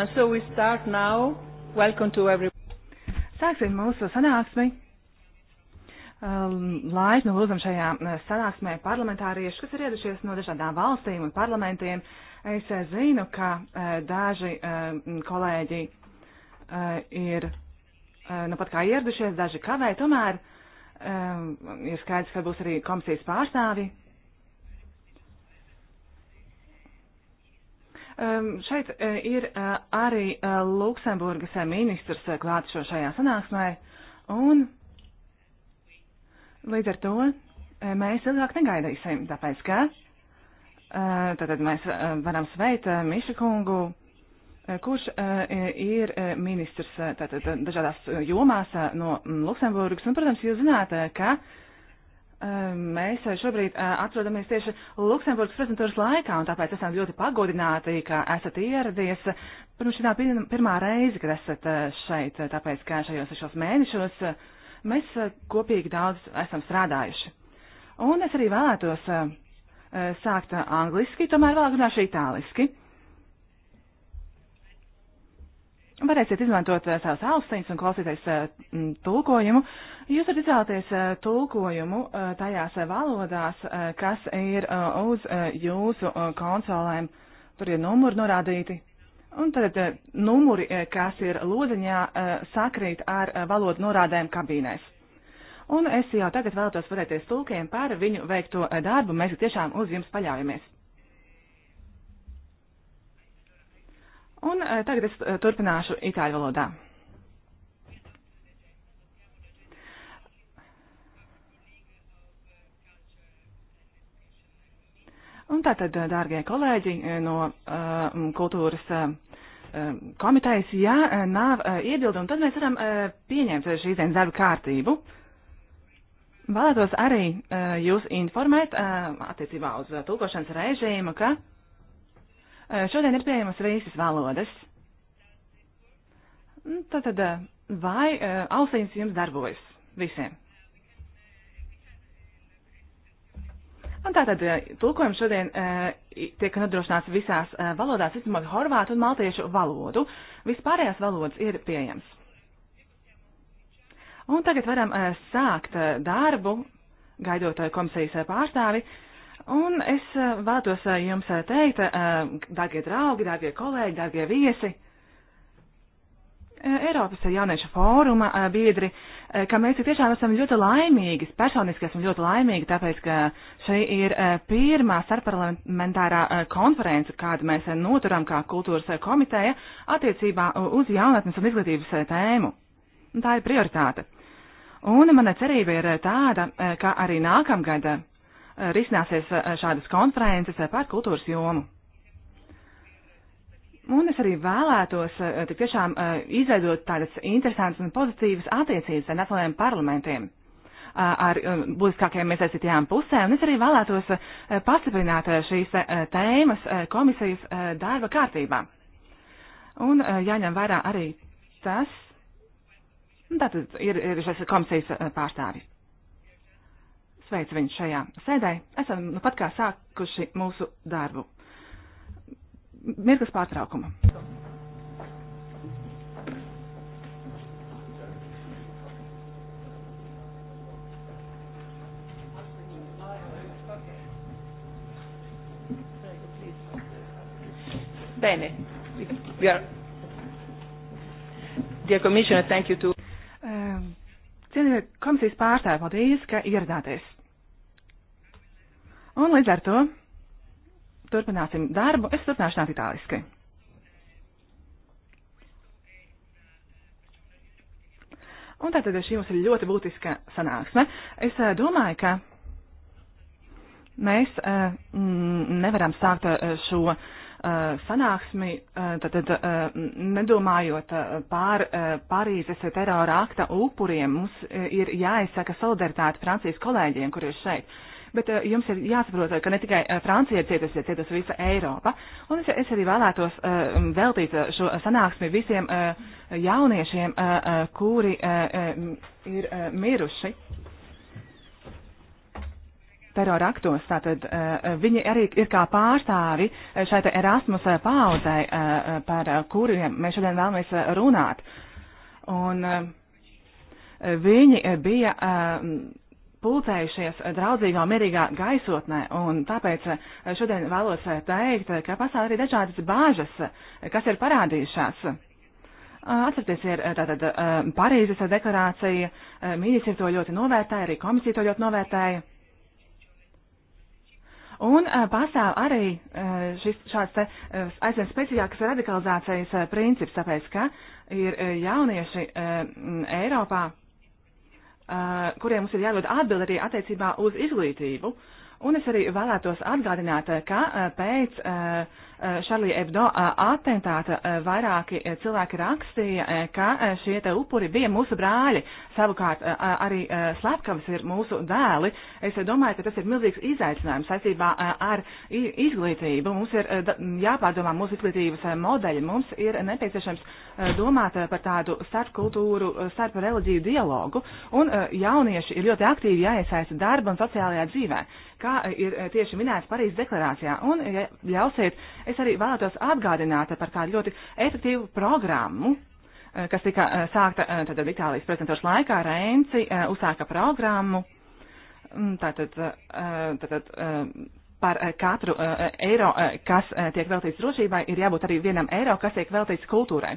And so we start now. Welcome to everyone. Sāksim mūsu sanāksmi. Um, laipni lūdzam šajā uh, sanāksmē parlamentārieši, kas ir ieradušies no dažādām valstīm un parlamentiem. Es uh, zinu, ka uh, daži um, kolēģi ir nu pat kā ieradušies, daži kavē, tomēr um, ir skaidrs, ka būs arī komisijas pārstāvi, Ehm, šeit eh, ir eh, arī eh, Luksemburgas ministrs klātso šajā sanāksmē, un līdz ar to mēs ilgāk negaidīsim, tāpēc ka tātad mēs varam sveikt Miša kungu, kurš ir ministrs tātad dažādās jomās no mm, Luksemburgas, un, protams, jūs zināt, ka Ehm, mēs šobrīd eh, atrodamies tieši Luksemburgas prezidentūras laikā, un tāpēc esam ļoti pagodināti, ka esat ieradies. Pirms šī pirmā reize, kad esat eh, šeit, eh, tāpēc, ka šajos sešos mēnešos mēs kopīgi daudz esam strādājuši. Un es arī vēlētos sākt angliski, tomēr vēlāk runāšu itāliski. varēsiet izmantot eh, savas austiņas un klausīties eh, tulkojumu. Jūs varat izvēlēties eh, tulkojumu tajās valodās, kas ir uz jūsu konsolēm. Tur ir numuri norādīti. Un tad numuri, kas ir lodziņā, sakrīt ar valodu norādēm kabīnēs. Un es jau tagad vēlētos pateikties tulkiem par viņu veikto darbu. Mēs tiešām uz jums paļaujamies. Un eh, tagad es eh, turpināšu itāļu valodā. Un tātad, eh, dārgie kolēģi no uh, kultūras uh, komitejas, ja nav uh, iebildumu, tad mēs varam uh, pieņemt šīs dienas darba kārtību. Vēlētos arī uh, jūs informēt uh, attiecībā uz uh, tulkošanas režīmu, ka uh, Šodien ir pieejamas visas valodas. Tātad, nu, vai ausīs jums darbojas visiem? Un tātad tulkojums šodien tiek nodrošināts visās valodās, izņemot horvātu un maltiešu valodu. Vispārējās valodas ir pieejams. Un tagad varam sākt darbu, gaidot komisijas pārstāvi. Un es eh, vētos eh, jums eh, teikt, dārgie draugi, dārgie kolēģi, dārgie viesi, Eiropas jauniešu fóruma biedri, ka mēs tiešām esam ļoti laimīgi, personiski esam ļoti laimīgi, tāpēc, ka šī ir pirmā starpparlamentārā konference, kādu mēs noturam kā kultūras komiteja attiecībā uz jaunatnes un izglītības tēmu. Tā ir prioritāte. Un mana cerība ir tāda, ka arī nākamgada risināsies eh, šādas konferences eh, par kultūras jomu. Un es arī vēlētos eh, tik tiešām izveidot tādas interesantas un pozitīvas attiecības ar nacionālajiem parlamentiem, ar būtiskākajām iesaistītajām pusēm. Un es arī vēlētos pastiprināt šīs tēmas komisijas darba kārtībā. Un jāņem vērā arī tas, nu, tātad ir, ir šis komisijas pārstāvis. Sveicu viņu šajā sēdē. Esam nu pat kā sākuši mūsu darbu. Mirklis pārtraukuma. Bene. We are... Dear Commissioner, thank you to. Cienījamie komisijas pārstāvji, paldies, ka ieradāties. Un līdz ar to turpināsim darbu. Es turpināšu nākt itāliski. Un tātad šī mums ir ļoti būtiska sanāksme. Es eh, domāju, ka mēs eh, nevaram sākt eh, šo sanāksmi, tātad nedomājot pār Parīzes terora akta upuriem. Mums ir jāizsaka solidaritāte Francijas kolēģiem, kur ir šeit bet eh, jums ir jāsaprot, eh, ka ne tikai eh, Francija ir cietusi, ir cietusi visa Eiropa. Un es, es arī vēlētos veltīt šo sanāksmi visiem jauniešiem, kuri ir miruši terora aktos. Tātad viņi arī ir kā pārstāvi šai Erasmus paudzei, par kuriem mēs šodien vēlamies runāt. Un viņi bija pulcējušies draudzīgā, mierīgā gaisotnē, un tāpēc eh, šodien vēlos eh, teikt, ka pastāv arī dažādas bāžas, eh, kas ir parādījušās. Atcerieties, ir tātad Parīzes deklarācija, ministri to ļoti novērtēja, arī komisija to ļoti novērtēja. Un pastāv arī šis šāds te aizvien speciālākas radikalizācijas princips, tāpēc, ka ir jaunieši Eiropā Eh, kuriem mums ir jādod atbild arī attiecībā uz izglītību. Un es arī vēlētos atgādināt, eh, ka eh, pēc uh, Šarlija eh, Ebdo eh, atentāta eh, vairāki cilvēki rakstīja, ka šie te upuri bija mūsu brāļi, savukārt arī slepkavas ir mūsu dēli. Es domāju, ka tas ir milzīgs izaicinājums saistībā ar izglītību. Mums ir jāpārdomā mūsu izglītības modeļi, mums ir nepieciešams domāt par tādu starpkultūru, starp reliģiju dialogu, un jaunieši ir ļoti aktīvi jāiesaista darba un sociālajā dzīvē kā ir eh, tieši minēts Parīzes deklarācijā. Un, ja ļausiet, es arī vēlētos atgādināt par kādu ļoti efektīvu programmu, eh, kas tika eh, sākta tad, Itālijas prezidentūras laikā. Reinci uzsāka programmu mm, tātad, tātad, par katru eiro, kas tiek veltīts drošībai, ir jābūt arī vienam eiro, kas tiek veltīts kultūrai.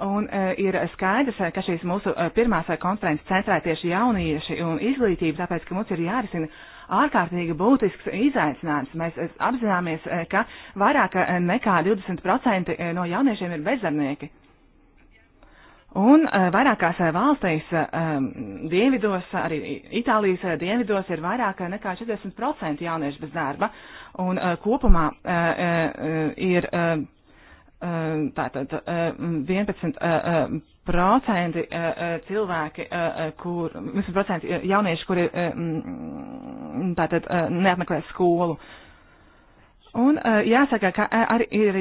Un uh, ir skaidrs, ka šīs mūsu uh, pirmās konferences centrē tieši jaunieši un izglītība, tāpēc, ka mums ir jārisina ārkārtīgi būtisks izaicinājums. Mēs eh, apzināmies, eh, ka vairāk eh, nekā 20% no jauniešiem ir bezdarbnieki. Un vairākās valstīs, ehm, dienvidos, arī Itālijas dienvidos, ir vairāk nekā 40% jauniešu bez darba. Un kopumā ir Ehm, tātad 11% ehm, ehm, cilvēki, kur, 11% e, jaunieši, kuri tātad neapmeklē skolu. Un jāsaka, ka e, arī ir,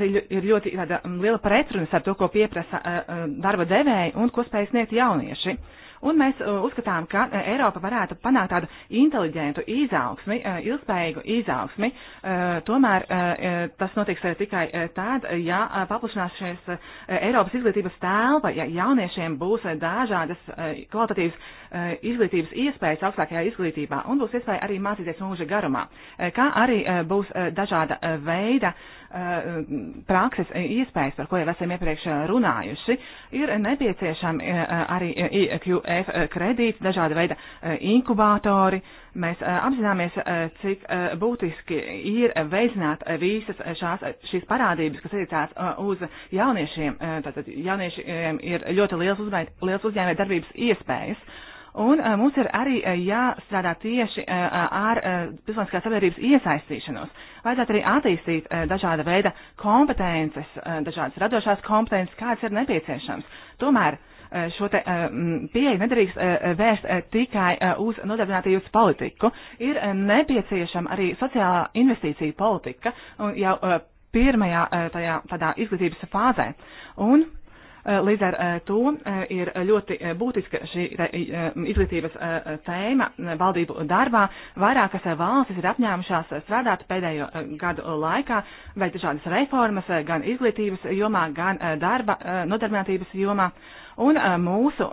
arī ir ļoti tāda liela pretrunas ar to, ko pieprasa e, darba devēji un ko spēj sniegt jaunieši. Uh, Un mēs uh, uzskatām, ka uh, Eiropa varētu panākt tādu inteliģentu izaugsmi, uh, ilgspējīgu izaugsmi. Tomēr tas notiks tikai tad, ja paplašinās šīs Eiropas izglītības telpa, ja jauniešiem būs dažādas kvalitatīvas izglītības iespējas augstākajā izglītībā un būs iespēja arī mācīties mūža garumā, kā arī būs dažāda veida uh, prakses e, iespējas, par ko jau esam iepriekš e, runājuši, ir nepieciešami e, arī IQF kredīti, dažāda veida inkubatori. Mēs apzināmies, cik būtiski ir veicināt visas šās, šīs parādības, kas attiecās uz jauniešiem. Tātad jauniešiem ir ļoti liels, uzmē, liels uzņēmē darbības iespējas Un eh, mums ir arī eh, jāstrādā tieši eh, ar pilsoniskās sabiedrības iesaistīšanos. Vajadzētu arī attīstīt dažāda veida kompetences, dažādas radošās kompetences, kādas ir nepieciešams. Tomēr šo te pieeju nedrīkst vērst tikai uz nodarbinātības politiku. Ir nepieciešama arī sociālā investīcija politika jau pirmajā tajā, tādā izglītības fāzē. Un Eh, līdz ar eh, to eh, ir ļoti būtiska šī izglītības tēma valdību darbā. Vairākas valstis ir apņēmušās strādāt pēdējo gadu laikā, veikt dažādas reformas gan izglītības jomā, gan darba nodarbinātības jomā. Un mūsu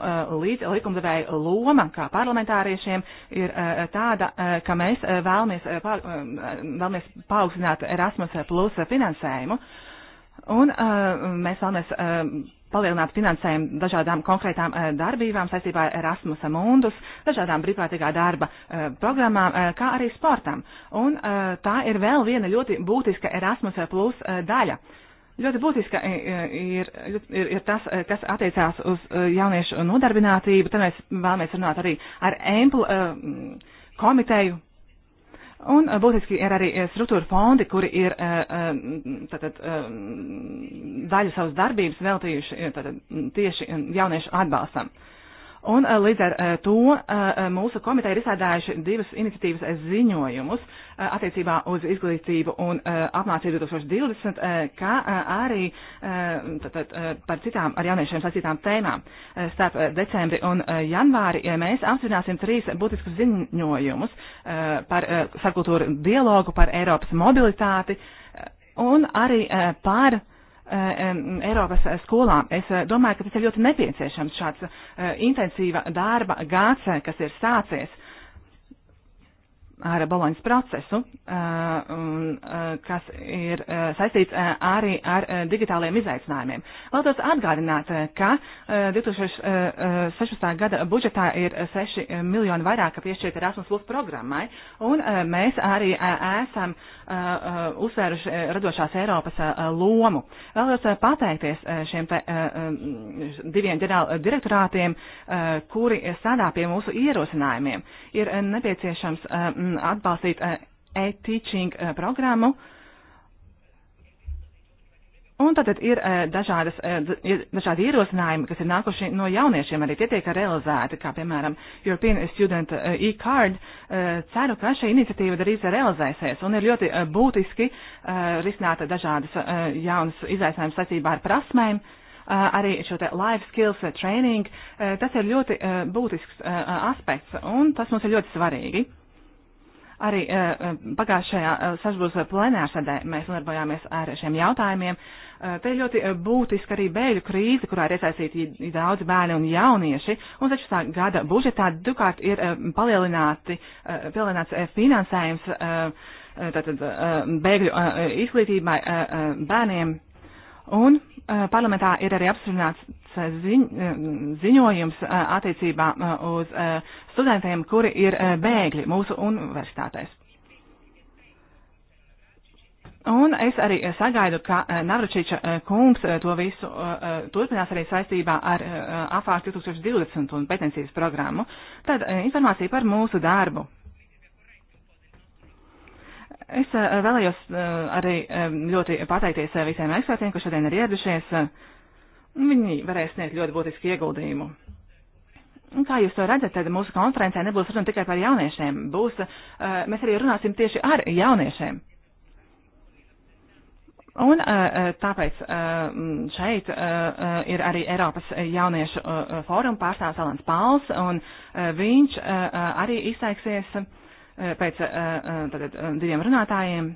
līdz likumdevēja loma kā parlamentāriešiem ir tāda, ka mēs vēlamies, pār, vēlamies paaugstināt Erasmus plus finansējumu. Un mēs vēlamies palielināt finansējumu dažādām konkrētām eh, darbībām saistībā ar Erasmus Mundus, dažādām brīvprātīgā darba eh, programmām, eh, kā arī sportam. Un tā ir vēl viena ļoti būtiska Erasmus Plus daļa. Ļoti būtiska ir, ir, ir tas, kas attiecās uz jauniešu nodarbinātību. Tad mēs vēlamies runāt arī ar EMPL komiteju Un eh, būtiski ir arī eh, struktūra fondi, kuri ir eh, tātad, daļu savas darbības veltījuši tātad, tieši jauniešu atbalstam. Un līdz ar to mūsu komiteja ir izstrādājuši divas iniciatīvas ziņojumus, Eh, attiecībā uz izglītību un eh, apmācību 2020, eh, kā arī tātad, par citām ar jauniešiem saistītām tēmām. Starp decembri un janvāri mēs apstiprināsim trīs būtiskus ziņojumus par sarkultūru dialogu, par Eiropas mobilitāti un arī par Eiropas skolām. Es domāju, ka tas ir ļoti nepieciešams šāds intensīva darba gads, kas ir sācies ar Boloņas procesu, eh, eh, kas ir eh, saistīts arī ar digitāliem izaicinājumiem. Vēlētos atgādināt, ka 2016. gada budžetā ir 6 miljoni vairāk piešķirt Erasmus Plus programmai, un mēs arī esam uzsvēruši radošās Eiropas lomu. Vēlētos pateikties šiem te diviem ģenerāla direktorātiem, kuri strādā pie mūsu ierosinājumiem. Ir nepieciešams un atbalstīt eh, e-teaching eh, programmu. Un tātad ir eh, dažādas, ir dažādi ierosinājumi, kas ir nākuši no jauniešiem, arī tie tiek realizēti, kā piemēram European Student e-card. Ceru, ka šī iniciatīva drīz realizēsies un ir ļoti būtiski risināt dažādas jaunas izaicinājumas saistībā ar prasmēm, arī šo te life skills training, tas ir ļoti būtisks aspekts un tas mums ir ļoti svarīgi. Arī eh, eh, pagājušajā eh, sašbūs plenārsēdē mēs nodarbojāmies ar šiem jautājumiem. Te ir ļoti būtiska arī bēļu krīze, kurā ir iesaistīti daudzi bērni un jaunieši, un taču tā gada budžetā dukārt ir palielināts finansējums tātad, bēgļu izglītībai bērniem. Un parlamentā ir arī apstiprināts ziņ, ziņojums attiecībā uz studentiem, kuri ir bēgļi mūsu universitātēs. Un es arī sagaidu, ka Navračiča kungs to visu turpinās arī saistībā ar AFAR 2020 un pētniecības programmu. Tad informācija par mūsu darbu. Es vēlējos arī ļoti pateikties visiem ekspertiem, kas šodien ir ieradušies. Viņi varēs sniegt ļoti būtisku ieguldījumu. Un kā jūs to redzat, tad mūsu konferencē nebūs runa tikai par jauniešiem. Būs, eh, mēs arī runāsim tieši ar jauniešiem. Un eh, eh, tāpēc šeit ir arī Eiropas jauniešu fóruma pārstāvs Alans Pāls, un viņš arī izteiksies pēc tātad, diviem runātājiem.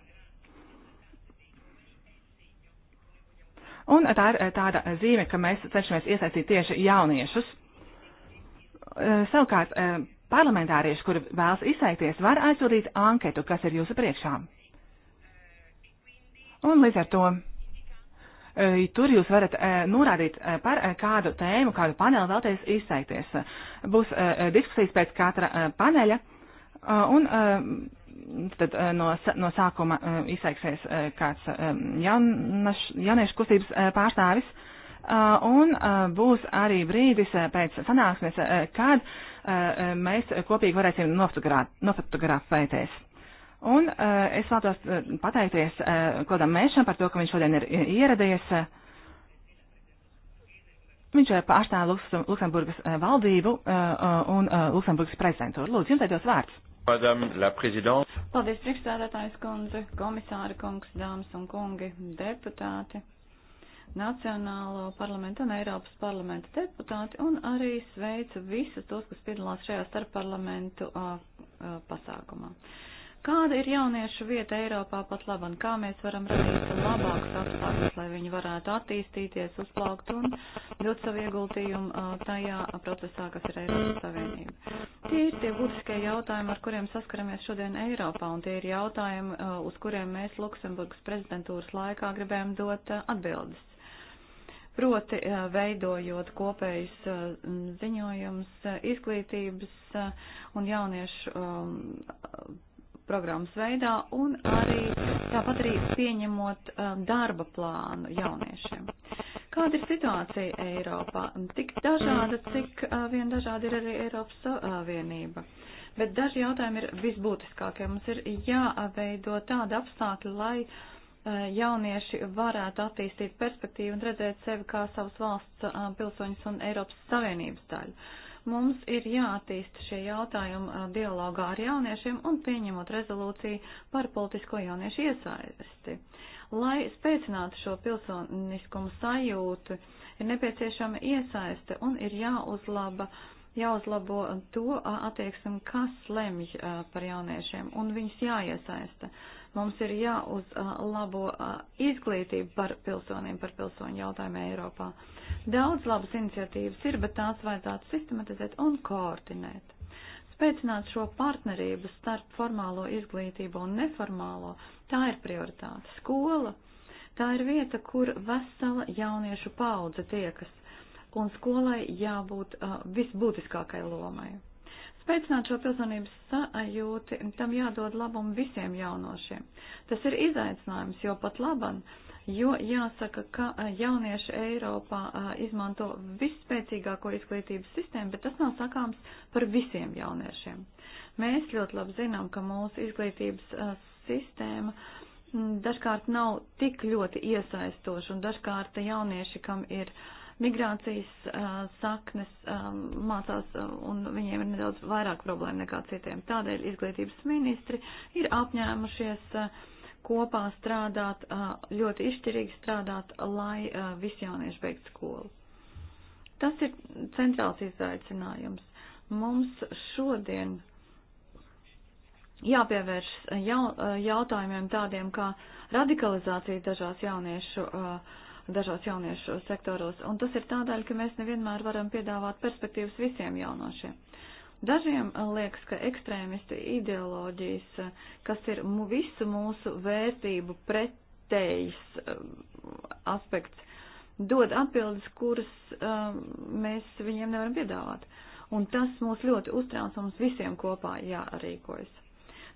Un tā ir eh, tāda eh, zīme, ka mēs cenšamies iesaistīt tieši jauniešus. Eh, savukārt, parlamentārieši, kuri vēlas izsaikties, var aizsūtīt anketu, kas ir jūsu priekšā. Un līdz ar to tur jūs varat norādīt par kādu tēmu, kādu paneli vēlties izsaikties. Būs diskusijas pēc katra paneļa. Un tad eh, no, no sākuma eh, izteiksies eh, kāds jaunaš, jauniešu kustības pārstāvis. Un būs arī brīdis pēc sanāksmes, kad mēs kopīgi varēsim nofotografēties. Un es vēlos pateikties Klodam Mēšam par to, ka viņš šodien ir ieradies. Viņš pārstāv Luksemburgas valdību un Luksemburgas prezidentūru. Lūdzu, jums teidos vārds. Madame la Présidente. Paldies, priekšstādātājs kundze, komisāra kungs, dāmas un kungi, deputāti, Nacionālo parlamentu un Eiropas parlamentu deputāti un arī sveicu visus tos, kas piedalās šajā starpparlamentu uh, uh, pasākumā. Uh, Kāda ir jauniešu vieta Eiropā pat labam? Kā mēs varam radīt labākus apstākļus, lai viņi varētu attīstīties, uzplaukt un dot savu ieguldījumu uh, tajā procesā, kas ir Eiropas Savienība? Tie ir tie būtiskie jautājumi, ar kuriem saskaramies šodien Eiropā, un tie ir jautājumi, uh, uz kuriem mēs Luksemburgas prezidentūras laikā gribējām dot uh, atbildes. Proti, veidojot kopējus ziņojumus izglītības un jauniešu um, programmas veidā un arī tāpat arī pieņemot um, darba plānu jauniešiem. Kāda ir situācija Eiropā? Tik dažāda, cik uh, vien dažāda ir arī Eiropas Savienība. Bet daži jautājumi ir visbūtiskākie. Mums ir jāveido tāda apstākļa, lai uh, jaunieši varētu attīstīt perspektīvu un redzēt sevi kā savas valsts uh, pilsoņus un Eiropas Savienības daļu. Mums ir jātīst šie jautājumi uh, dialogā ar jauniešiem un pieņemot rezolūciju par politisko jauniešu iesaisti. Lai spēcinātu šo pilsoniskumu sajūtu, ir nepieciešama iesaiste un ir jāuzlaba uh, jāuzlabo to uh, attieksmi, kas lemj uh, par jauniešiem, un viņus jāiesaista. Mums ir jāuzlabo izglītība par pilsoniem, par pilsoņu jautājumu Eiropā. Daudz labas iniciatīvas ir, bet tās vajadzētu sistematizēt un koordinēt. Spēcināt šo partnerību starp formālo izglītību un neformālo, tā ir prioritāte. Skola, tā ir vieta, kur vesela jauniešu paudze tiekas, un skolai jābūt uh, visbūtiskākai lomai. Spēcināt šo pilsonības sajūti, tam jādod labumu visiem jaunošiem. Tas ir izaicinājums, jo pat laban uh, Jo jāsaka, ka jaunieši Eiropā izmanto visspēcīgāko izglītības sistēmu, bet tas nav sakāms par visiem jauniešiem. Mēs ļoti labi zinām, ka mūsu izglītības sistēma dažkārt nav tik ļoti iesaistoša un dažkārt jaunieši, kam ir migrācijas saknes, mācās un viņiem ir nedaudz vairāk problēma nekā citiem. Tādēļ izglītības ministri ir apņēmušies kopā strādāt, ļoti izšķirīgi strādāt, lai visi jaunieši beigtu skolu. Tas ir centrāls izaicinājums. Mums šodien jāpievērš jautājumiem tādiem kā radikalizācija dažās jauniešu, dažos jauniešu sektoros, un tas ir tādēļ, ka mēs nevienmēr varam piedāvāt perspektīvas visiem jaunošiem. Dažiem eh, liekas, ka ekstrēmistu ideoloģijas, eh, kas ir visu mūsu vērtību pretējs eh, aspekts, dod atbildes, kuras um, mēs viņiem nevaram piedāvāt. Un tas mūs ļoti uztrauc, mums visiem kopā jārīkojas.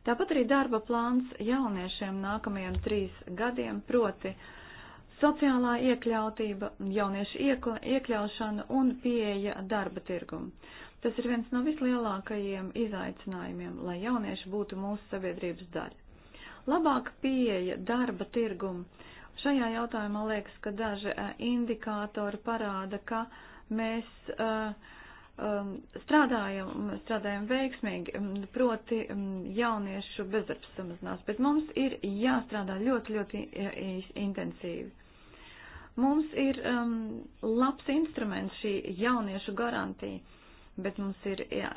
Tāpat arī darba plāns jauniešiem nākamajiem trīs gadiem, proti sociālā iekļautība, jauniešu iekļaušana un pieeja darba tirgumu. Tas ir viens no vislielākajiem izaicinājumiem, lai jaunieši būtu mūsu sabiedrības daļa. Labāka pieeja darba tirgumu. Šajā jautājumā liekas, ka daži eh, indikātori parāda, ka mēs uh, um, strādājam, strādājam veiksmīgi, um, proti um, jauniešu bezdarbs samazinās, bet mums ir jāstrādā ļoti, ļoti e, e, intensīvi. Mums ir um, labs instruments šī jauniešu garantija bet mums ir jā,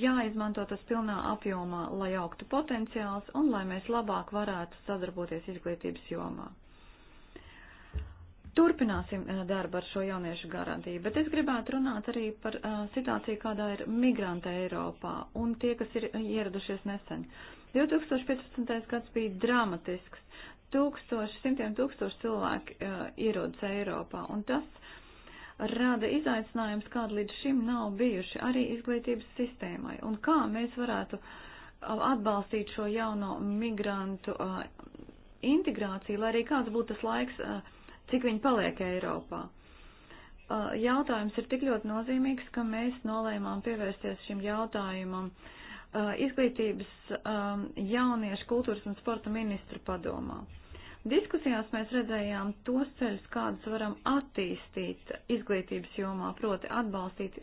jāizmanto tas pilnā apjomā, lai augtu potenciāls un lai mēs labāk varētu sadarboties izglītības jomā. Turpināsim darbu ar šo jauniešu garantiju, bet es gribētu runāt arī par situāciju, kādā ir migranta Eiropā un tie, kas ir ieradušies nesen. 2015. gads bija dramatisks. Tūkstoši, simtiem tūkstoši cilvēki uh, ierodas Eiropā, un tas rada izaicinājums, kāda līdz šim nav bijuši arī izglītības sistēmai. Un kā mēs varētu atbalstīt šo jauno migrantu uh, integrāciju, lai arī kāds būtu tas laiks, uh, cik viņi paliek Eiropā. Uh, jautājums ir tik ļoti nozīmīgs, ka mēs nolēmām pievērsties šim jautājumam izglītības jauniešu kultūras un sporta ministru padomā. Diskusijās mēs redzējām tos ceļus, kādus varam attīstīt izglītības jomā, proti atbalstīt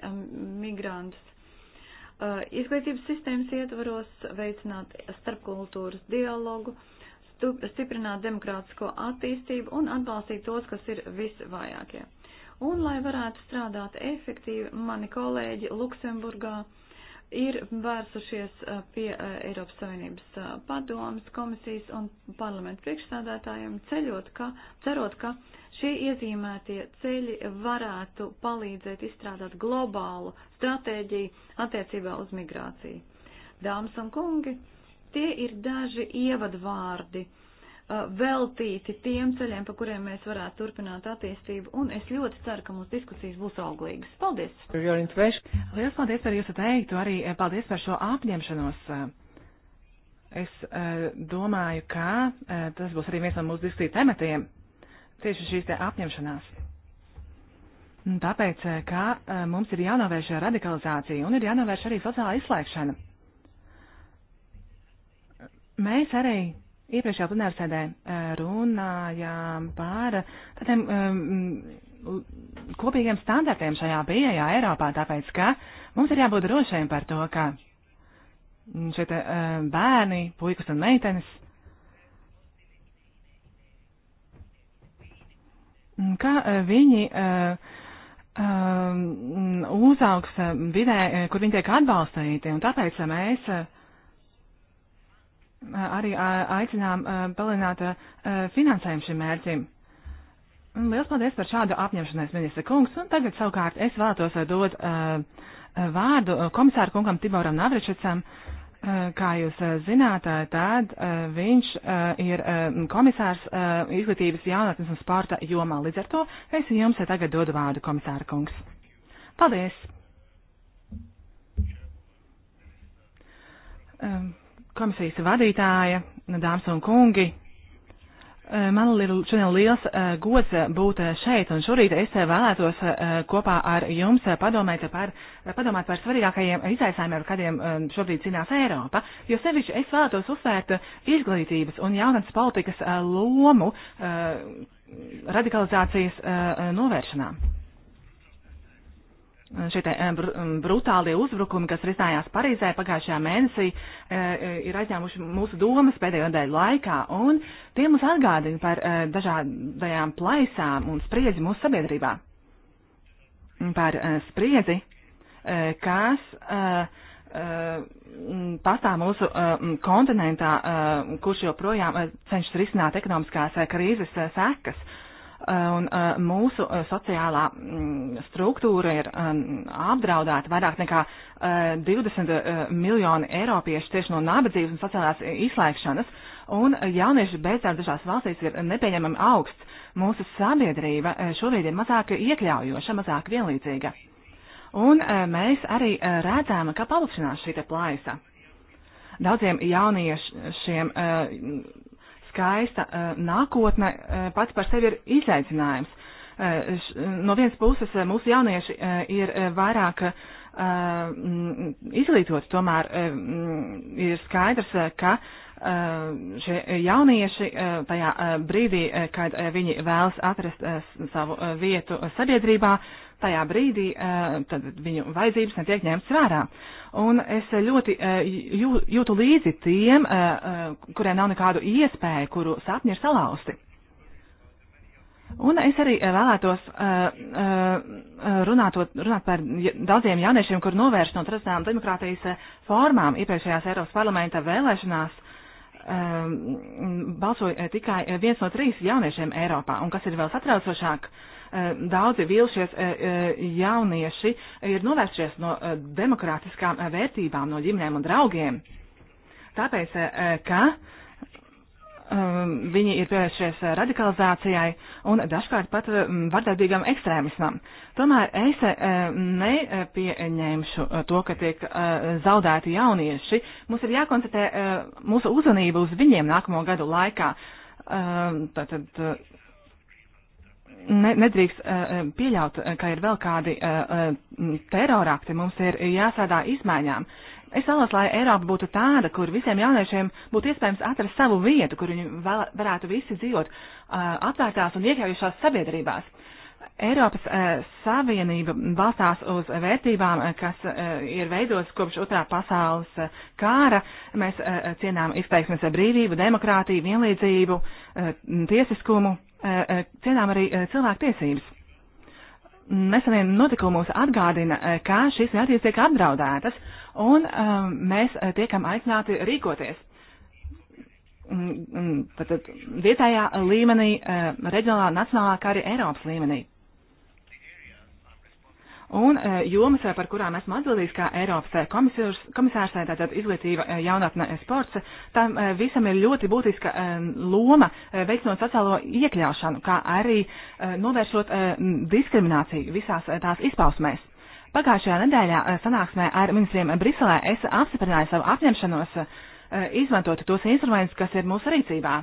migrantus eh, izglītības sistēmas ietvaros, veicināt starpkultūras dialogu, stiprināt demokrātisko attīstību un atbalstīt tos, kas ir visvājākie. Un, lai varētu strādāt efektīvi, mani kolēģi Luksemburgā uh, ir vērsušies eh, pie eh, Eiropas Savienības eh, padomas, komisijas un parlamentu priekšsādātājiem, ceļot, ka, cerot, ka šie iezīmētie ceļi varētu palīdzēt izstrādāt globālu stratēģiju attiecībā uz migrāciju. Dāmas un kungi, tie ir daži ievadvārdi. Uh, Uh, veltīti tiem ceļiem, pa kuriem mēs varētu turpināt attīstību, un es ļoti ceru, ka mūsu diskusijas būs auglīgas. Paldies! Lielas paldies par jūsu teiktu, arī eh, paldies par šo apņemšanos. Eh, es eh, domāju, ka tas būs arī viens no mūsu diskusiju tematiem, tieši šīs te apņemšanās. Tāpēc, ka mums ir jānovērš radikalizācija un ir jānovērš arī sociālā izslēgšana. Mēs arī Iepriekšējā plenārsēdē eh, runājām par tādiem um, kopīgiem standartiem šajā pieejā Eiropā, tāpēc, ka mums ir jābūt drošiem par to, ka šie te, um, bērni, puikas un meitenes, ka viņi uh, um, uzaugs vidē, kur viņi tiek atbalstīti, un tāpēc mēs uh, arī aicinām palielināt finansējumu šim mērķim. Lielas paldies par šādu apņemšanos, ministra kungs. Un tagad savukārt es vēlētos dot uh, vārdu komisāru kungam Tiboram Navričicam. Uh, kā jūs uh, zināt, tad uh, viņš ir komisārs izglītības jaunatnes un sporta jomā. Līdz ar to es jums tagad dodu vārdu, komisāra kungs. Paldies! Um, komisijas vadītāja, dāmas un kungi. Eh, man ir šodien liels eh, gods eh, būt šeit, un šorīt es vēlētos kopā ar jums padomēt par, padomāt par svarīgākajiem izaicinājumiem, ar kādiem šobrīd cīnās Eiropa. Jo sevišķi es vēlētos uzsvērt izglītības un jaunas politikas lomu radikalizācijas novēršanā šie eh, br mm, brutālie uzbrukumi, kas risinājās Parīzē pagājušajā mēnesī, eh, eh, ir aizņēmuši mūsu domas pēdējo nedēļu laikā, un tie mums atgādina par dažādajām plaisām un spriedzi mūsu sabiedrībā. Par spriedzi, kas pastāv mūsu kontinentā, kurš joprojām cenšas risināt ekonomiskās krīzes sekas Eh, un eh, mūsu eh, sociālā mm, struktūra ir apdraudēta vairāk nekā 20 miljoni eiropiešu tieši no nabadzības un sociālās izslēgšanas, un jauniešu bezdarbs dažās valstīs ir nepieņemami augsts. Mūsu sabiedrība šobrīd ir mazāk iekļaujoša, mazāk vienlīdzīga. Un mēs arī redzam, ka paplašinās šī plaisa. Daudziem jauniešiem skaista eh, nākotne eh, pats par sevi ir izaicinājums. Eh, no vienas puses mūsu jaunieši ir vairāk mm, izglītoti, tomēr mm, ir skaidrs, ka šie jaunieši tajā brīdī, kad viņi vēlas atrast savu vietu sabiedrībā, tajā brīdī tad viņu vajadzības netiek ņemts vērā. Un es ļoti e, jūtu līdzi tiem, e, e, kuriem nav nekādu iespēju, kuru sapņi ir salauzti. Un es arī vēlētos runāt, runāt par daudziem jauniešiem, kur novērš no tradicionālām demokrātijas formām iepriekšējās Eiropas parlamenta vēlēšanās balsoja tikai viens no trīs jauniešiem Eiropā. Un kas ir vēl satraucošāk, uh, Eh, daudzi vīlušies eh, eh, jaunieši ir novēršies no demokrātiskām vērtībām, no ģimnēm un draugiem. Tāpēc, ka um, viņi ir pievēršies radikalizācijai un dažkārt pat vardarbīgam ekstrēmismam. Tomēr es nepieņemšu to, ka tiek zaudēti jaunieši. Mums ir jākoncentrē mūsu uzmanība uz viņiem nākamo gadu laikā. Um, tātad ne, nedrīkst uh, pieļaut, eh, ka ir vēl kādi uh, terorakti. Mums ir jāsādā izmaiņām. Es vēlos, lai Eiropa būtu tāda, kur visiem jauniešiem būtu iespējams atrast savu vietu, kur viņi vēl, varētu visi dzīvot uh, atvērtās un iekļaujušās sabiedrībās. Eiropas uh, Savienība balstās uz vērtībām, kas uh, ir veidotas kopš otrā pasaules uh, kāra. Mēs uh, cienām izteiksmes brīvību, demokrātiju, vienlīdzību, uh, tiesiskumu. Uh, Eh, eh, cienām arī eh, cilvēku tiesības. Nesenie notikumi mūs atgādina, kā šīs vērtības tiek apdraudētas, un mēs tiekam aicināti rīkoties. Tātad mm, mm, vietējā līmenī, reģionālā, nacionālā, kā arī Eiropas līmenī. Un e, jomas, e, par kurām esmu atbildīgs kā Eiropas e, komisārs, komisārs tātad izglītība, jaunatne, sports, tam visam ir ļoti būtiska loma veicinot sociālo iekļaušanu, kā arī novēršot diskrimināciju visās tās izpausmēs. Pagājušajā nedēļā sanāksmē ar ministriem Briselē es apstiprināju savu apņemšanos izmantot tos instrumentus, kas ir mūsu rīcībā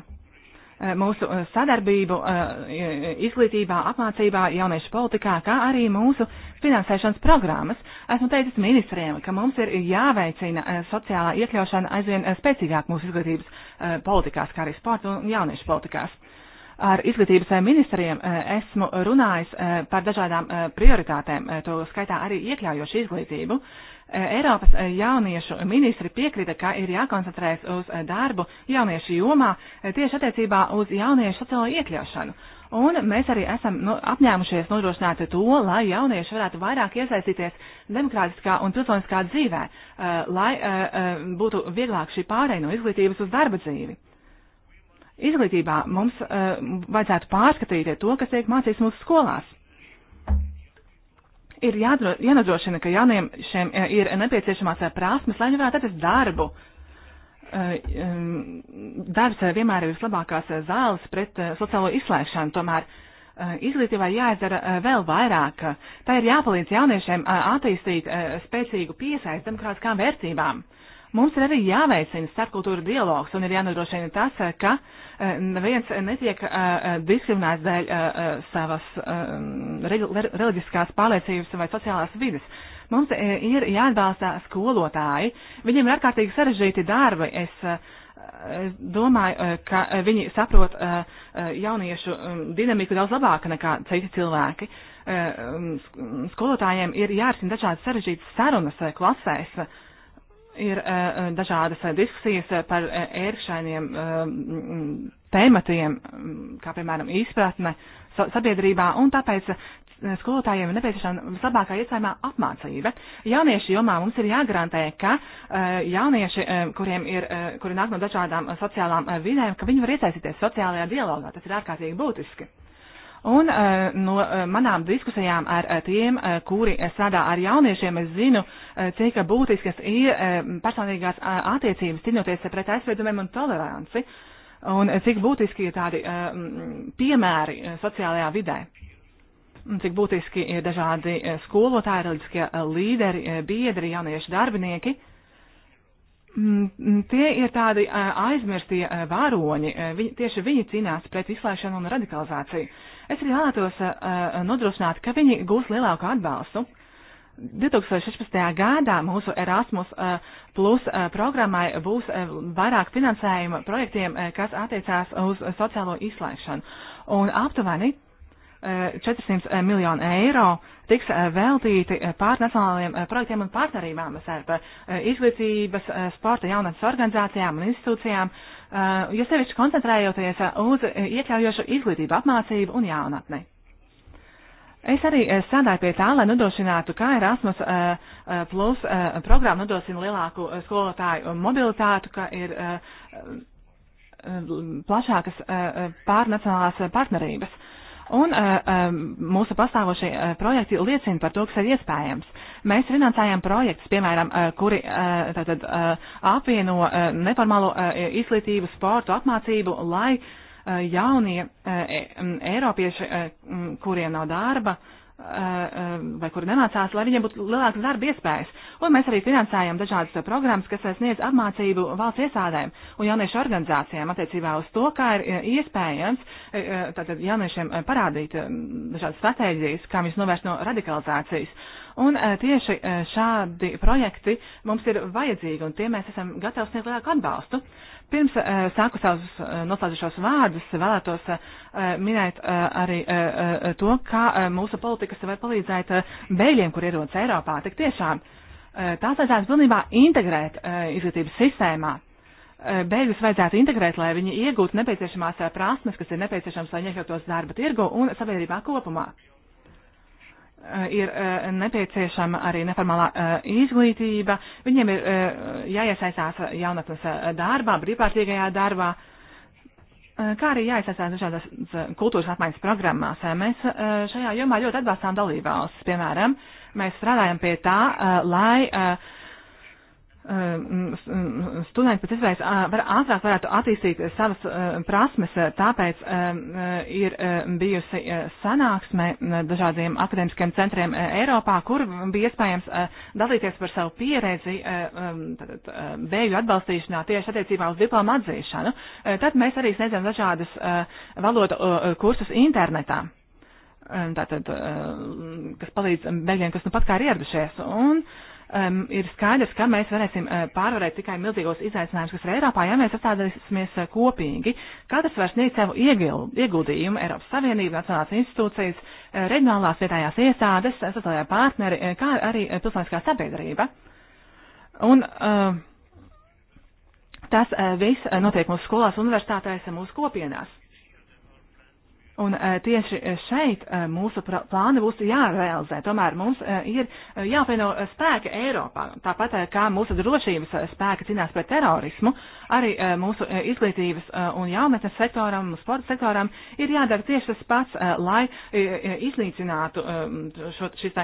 Eh, mūsu eh, sadarbību eh, izglītībā, apmācībā, jauniešu politikā, kā arī mūsu finansēšanas programmas. Esmu teicis ministriem, ka mums ir jāveicina sociālā iekļaušana aizvien spēcīgāk mūsu izglītības politikās, kā arī sporta un jauniešu politikās. Ar izglītības ministriem esmu runājis par dažādām prioritātēm, to skaitā arī iekļaujošu izglītību. Uh, Eh, Eiropas eh, jauniešu ministri piekrita, ka ir jākoncentrējas uz eh, darbu jauniešu jomā tieši attiecībā uz jauniešu sociālo iekļaušanu. Un mēs arī esam nu, apņēmušies nodrošināt to, lai jaunieši varētu vairāk iesaistīties demokrātiskā un pilsoniskā dzīvē, lai būtu vieglāk šī pārēja no izglītības uz darba dzīvi. Izglītībā mums vajadzētu pārskatīt to, kas tiek mācīts mūsu skolās ir jādro, jānodrošina, ka jauniem šiem e, ir nepieciešamās e, prasmes, lai viņi varētu atrast darbu. E, darbs vienmēr ir vislabākās zāles pret sociālo izslēgšanu, tomēr izglītībai jāizdara vēl vairāk. Tā ir jāpalīdz jauniešiem attīstīt spēcīgu piesaisti demokrātiskām vērtībām. Mums ir arī jāveicina starpkultūra dialogs un ir jānodrošina tas, ka uh, neviens netiek diskriminēts dēļ savas reliģiskās pārliecības vai sociālās vidas. Mums ir jāatbalstā skolotāji, viņiem ir ārkārtīgi sarežģīti darbi. Es, Es domāju, ka viņi saprot jauniešu dinamiku daudz labāk nekā citi cilvēki. Skolotājiem ir jārisina dažādas sarežģītas sarunas klasēs ir e, e, dažādas e, diskusijas par ērkšķainiem tēmatiem, kā piemēram izpratne sabiedrībā, un tāpēc skolotājiem ir nepieciešama vislabākā iespējamā apmācība. Jauniešu jomā mums ir jāgarantē, ka jaunieši, kuriem ir, kuri nāk no dažādām sociālām vidēm, ka viņi var iesaistīties sociālajā dialogā. Tas ir ārkārtīgi būtiski. Un eh, no eh, manām diskusijām ar eh, tiem, kuri strādā ar jauniešiem, es zinu, cik būtiskas ir personīgās attiecības cīnoties pret aizspriedumiem un toleranci, un cik būtiski ir tādi piemēri sociālajā vidē. Un cik būtiski ir dažādi skolotāji, reliģiskie līderi, biedri, jauniešu darbinieki. Mm, mm, tie ir tādi aizmirstie varoņi. Viņi, tieši viņi cīnās pret izslēgšanu un radikalizāciju. Es arī vēlētos eh, eh, nodrošināt, ka viņi gūs lielāku atbalstu. 2016. gadā mūsu Erasmus eh, Plus programmai būs vairāk finansējuma projektiem, kas attiecās uz sociālo izslēgšanu. Un aptuveni 400 miljonu eiro tiks veltīti pārnacionālajiem projektiem un partnerībām starp izglītības, sporta jaunatnes organizācijām un institūcijām, Eh, jo sevišķi koncentrējoties eh, uz eh, iekļaujošu izglītību, apmācību un jaunatni. Es arī strādāju pie tā, lai nodrošinātu, kā Erasmus Plus programma nodrošina lielāku skolotāju mobilitātu, ka ir plašākas pārnacionālās partnerības. Un uh, uh, mūsu pastāvošie uh, projekti liecina par to, kas ir iespējams. Mēs finansējam projektus, piemēram, uh, kuri uh, tātad, uh, apvieno uh, neformālo uh, izglītību, sportu, apmācību, lai uh, jaunie uh, Eiropieši, uh, kuriem nav darba, uh, vai kuri nemācās, lai viņiem būtu lielākas darba iespējas. Un mēs arī finansējam dažādas programmas, kas sniedz apmācību valsts iestādēm un jauniešu organizācijām attiecībā uz to, kā ir eh, iespējams eh, eh, tātad jauniešiem parādīt dažādas stratēģijas, kā viņus novērst no radikalizācijas. Un tieši šādi projekti mums ir vajadzīgi, un tie mēs esam gatavi sniegt lielāku atbalstu. Pirms eh, sāku savus eh, noslēdzušos vārdus, vēlētos eh, minēt arī to, kā mūsu politikas var palīdzēt bēļiem, kur ierodas Eiropā. Tik tiešām tās vajadzētu pilnībā integrēt izglītības sistēmā. Bēļus vajadzētu integrēt, lai viņi iegūtu nepieciešamās prasmes, kas ir nepieciešams, lai iekļautos darba tirgu un sabiedrībā kopumā. Eh, ir eh, nepieciešama arī neformālā eh, izglītība, viņiem ir jāiesaistās jaunatnes darbā, brīvprātīgajā darbā, kā arī jāiesaistās dažādās kultūras apmaiņas programmās. Mēs šajā jomā ļoti atbalstām dalībvalstis, piemēram, mēs strādājam pie tā, lai Ehm, studenti pēc iespējas var ātrāk varētu attīstīt savas prasmes, tāpēc ir bijusi sanāksme dažādiem akadēmiskiem centriem Eiropā, kur bija iespējams dalīties par savu pieredzi bēgļu atbalstīšanā tieši attiecībā uz diplomu atzīšanu. Tad mēs arī sniedzam dažādas valodu kursus internetā. Tātad, kas palīdz bēgļiem, kas nu pat kā ir ieradušies. Un, uh, um, ir skaidrs, ka mēs varēsim uh, pārvarēt tikai milzīgos izaicinājumus, kas ir Eiropā, ja mēs sastādīsimies uh, eh, kopīgi. Katrs var sniegt savu ieguldījumu Eiropas Savienība, nacionālās institūcijas, uh, reģionālās vietējās iestādes, sociālajā partneri, uh, kā arī uh, pilsoniskā sabiedrība. Un, uh, tas uh, viss notiek mūsu skolās, universitātēs, mūsu kopienās. Un eh, tieši eh, šeit eh, mūsu plāni būs jārealizē. Tomēr mums ir jāpieno spēki Eiropā. Tāpat kā mūsu drošības spēki cīnās pret terorismu, arī mūsu izglītības un jaunatnes sektoram, sporta sektoram ir jādara tieši tas pats, lai iznīcinātu šīs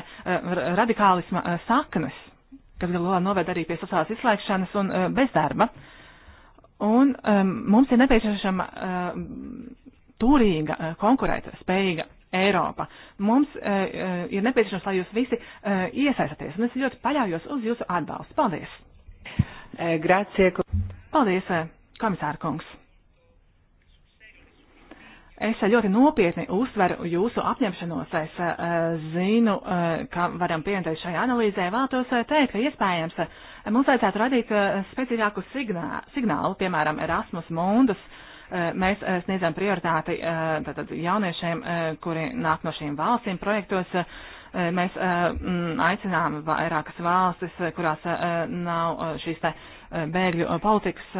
radikālisma saknes, kas galu galā noved arī pie sociālās izslēgšanas un bezdarba. Un um, mums ir nepieciešama uh, turīga, eh, konkurēt spējīga Eiropa. Mums eh, eh, ir nepieciešams, lai jūs visi iesaistāties, un es ļoti paļaujos uz jūsu atbalstu. Paldies! Grazie! Paldies, komisāra kungs! Es ļoti nopietni uzsveru jūsu apņemšanos. Es zinu, ka varam pieņemt šajā analīzē. Vēlētos teikt, ka iespējams mums vajadzētu radīt spēcīgāku signālu, piemēram, Erasmus Mundus Eh, mēs eh, sniedzam prioritāti eh, tātad, jauniešiem, kuri nāk no šīm valstīm projektos. Mēs mm, aicinām vairākas valstis, kurās nav šīs te bēgļu politikas,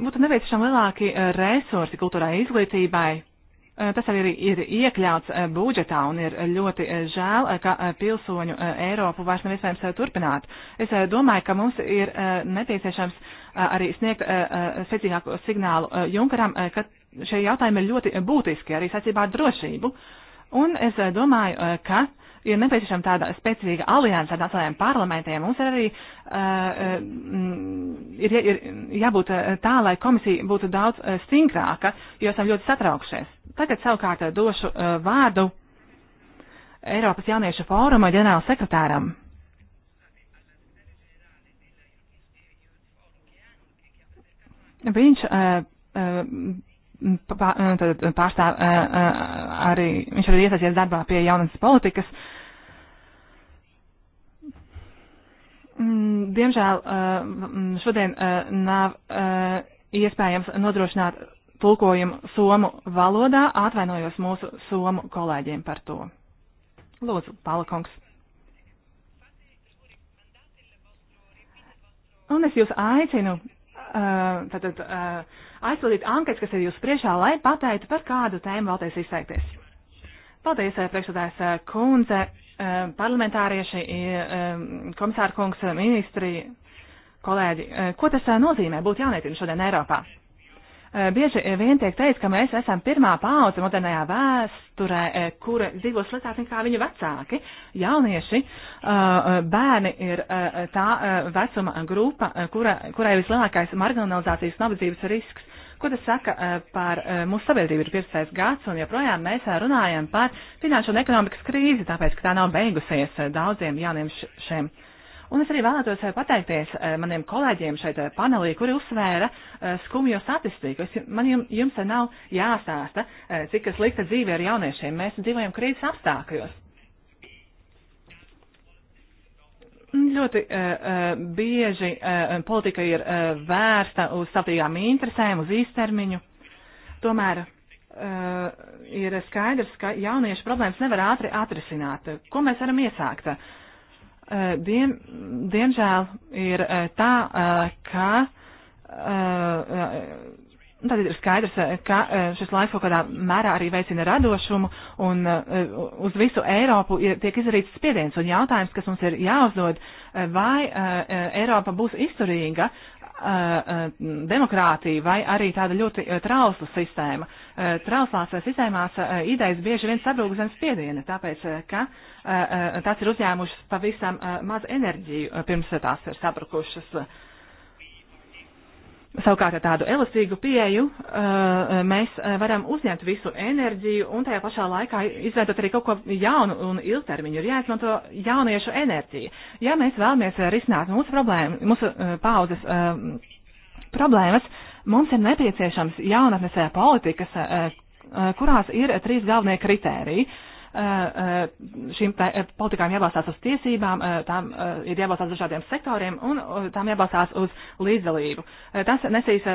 būtu neveicami lielāki resursi kultūrai izglītībai. Tas arī ir iekļauts budžetā un ir ļoti žēl, ka pilsoņu Eiropu vairs nav iespējams turpināt. Es domāju, ka mums ir nepieciešams arī sniegt secīgāko signālu Junkaram, ka šie jautājumi ir ļoti būtiski arī saistībā ar drošību. Un es domāju, ka ir nepieciešama tāda spēcīga alianse ar nacionālajiem parlamentiem. Mums ir arī uh, ir, ir jābūt tā, lai komisija būtu daudz stingrāka, jo esam ļoti satraukšies. Tagad savukārt došu uh, vārdu Eiropas jauniešu fóruma ģenerāla sekretāram. Viņš eh, eh, eh, pārstāv arī, viņš arī iesaisties darbā pie jaunas politikas. Mm, diemžēl šodien nav iespējams nodrošināt tulkojumu somu valodā. Atvainojos mūsu somu kolēģiem par to. Lūdzu, Palakungs. Un es jūs aicinu Uh, tātad, uh, aizpildīt anketas, kas ir jūsu priekšā, lai pateiktu, par kādu tēmu vēlties izteikties. Paldies, uh, priekšsēdājs kundze, parlamentārieši, um, komisāra kungs, ministri, kolēģi. Ko tas nozīmē būt jaunietim šodien Eiropā? Eh, bieži vien tiek teikt, ka mēs esam pirmā paudze modernajā vēsturē, eh, kura dzīvo sliktāk nekā viņu vecāki. Jaunieši, eh, bērni ir tā vecuma grupa, kura, kurai vislielākais marginalizācijas nabadzības risks. Ko tas saka par mūsu sabiedrību? Ir 15 gads, un joprojām mēs runājam par finanšu un ekonomikas krīzi, tāpēc, ka tā nav beigusies daudziem jauniešiem. Šiem Un es arī vēlētos eh, pateikties eh, maniem kolēģiem šeit eh, panelī, kuri uzsvēra skumjo statistiku. Man jums nav jāstāsta, cik slikta dzīve ar jauniešiem. Mēs dzīvojam krīzes apstākļos. Mm, ļoti uh, bieži uh, politika ir uh, vērsta uz savtīgām interesēm, uz īstermiņu. Tomēr uh, ir skaidrs, ka jauniešu problēmas nevar ātri atrisināt. Ko mēs varam iesākt? Eh, Diem, diemžēl ir eh, tā, eh, ka Tātad ir skaidrs, ka šis laiks kaut kādā mērā arī veicina radošumu un uz visu Eiropu ir, tiek izdarīts spiediens un jautājums, kas mums ir jāuzdod, vai Eiropa būs izturīga Eh, eh, demokrātija vai arī tāda ļoti eh, trausla sistēma. Trauslās sistēmās idejas bieži vien sabrūk zem spiediena, tāpēc, ka tās ir uzņēmušas pavisam maz enerģiju pirms tās ir sabrukušas. Savukārt ar tādu elastīgu pieeju uh, mēs uh, varam uzņemt visu enerģiju un tajā pašā laikā izveidot arī kaut ko jaunu un ilgtermiņu. Ir jāizmanto jauniešu enerģija. Ja mēs vēlamies uh, risināt mūsu problēmu, mūsu paudzes problēmas, mums ir nepieciešams jaunatnes politikas, kurās ir trīs galvenie kritēriji. Uh, uh, šīm eh, politikām jābalstās uz tiesībām, eh, tām eh, ir jābalstās dažādiem sektoriem un tām jābalstās uz līdzdalību. Tas nesīs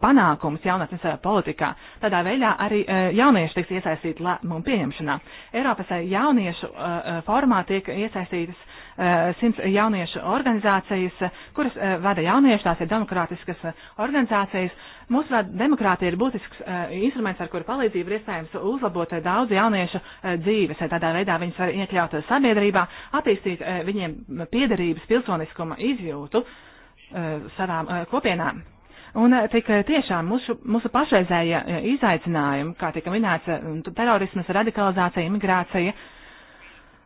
panākums jaunatnes politikā. Tādā veidā arī jaunieši tiks iesaistīti lēmumu pieņemšanā. Eiropas jauniešu formā tiek iesaistītas Eh, simts jauniešu organizācijas, kuras eh, vada jaunieši, tās ir demokrātiskas eh, organizācijas. Mūsuprāt, demokrātija ir būtisks instruments, ar kuru palīdzību ir iespējams uzlabot daudz jauniešu dzīves. Tādā veidā viņus var iekļaut sabiedrībā, attīstīt viņiem piederības pilsoniskuma izjūtu savām kopienām. Un tik tiešām mūsu, mūsu pašreizēja izaicinājumi, kā tika minēts, terorismas, radikalizācija, imigrācija, uh,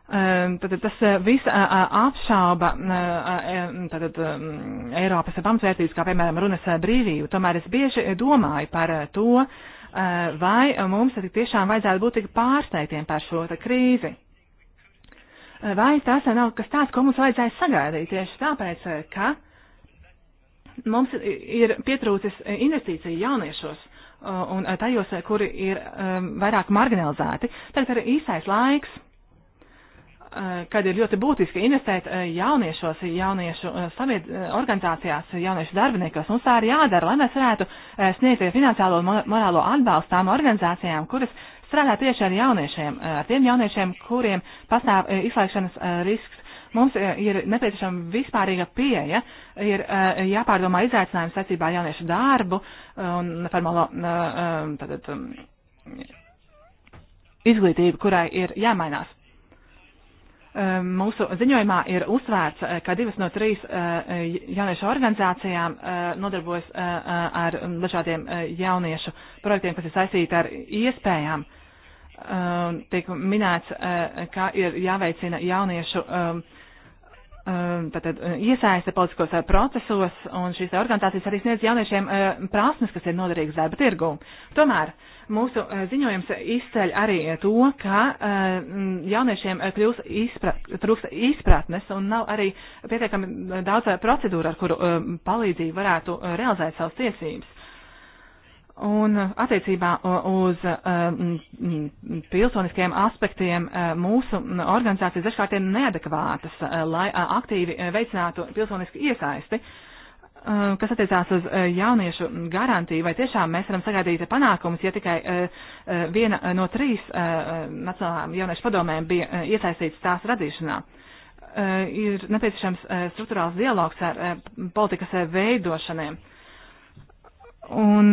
Ehm, tātad tas eh, viss eh, eh, apšauba tātad, Eiropas pamatvērtības, kā piemēram runas brīvību. Tomēr es bieži domāju par to, vai mums tiešām vajadzētu būt tik pārsteigtiem par šo krīzi. Vai tas nav kas tāds, ko mums vajadzēja sagaidīt tieši tāpēc, ka mums ir pietrūcis investīcija jauniešos un tajos, kuri ir vairāk marginalizēti. Tagad ir īstais laiks Eh, kad ir ļoti būtiski investēt eh, jauniešos, jauniešu eh, savied, organizācijās, jauniešu darbiniekos. Mums tā ir jādara, lai mēs varētu sniegt finansiālo un morālo atbalstu tām organizācijām, kuras strādā tieši ar jauniešiem, ar tiem jauniešiem, kuriem pastāv izslēgšanas risks. Mums ir nepieciešama vispārīga pieeja, ir jāpārdomā izaicinājums saistībā ar jauniešu darbu un formālo mm, izglītību, kurai ir jāmainās. Ehm, mūsu ziņojumā ir uzsvērts, eh, ka divas no trīs eh, jauniešu organizācijām eh, nodarbojas ar mm, dažādiem jauniešu projektiem, kas ir saistīti ar iespējām. Ehm, tiek minēts, ka ir jāveicina jauniešu ehm, tātad, iesaiste politiskos procesos, un šīs organizācijas arī sniedz jauniešiem prasmes, kas ir noderīgas darba tirgū. Tomēr Mūsu eh, ziņojums izceļ arī eh, to, ka eh, jauniešiem kļūst izprat, trūkst izpratnes un nav arī pietiekami daudz procedūru, ar kuru palīdzību varētu realizēt savas tiesības. Un attiecībā uz pilsoniskiem aspektiem mūsu organizācijas dažkārt ir neadekvātas, lai aktīvi veicinātu pilsonisku iesaisti. Uh, Eh, kas attiecās uz eh, jauniešu garantiju, vai tiešām mēs varam sagaidīt panākumus, ja tikai eh, viena no trīs nacionālām jauniešu padomēm bija iesaistīts tās radīšanā. Ir nepieciešams struktūrāls dialogs ar politikas veidošaniem. Un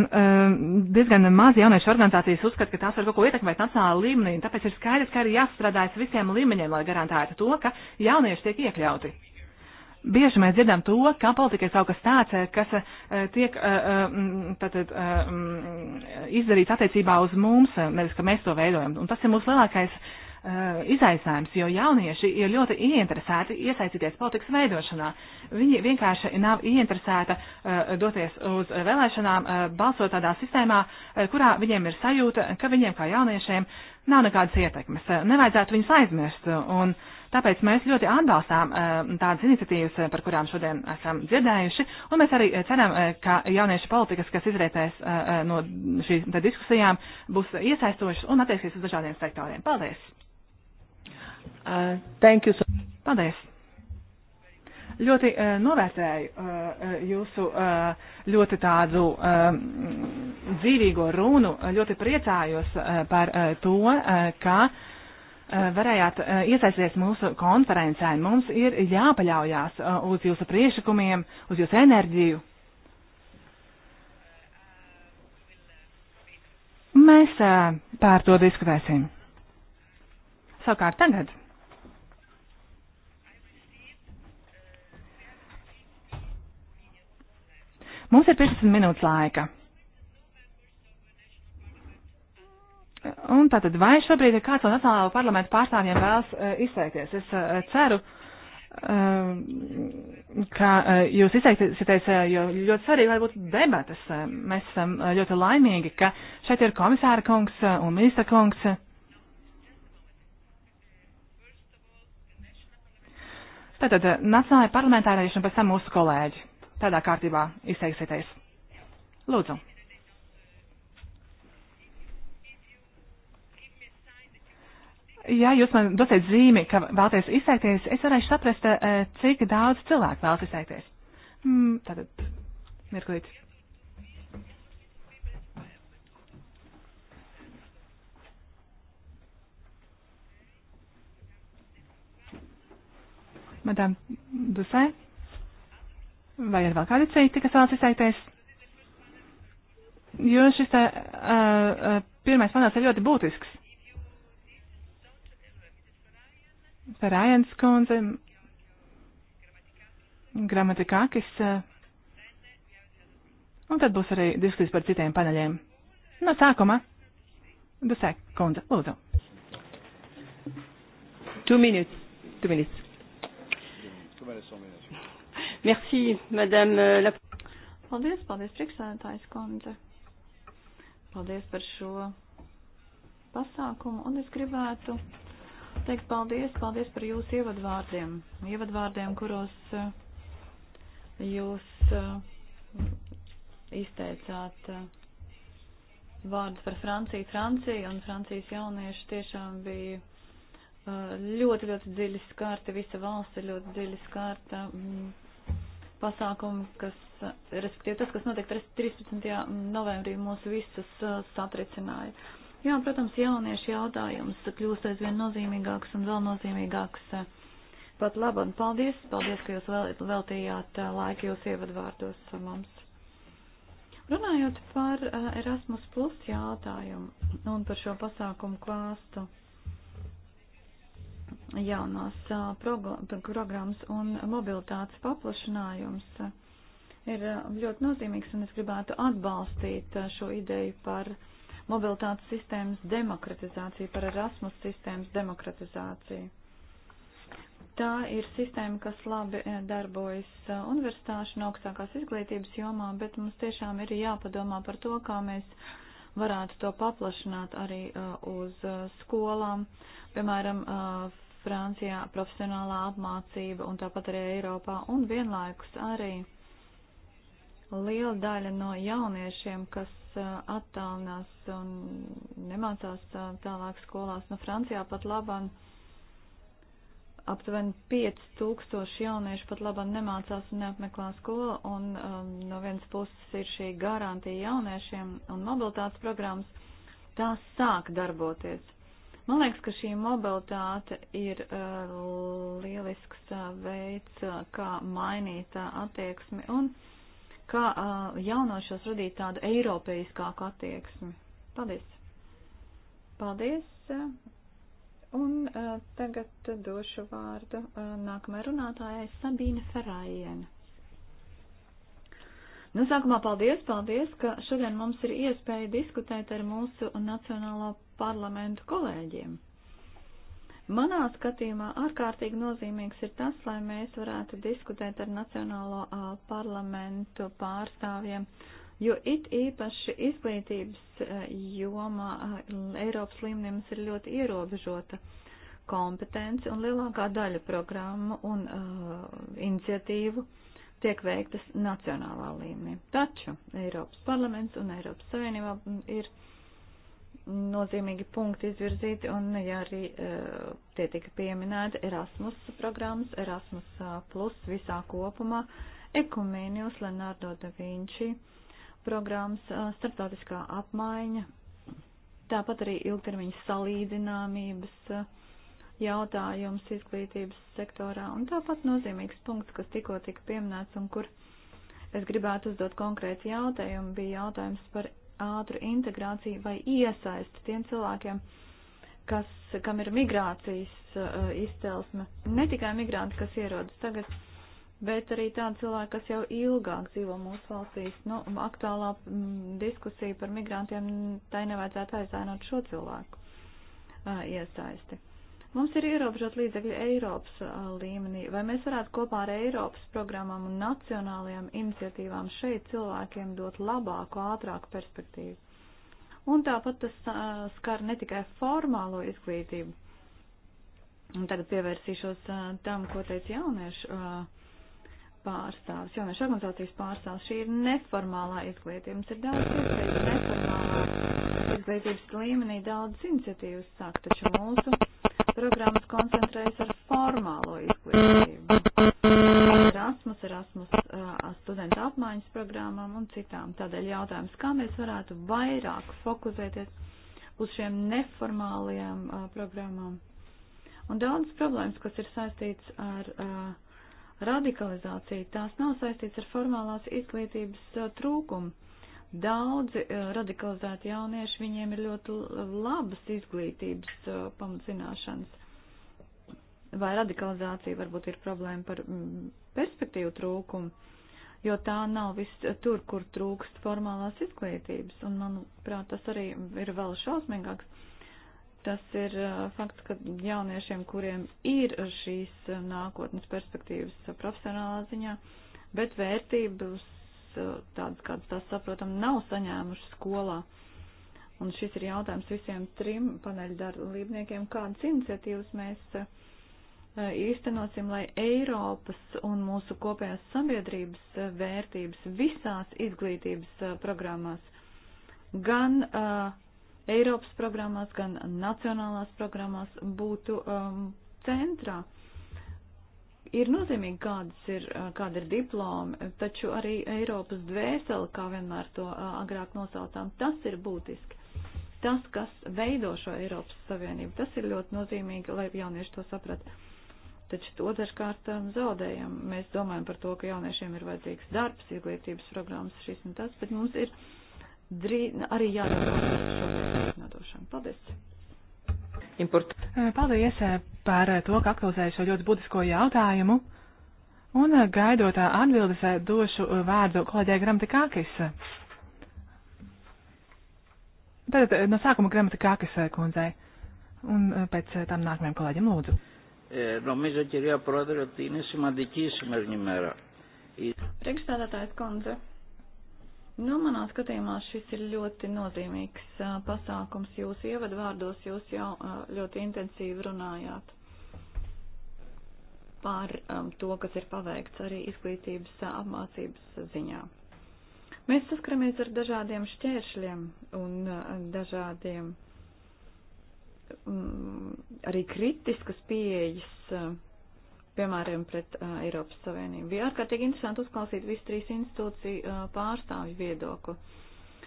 diezgan maz jauniešu organizācijas uzskata, ka tās var kaut ko ietekmēt nacionālā līmenī, tāpēc ir skaidrs, ka ir jāstrādājas visiem līmeņiem, lai garantētu to, ka jaunieši tiek iekļauti. Bieži mēs dzirdam to, ka politika ir kaut kas tāds, eh, kas eh, tiek tātad, eh, mm, mm, izdarīts attiecībā uz mums, nevis ka mēs to veidojam. Un tas ir mūsu lielākais izaicinājums, jo jaunieši ir ļoti ieinteresēti iesaistīties politikas veidošanā. Viņi vienkārši nav ieinteresēti doties uz vēlēšanām, balsot tādā sistēmā, kurā viņiem ir sajūta, ka viņiem kā jauniešiem nav nekādas ietekmes. Nevajadzētu viņus aizmirst. Un, uh, Tāpēc mēs ļoti atbalstām eh, tādas iniciatīvas, eh, par kurām šodien esam dzirdējuši, un mēs arī eh, ceram, ka jauniešu politikas, kas izrietēs no šīs diskusijām, būs iesaistošas un attieksies uz dažādiem sektoriem. Paldies! Uh, thank you. So Paldies! Ļoti uh, novērtēju uh, jūsu uh, ļoti tādu uh, dzīvīgo runu. Ļoti priecājos uh, par uh, to, uh, ka uh, Eh, varējāt eh, iesaistīties mūsu konferencē. Mums ir jāpaļaujās eh, uz jūsu priešakumiem, uz jūsu enerģiju. Mēs pār to diskutēsim. Savukārt tagad. Mums ir 15 minūtes laika. Un tātad vai šobrīd ir kāds no Nacionālā parlamenta pārstāvjiem vēlas uh, izteikties? Es uh, ceru, uh, ka uh, jūs izteiksieties, uh, jo ļoti svarīgi, lai būtu debatas. Uh, mēs esam uh, ļoti laimīgi, ka šeit ir komisāra kungs uh, un ministra kungs. Tātad uh, Nacionālajā parlamentārieši un pēc tam mūsu kolēģi. Tādā kārtībā izteiksieties. Lūdzu. Ja jūs man dosiet zīmi, ka vēlaties izteikties, es varēšu saprast, eh, cik daudz cilvēku vēlas izteikties. Mm, tātad, mirklīt. Madām Dusē, vai ir vēl kādi citi, kas vēlas izteikties? Jo šis te, uh, pirmais panels ir ļoti būtisks. Rājans Konze, Gramatikakis, un tad būs arī diskusijas par citiem paneļiem. No sākuma, Dusē Konze, lūdzu. Two minutes. Two minutes. Merci, madame euh, la. Paldies, paldies, priekšsēdētājs Konze. Paldies par šo pasākumu, un es gribētu teikt paldies, paldies par jūsu ievadvārdiem. Ievadvārdiem, kuros eh, jūs eh, izteicāt eh, vārdu par Franciju. Francija un Francijas jaunieši tiešām bija ļoti, ļoti dziļi skārta, visa valsts ir ļoti dziļi skārta. Mm, pasākumi, kas, respektīvi tas, kas notiek 13. novembrī, mūs visus satricināja. Jā, protams, jauniešu jautājums kļūst aizvien nozīmīgāks un vēl nozīmīgāks. Eh, pat labi, un paldies, paldies, ka jūs vēl, veltījāt eh, laiku jūs ievadvārdos mums. Runājot par eh, Erasmus Plus jautājumu un par šo pasākumu klāstu jaunās programmas un mobilitātes paplašinājums ir ļoti nozīmīgs, un es gribētu atbalstīt šo ideju par mobilitātes sistēmas demokratizāciju, par Erasmus sistēmas demokratizāciju. Tā ir sistēma, kas labi eh, darbojas eh, universitāšu un augstākās izglītības jomā, bet mums tiešām ir jāpadomā par to, kā mēs varētu to paplašināt arī eh, uz skolām. Piemēram, Francijā profesionālā apmācība un tāpat arī Eiropā un vienlaikus arī liela daļa no jauniešiem, kas attālinās un nemācās tālāk skolās. No nu, Francijā pat labam aptuveni 5000 jaunieši pat labam nemācās un neapmeklē skolu, un um, no vienas puses ir šī garantija jauniešiem un mobilitātes programmas, tās sāk darboties. Man liekas, ka šī mobilitāte ir uh, lielisks uh, veids, uh, kā mainīt uh, attieksmi un uh, kā uh, jaunošos radīt tādu eiropeiskāku attieksmi. Paldies! Paldies! Un uh, tagad došu vārdu uh, nākamajai runātājai Sabīne Ferājiena. Nu, sākumā paldies, paldies, ka šodien mums ir iespēja diskutēt ar mūsu nacionālo parlamentu kolēģiem. Manā skatījumā ārkārtīgi nozīmīgs ir tas, lai mēs varētu diskutēt ar Nacionālo parlamentu pārstāvjiem, jo it īpaši izglītības jomā Eiropas līmenim ir ļoti ierobežota kompetence un lielākā daļa programmu un uh, iniciatīvu tiek veiktas nacionālā līmenī. Taču Eiropas parlaments un Eiropas Savienībā ir nozīmīgi punkti izvirzīti, un ja arī uh, tie tika pieminēti Erasmus programmas, Erasmus e, plus visā kopumā, Ekumēnijus, Leonardo da Vinci programmas, uh, starptautiskā apmaiņa, tāpat arī ilgtermiņa salīdzināmības uh, jautājums izglītības sektorā, un tāpat nozīmīgs punkts, kas tikko tika pieminēts un kur es gribētu uzdot konkrēti jautājumu, bija jautājums par ātru integrāciju vai iesaisti tiem cilvēkiem, kas, kam ir migrācijas uh, izcelsme. Ne tikai migranti, kas ierodas tagad, bet arī tādi cilvēki, kas jau ilgāk dzīvo mūsu valstīs. Nu, aktuālā m, mm, diskusija par migrantiem, tai nevajadzētu aizainot šo cilvēku uh, iesaisti. Mums ir ierobežot līdzekļi Eiropas līmenī. Vai mēs varētu kopā ar Eiropas programmām un nacionālajām iniciatīvām šeit cilvēkiem dot labāku, ātrāku perspektīvu? Un tāpat tas uh, skar ne tikai formālo izglītību. Un tagad pievērsīšos uh, tam, ko teica jauniešu uh, pārstāvis, jauniešu organizācijas pārstāvis. Šī ir neformālā izglītība. Mums ir daudz neformālā izglītības līmenī, daudz iniciatīvas sāk, taču mūsu programmas koncentrējas ar formālo izglītību. Erasmus, Erasmus studentu apmaiņas programmām un citām. Tādēļ jautājums, kā mēs varētu vairāk fokusēties uz šiem neformālajām programmām. Un daudz problēmas, kas ir saistīts ar radikalizāciju, tās nav saistīts ar formālās izglītības trūkumu Daudzi e, radikalizēti jaunieši, viņiem ir ļoti labas izglītības e, pamatzināšanas. Vai radikalizācija varbūt ir problēma par perspektīvu trūkumu, jo tā nav viss tur, kur trūkst formālās izglītības. Un, manuprāt, tas arī ir vēl šausmīgāks. Tas ir e, fakts, ka jauniešiem, kuriem ir šīs nākotnes perspektīvas profesionālā ziņā, bet vērtības Uh, tādas, kādas tās saprotam, nav saņēmuši skolā. Un šis ir jautājums visiem trim paneļdarbniekiem, kādas iniciatīvas mēs uh, īstenosim, lai Eiropas un mūsu kopējās sabiedrības uh, vērtības visās izglītības programmās, gan uh, Eiropas programmās, gan nacionālās programmās būtu um, centrā. Uh, ir nozīmīgi, kādas ir, kāda ir diploma, taču arī Eiropas dvēseli, kā vienmēr to agrāk nosaucām, tas ir būtiski. Tas, kas veido šo Eiropas Savienību, tas ir ļoti nozīmīgi, lai jaunieši to saprata. Taču to dažkārt zaudējam. Mēs domājam par to, ka jauniešiem ir vajadzīgs darbs, izglītības programmas, šis un tas, bet mums ir drī, arī jārunā par šo nodošanu. Paldies! Import. Eh, paldies eh, par eh, to, ka aktualizēju šo ļoti būtisko jautājumu. Un gaidot atbildes, došu vārdu kolēģē Gramatikākis. Tātad no sākuma Gramatikākis kundzei. Un pēc tam nākamajam kolēģim lūdzu. Νομίζω, κυρία Πρόεδρε, ότι είναι σημαντική η σημερινή μέρα. Priekšstādātājs kundze, Nu, manā skatījumā šis ir ļoti nozīmīgs pasākums. Jūs ievadvārdos jūs jau ļoti intensīvi runājāt par to, kas ir paveikts arī izglītības apmācības ziņā. Mēs saskaramies ar dažādiem šķēršļiem un dažādiem arī kritiskas pieejas piemēriem pret uh, Eiropas Savienību. Bija ārkārtīgi interesanti uzklausīt visu trīs institūciju uh, pārstāvju viedokli.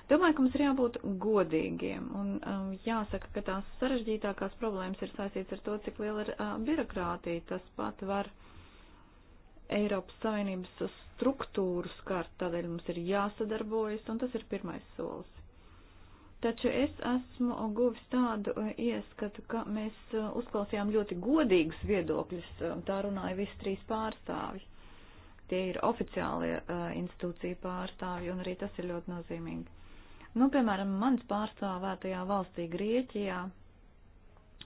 Domāju, ka mums ir jābūt godīgiem un um, jāsaka, ka tās sarežģītākās problēmas ir saistīts ar to, cik liela ir uh, birokrātija. Tas pat var Eiropas Savienības struktūru skart, tādēļ mums ir jāsadarbojas un tas ir pirmais solis. Taču es esmu guvis tādu e, ieskatu, ka mēs e, uzklausījām ļoti godīgus viedokļus, e, tā runāja visi trīs pārstāvji. Tie ir oficiālie institūcija pārstāvji, un arī tas ir ļoti nozīmīgi. Nu, piemēram, mans pārstāvētajā valstī Grieķijā,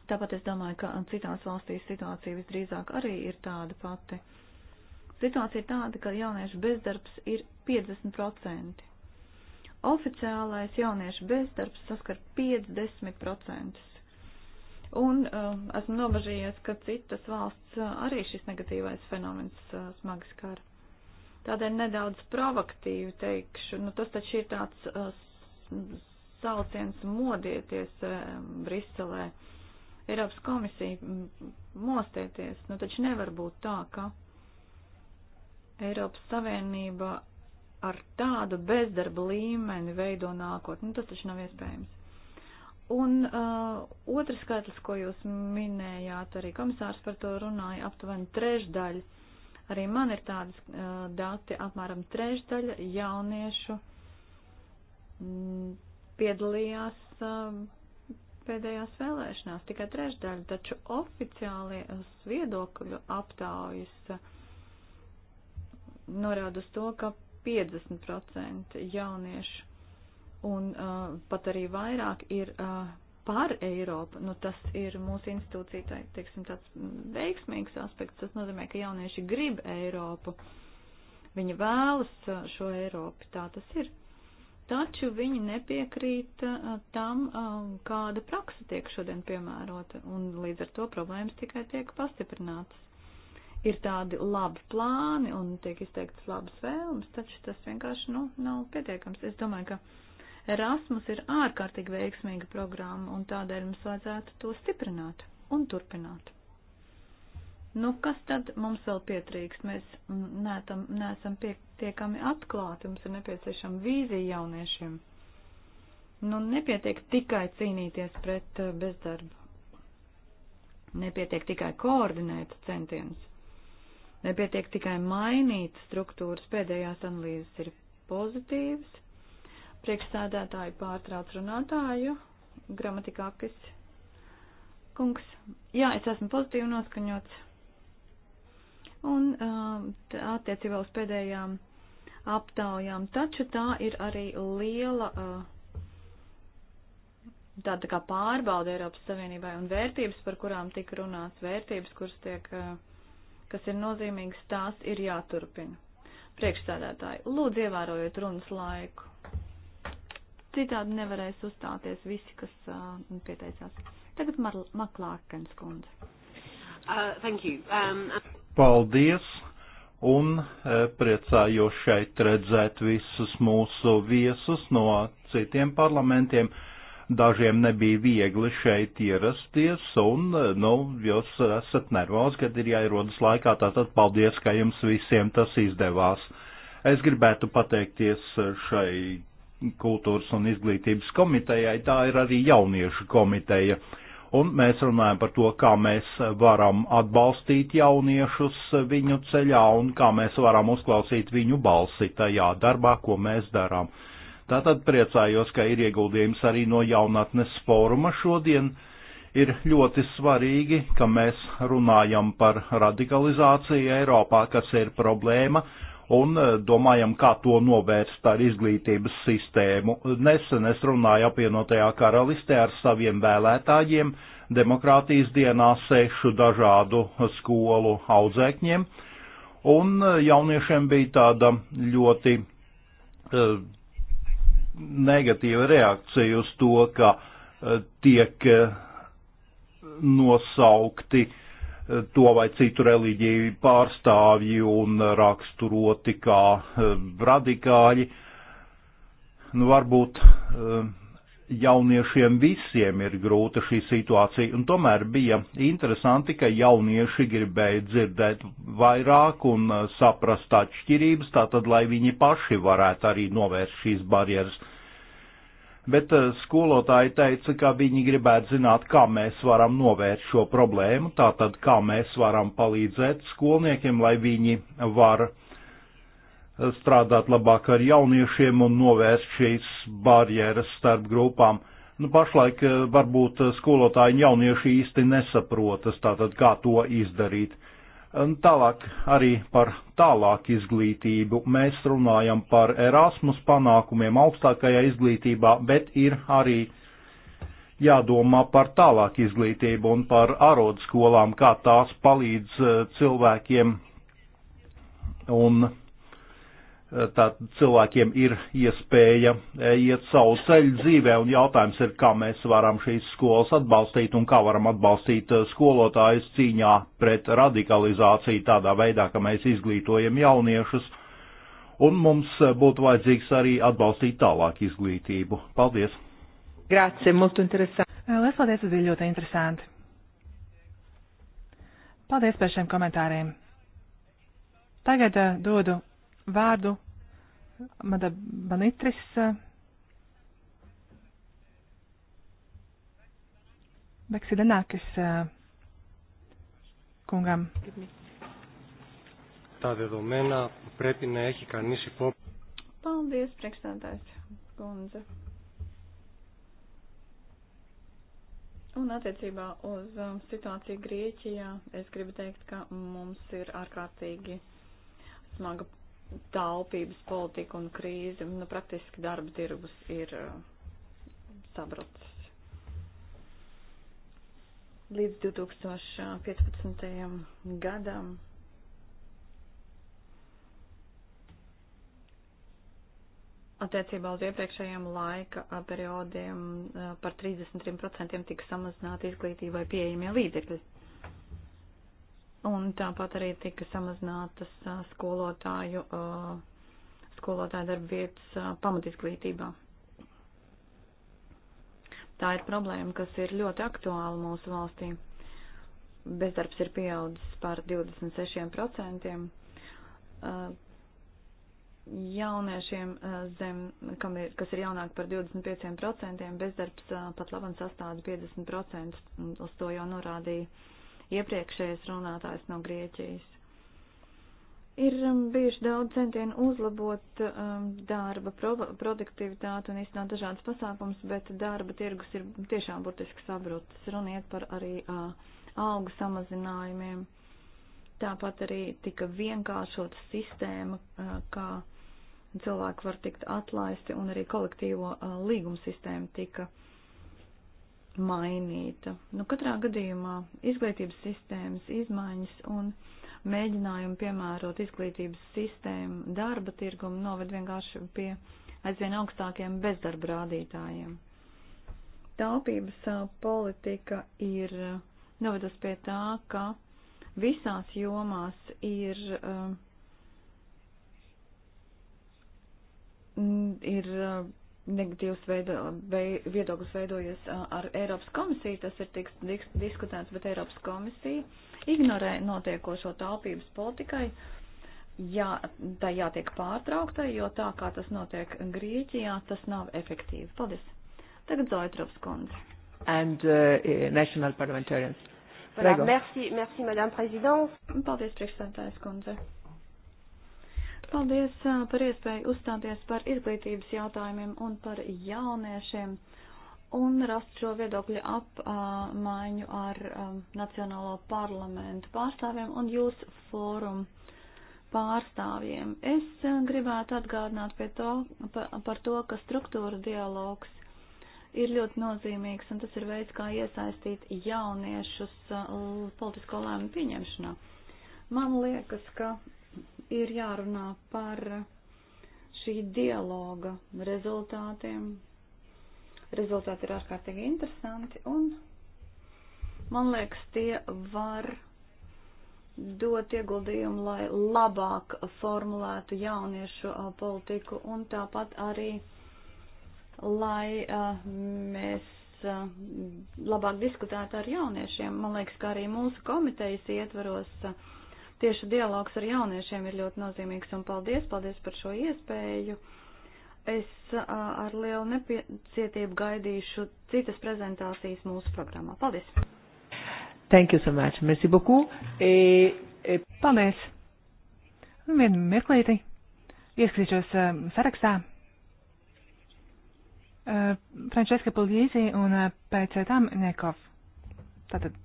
tāpat es domāju, ka citās valstīs situācija visdrīzāk arī ir tāda pati. Situācija ir tāda, ka jauniešu bezdarbs ir 50%. Oficiālais jauniešu bezdarbs saskar 50%. Un uh, esmu nobažījies, ka citas valsts uh, arī šis negatīvais fenomens uh, smagi skar. Tādēļ nedaudz provokatīvi teikšu, nu tas taču ir tāds uh, sauciens modieties uh, Briselē. Eiropas komisija mm, mostieties, nu taču nevar būt tā, ka Eiropas Savienība ar tādu bezdarba līmeni veido nākotni. Nu, tas taču nav iespējams. Un uh, otrs skaitlis, ko jūs minējāt, arī komisārs par to runāja, aptuveni trešdaļa. Arī man ir tādas uh, dati, apmēram trešdaļa jauniešu m, mm, piedalījās uh, pēdējās vēlēšanās, tikai trešdaļa, taču oficiālie uh, viedokļu aptaujas uh, norāda uz to, ka 50% jauniešu un uh, pat arī vairāk ir uh, par Eiropu. Nu, tas ir mūsu institūcija, teiksim, tāds veiksmīgs aspekts. Tas nozīmē, ka jaunieši grib Eiropu. Viņi vēlas uh, šo Eiropu. Tā tas ir. Taču viņi nepiekrīt uh, tam, uh, kāda praksa tiek šodien piemērota, un līdz ar to problēmas tikai tiek pastiprinātas ir tādi labi plāni un tiek izteiktas labas vēlmes, taču tas vienkārši nu, nav pietiekams. Es domāju, ka Erasmus ir ārkārtīgi veiksmīga programma un tādēļ mums vajadzētu to stiprināt un turpināt. Nu, kas tad mums vēl pietrīkst? Mēs neetam, neesam pietiekami atklāti, mums ir nepieciešama vīzija jauniešiem. Nu, nepietiek tikai cīnīties pret eh, bezdarbu nepietiek tikai koordinēt centienus. Nepietiek tikai mainīt struktūras, pēdējās analīzes ir pozitīvas. Priekšstādātāji pārtrauc runātāju, gramatikākis kungs. Jā, es esmu pozitīvi noskaņots. Un uh, attiecībā uz pēdējām aptaujām, taču tā ir arī liela. Uh, Tāda tā kā pārbauda Eiropas Savienībai un vērtības, par kurām tika runāts, vērtības, kuras tiek uh, kas ir nozīmīgas, tās ir jāturpina. Priekšsēdētāji, lūdzu ievērojiet runas laiku. Citādi nevarēs uzstāties visi, kas uh, pieteicās. Tagad Mar Maklākens kundze. Uh, thank you. Um, uh, Paldies un uh, priecājos šeit redzēt visus mūsu viesus no citiem parlamentiem. Uh, Dažiem nebija viegli šeit ierasties, un, nu, jūs esat nervozi, kad ir jāierodas laikā, tātad paldies, ka jums visiem tas izdevās. Es gribētu pateikties šai kultūras un izglītības komitejai, tā ir arī jauniešu komiteja un mēs runājam par to, kā mēs varam atbalstīt jauniešus viņu ceļā un kā mēs varam uzklausīt viņu balsi tajā darbā, ko mēs darām. Tātad priecājos, ka ir ieguldījums arī no jaunatnes fóruma šodien. Ir ļoti svarīgi, ka mēs runājam par radikalizāciju Eiropā, kas ir problēma, un e, domājam, kā to novērst ar izglītības sistēmu. Nesen es runāju apvienotajā karalistē ar saviem vēlētājiem demokrātijas dienā sešu dažādu skolu audzēkņiem, un e, jauniešiem bija tāda ļoti e, negatīva reakcija uz to, ka eh, tiek eh, nosaukti eh, to vai citu reliģiju pārstāvji un raksturoti kā radikāļi. Nu, varbūt jauniešiem visiem ir grūta šī situācija, un tomēr bija interesanti, ka jaunieši gribēja dzirdēt vairāk un saprast atšķirības, tātad, lai viņi paši varētu arī novērst šīs barjeras bet eh, skolotāji teica, ka viņi gribētu zināt, kā mēs varam novērst šo problēmu, tātad kā mēs varam palīdzēt skolniekiem, lai viņi var strādāt labāk ar jauniešiem un novērst šīs barjeras starp grupām. Nu, pašlaik eh, varbūt eh, skolotāji un jaunieši īsti nesaprotas, tātad kā to izdarīt. Uh, Tālāk arī par tālāku izglītību. Mēs runājam par Erasmus panākumiem augstākajā izglītībā, bet ir arī jādomā par tālāku izglītību un par arodskolām, kā tās palīdz eh, cilvēkiem. Un Eh, Tātad cilvēkiem ir iespēja eh, iet savu ceļu dzīvē, un jautājums ir, kā mēs varam šīs skolas atbalstīt un kā varam atbalstīt eh, skolotājus cīņā pret radikalizāciju tādā veidā, ka mēs izglītojam jauniešus, un mums būtu vajadzīgs arī atbalstīt tālāk izglītību. Paldies! Grācie, multu interesanti. Lielas paldies, tas bija ļoti interesanti. Paldies par šiem komentāriem. Tagad dodu vārdu Mada Banitris. Eh, Beksidenākis eh, kungam. Tā dedomēnā prepi neehi kanīs υπόψη. Paldies, priekšstādājs kundze. Un attiecībā uz um, situāciju Grieķijā, es gribu teikt, ka mums ir ārkārtīgi smaga taupības politika un krīze, nu, praktiski darba tirgus ir uh, sabrucis. Līdz 2015. gadam attiecībā uz iepriekšējiem laika uh, periodiem uh, par 33% tika samazināti izglītībai pieejamie līdzekļi. Un tāpat arī tika samazinātas skolotāju, skolotāju darba vietas pamatizglītībā. Tā ir problēma, kas ir ļoti aktuāla mūsu valstī. Bezdarbs ir pieaudzis par 26%. Jauniešiem, zem, ir, kas ir jaunāki par 25%, bezdarbs pat labam sastāda 50%, uz to jau norādīja iepriekšējais runātājs no Grieķijas. Ir um, bijuši daudz centienu uzlabot um, darba pro produktivitāti un iznāk dažādas pasākums, bet darba tirgus ir tiešām burtiski sabrucis. Runiet par arī uh, algu samazinājumiem. Tāpat arī tika vienkāršot sistēma, uh, kā cilvēki var tikt atlaisti un arī kolektīvo uh, līguma sistēma tika uh, mainīta. Nu, katrā gadījumā izglītības sistēmas izmaiņas un mēģinājumi piemērot izglītības sistēmu darba tirgumu noved vienkārši pie aizvien augstākiem bezdarba rādītājiem. Taupības politika ir novedus pie tā, ka visās jomās ir, ir negatīvs veido, vei, viedoklis veidojas ar Eiropas komisiju, tas ir tiks diks, diskutēts, bet Eiropas komisija ignorē notiekošo taupības politikai, jā, tā jātiek pārtraukta, jo tā kā tas notiek Grieķijā, tas nav efektīvi. Paldies. Tagad Zoitrops kundze. And uh, national parliamentarians. Voilà, merci, merci, Madame Présidente. Paldies, priekšsēdētājs kundze. Paldies par iespēju uzstāties par izglītības jautājumiem un par jauniešiem un rast šo viedokļu apmaiņu ar Nacionālo parlamentu pārstāvjiem un jūsu fórumu pārstāvjiem. Es gribētu atgādināt pie to, pa, par to, ka struktūra dialogs ir ļoti nozīmīgs un tas ir veids, kā iesaistīt jauniešus politisko lēmumu pieņemšanā. Man liekas, ka ir jārunā par šī dialoga rezultātiem. Rezultāti ir ārkārtīgi interesanti un, man liekas, tie var dot ieguldījumu, lai labāk formulētu jauniešu politiku un tāpat arī, lai mēs labāk diskutētu ar jauniešiem. Man liekas, ka arī mūsu komitejas ietvaros Tieši dialogs ar jauniešiem ir ļoti nozīmīgs un paldies, paldies par šo iespēju. Es ar lielu nepacietību gaidīšu citas prezentācijas mūsu programmā. Paldies! Thank you so much. Merci beaucoup. E, e... Paldies! Vienu mirklīti. Ieskatīšos um, sarakstā. Uh, Frančeska Puglīzi un uh, pēc tam Nekov. Tātad.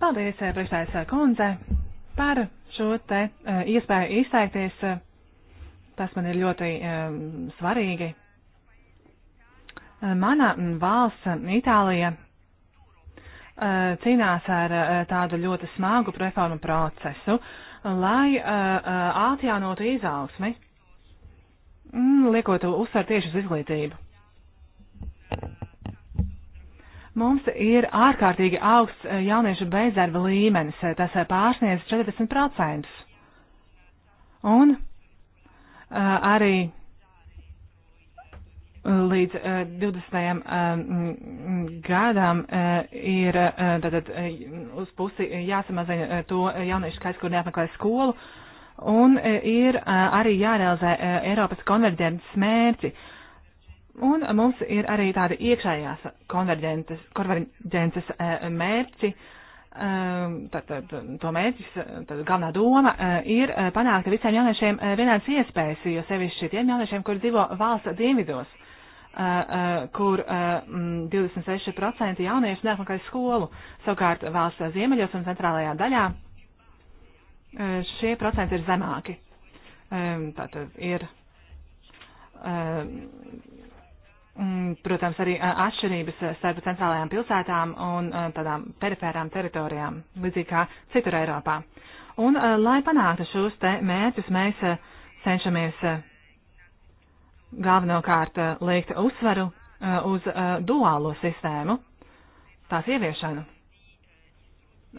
Paldies, priekšstājas kundze. Par šo te eh, iespēju izteikties, tas man ir ļoti eh, svarīgi. Mana valsts, Itālija, eh, cīnās ar tādu ļoti smagu reformu procesu, lai atjaunotu izaugsmi, mm, liekot uzsver tieši uz izglītību. Mums ir ārkārtīgi augsts eh, jauniešu bezdarba līmenis, eh, tas eh, pārsniedz 40%. Un arī līdz 20. gadam ir tātad, uz pusi jāsamazina to jauniešu skaits, kur neapmeklē skolu, un ir arī jārealizē Eiropas konverģents mērķi. Un mums ir arī tādi iekšējās konverģences, konverģences mērķi. E, Tātad to mērķis, tad galvenā doma e, ir e, panākt visiem jauniešiem vienādas iespējas, jo sevišķi tiem jauniešiem, kur dzīvo valsts dienvidos, kur 26% jauniešu neapmakaļ skolu, savukārt valsts ziemeļos un centrālajā daļā šie procenti ir zemāki. Tātad ir Mm, protams, arī atšķirības starp centrālajām pilsētām un tādām perifērām teritorijām, līdzīgi kā citur Eiropā. Un, lai panāktu šos te mērķus, mēs cenšamies galvenokārt liekt uzsvaru uz duālo sistēmu, tās ieviešanu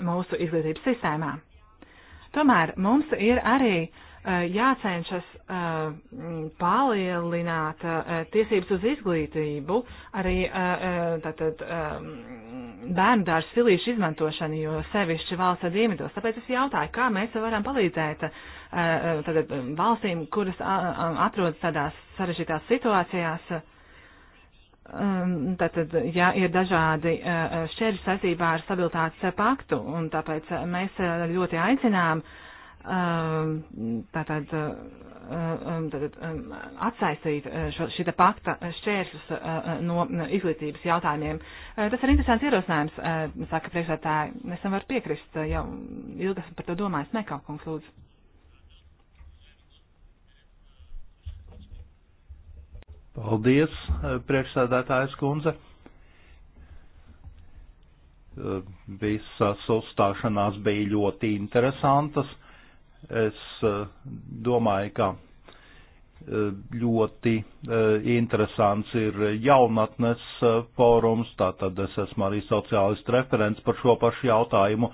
mūsu izglītības sistēmā. Tomēr mums ir arī uh, Eh, jācenšas eh, palielināt eh, tiesības uz izglītību, arī tātad bērnu dārstu silīšu izmantošanu, jo sevišķi valsts dīmedos. Tāpēc es jautāju, kā mēs varam palīdzēt tātad, valstīm, kuras atrodas tādās sarežģītās situācijās. Um, tātad, ja ir dažādi šķēršļi saistībā ar stabilitātes paktu, un tāpēc mēs ļoti aicinām uh, Um, tātad, uh, um, tātad um, atsaistīt uh, šita pakta šķēršus uh, no izglītības jautājumiem. Tas ir interesants ierosinājums, saka priekšētāji. Es tam varu piekrist, jau ilgi esmu par to domājis. Nekaukungs, lūdzu. Paldies, priekšsēdētājas kundze visas uzstāšanās bija ļoti interesantas. Es eh, domāju, ka eh, ļoti eh, interesants ir jaunatnes fórums, tātad es esmu arī sociālistu referents par šo pašu jautājumu.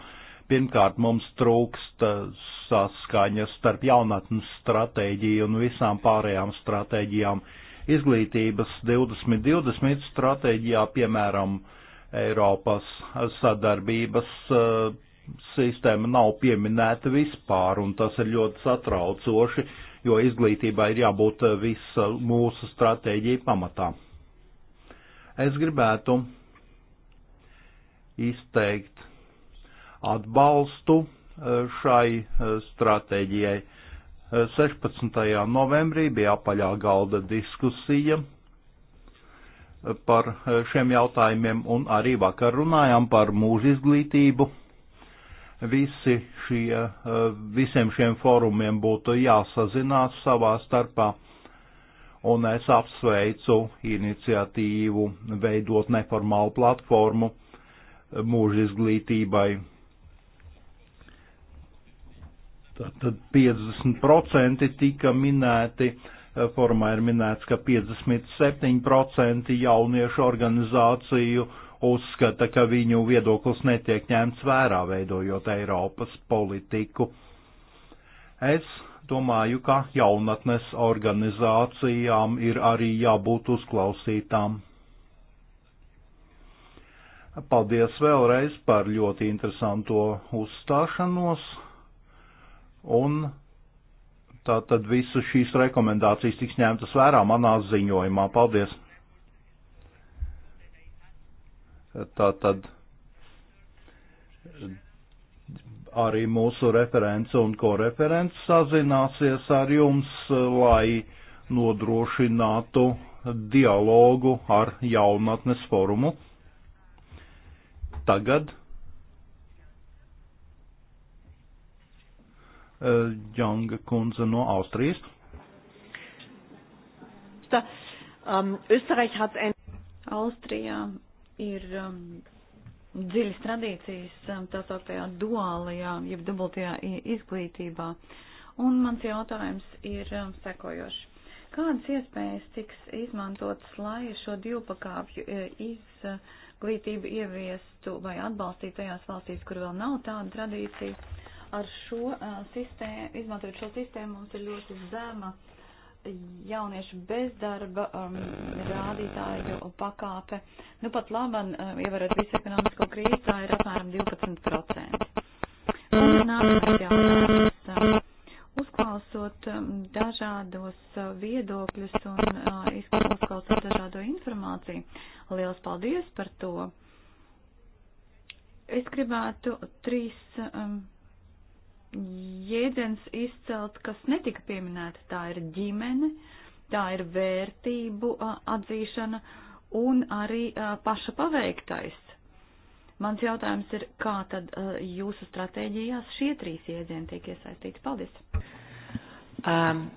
Pirmkārt, mums trūkst saskaņas starp jaunatnes stratēģiju un visām pārējām stratēģijām. Izglītības 2020 stratēģijā, piemēram, Eiropas sadarbības sistēma nav pieminēta vispār, un tas ir ļoti satraucoši, jo izglītībai ir jābūt eh, visa eh, mūsu stratēģija pamatā. Es gribētu izteikt atbalstu eh, šai stratēģijai. 16. novembrī bija apaļā galda diskusija par šiem jautājumiem, un arī vakar runājām par mūža izglītību visi šie, eh, visiem šiem fórumiem būtu jāsazinās savā starpā, un es apsveicu iniciatīvu veidot neformālu platformu eh, mūža izglītībai. Tad 50% tika minēti, eh, formā ir minēts, ka 57% jauniešu organizāciju uh, uzskata, ka viņu viedoklis netiek ņemts vērā, veidojot Eiropas politiku. Es domāju, ka jaunatnes organizācijām ir arī jābūt uzklausītām. Paldies vēlreiz par ļoti interesanto uzstāšanos. Un tātad visas šīs rekomendācijas tiks ņemtas vērā manā ziņojumā. Paldies! Tā tad arī mūsu referents un koreferents sazināsies ar jums, lai nodrošinātu dialogu ar jaunatnes forumu. Tagad eh, Janga kundze no Austrijas. Um, Österreich hat ein Austrijā ir um, dziļas tradīcijas um, tā sauktajā duālajā, jeb dubultajā izglītībā. Un mans jautājums ir um, sekojošs. Kādas iespējas tiks izmantotas, lai šo divpakāpju e, izglītību ieviestu vai atbalstītu tajās valstīs, kur vēl nav tāda tradīcija? Ar šo uh, e, sistēmu, izmantojot šo sistēmu, mums ir ļoti zema uh, jauniešu bezdarba um, rādītāju pakāpe, nu pat laban, um, ievarot visu ekonomisko krīzi, tā ir apmēram 12%. Un nākamais jautājums. Um, uzklausot um, dažādos uh, viedokļus un uh, uzklausot dažādo informāciju, liels paldies par to. Es gribētu trīs. Um, jēdziens izcelt, kas netika pieminēta, tā ir ģimene, tā ir vērtību atzīšana un arī paša paveiktais. Mans jautājums ir, kā tad jūsu stratēģijās šie trīs jēdzieni tiek iesaistīti? Paldies! Um,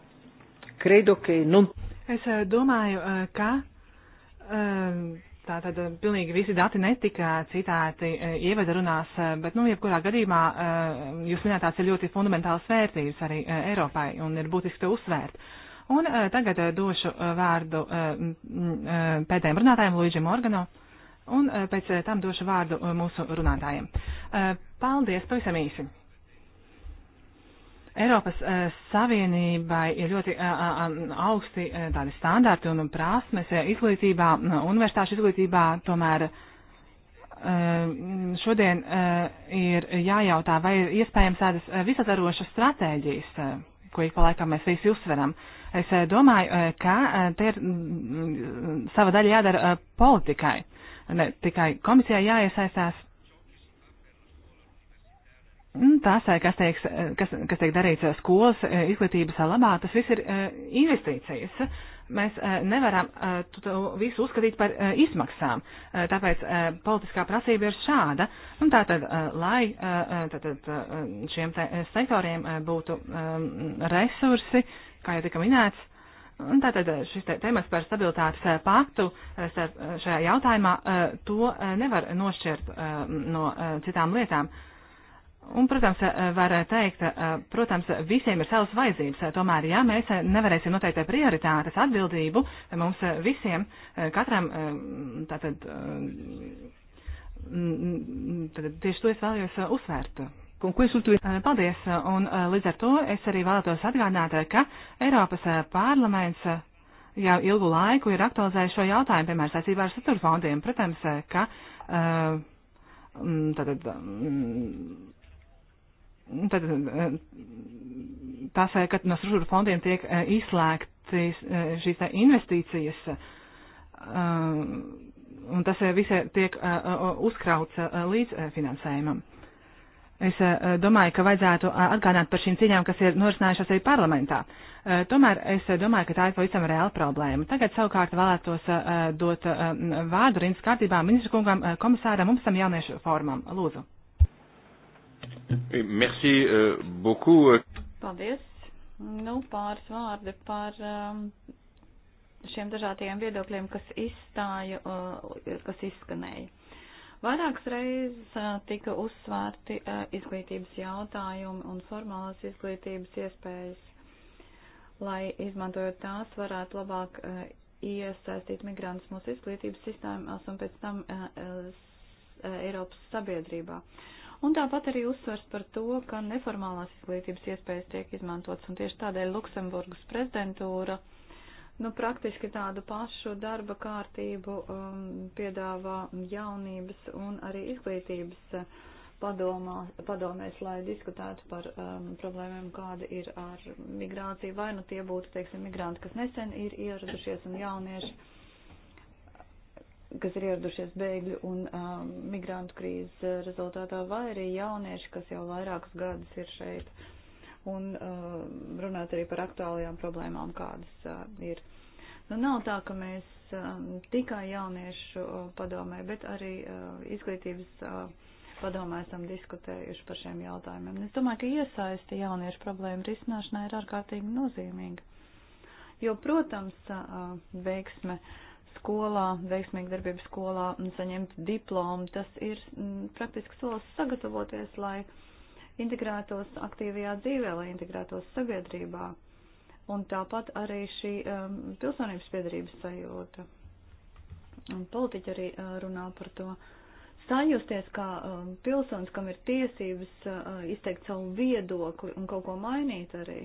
credo, e, e, ka, nu... Es domāju, ka um, Tātad eh, pilnīgi visi dati netika citāti eh, ievada runās, eh, bet, nu, jebkurā gadījumā jūs minētās ir ļoti fundamentāls vērtības arī Eiropai un ir būtiski to uzsvērt. Un tagad došu vārdu pēdējiem runātājiem Luīģim Morgano un pēc tam došu vārdu mūsu runātājiem. Paldies, pavisam īsi. Eiropas eh, Savienībai ir ļoti eh, eh, augsti tādi standarti un prasmes izglītībā, universitāšu izglītībā, tomēr šodien ir jājautā, vai ir iespējams tādas visatarošas stratēģijas, ko ik pa laikam mēs visi uzsveram. Es domāju, ka te ir mm, sava daļa jādara politikai, ne tikai komisijai jāiesaistās Nu, tās, kas tiek, kas, kas tiek darīts eh, skolas eh, izglītības labā, tas viss ir eh, investīcijas. Mēs nevaram to visu uzskatīt par izmaksām, tāpēc politiskā prasība ir šāda. Un nu, tātad, lai tātad, šiem sektoriem būtu resursi, kā jau tika minēts, Un tātad šis te, temats par stabilitātes paktu šajā jautājumā to nevar nošķirt no citām lietām. Uh, Un, protams, eh, var teikt, eh, protams, visiem ir savas vajadzības, tomēr, ja mēs nevarēsim noteikt prioritātes atbildību, mums visiem, eh, katram, tātad, tātad tieši to es vēlējos uzsvērt. Paldies, un līdz ar to es arī vēlētos atgādināt, ka Eiropas parlaments jau ilgu laiku ir aktualizējis šo jautājumu, piemēram, saistībā ar satura fondiem. Protams, ka tātad mm, Nu, tad eh, tās, kad no struktūra fondiem tiek eh, izslēgti eh, šīs investīcijas, un tas visai tiek uzkrauts līdz finansējumam. Es domāju, ka vajadzētu atgādināt par šīm cīņām, kas ir norisinājušās arī parlamentā. Tomēr es domāju, ka tā ir pavisam reāla problēma. Tagad savukārt vēlētos dot vārdu rindas kārtībā ministra kungam komisāram mums tam jauniešu formam. Lūdzu. Merci euh, beaucoup. Euh. Paldies. Nu, pāris vārdi par um, šiem dažādiem viedokļiem, kas izstāja, uh, kas izskanēja. Vairākas reizes uh, tika uzsvērti uh, izglītības jautājumi un formālās izglītības iespējas, lai izmantojot tās varētu labāk iesaistīt migrantus mūsu izglītības sistēmās un pēc tam Eiropas sabiedrībā. Uh, Un tāpat arī uzsvers par to, ka neformālās izglītības iespējas tiek izmantotas, un tieši tādēļ Luksemburgas prezidentūra nu, praktiski tādu pašu darba kārtību um, piedāvā jaunības un arī izglītības uh, padomā, padomēs, lai diskutētu par um, problēmām, kāda ir ar migrāciju, vai nu tie būtu, teiksim, migranti, kas nesen ir ieradušies un jaunieši kas ir ieradušies bēgļu un um, migrantu krīzes rezultātā, vai arī jaunieši, kas jau vairākus gadus ir šeit, un uh, runāt arī par aktuālajām problēmām, kādas uh, ir. Nu, nav tā, ka mēs um, tikai jauniešu uh, padomē, bet arī uh, izglītības uh, padomē esam diskutējuši par šiem jautājumiem. Es domāju, ka iesaisti jauniešu problēmu risināšanā ir ārkārtīgi nozīmīga. Jo, protams, uh, veiksme uh, skolā, veiksmīga darbība skolā un saņemt diplomu. Tas ir mm, praktiski solis sagatavoties, lai integrētos aktīvajā dzīvē, lai integrētos sabiedrībā. Un tāpat arī šī um, pilsonības piedarības sajūta. Un politiķi arī uh, runā par to. Sajusties kā um, pilsonis, kam ir tiesības uh, izteikt savu viedokli un kaut ko mainīt arī.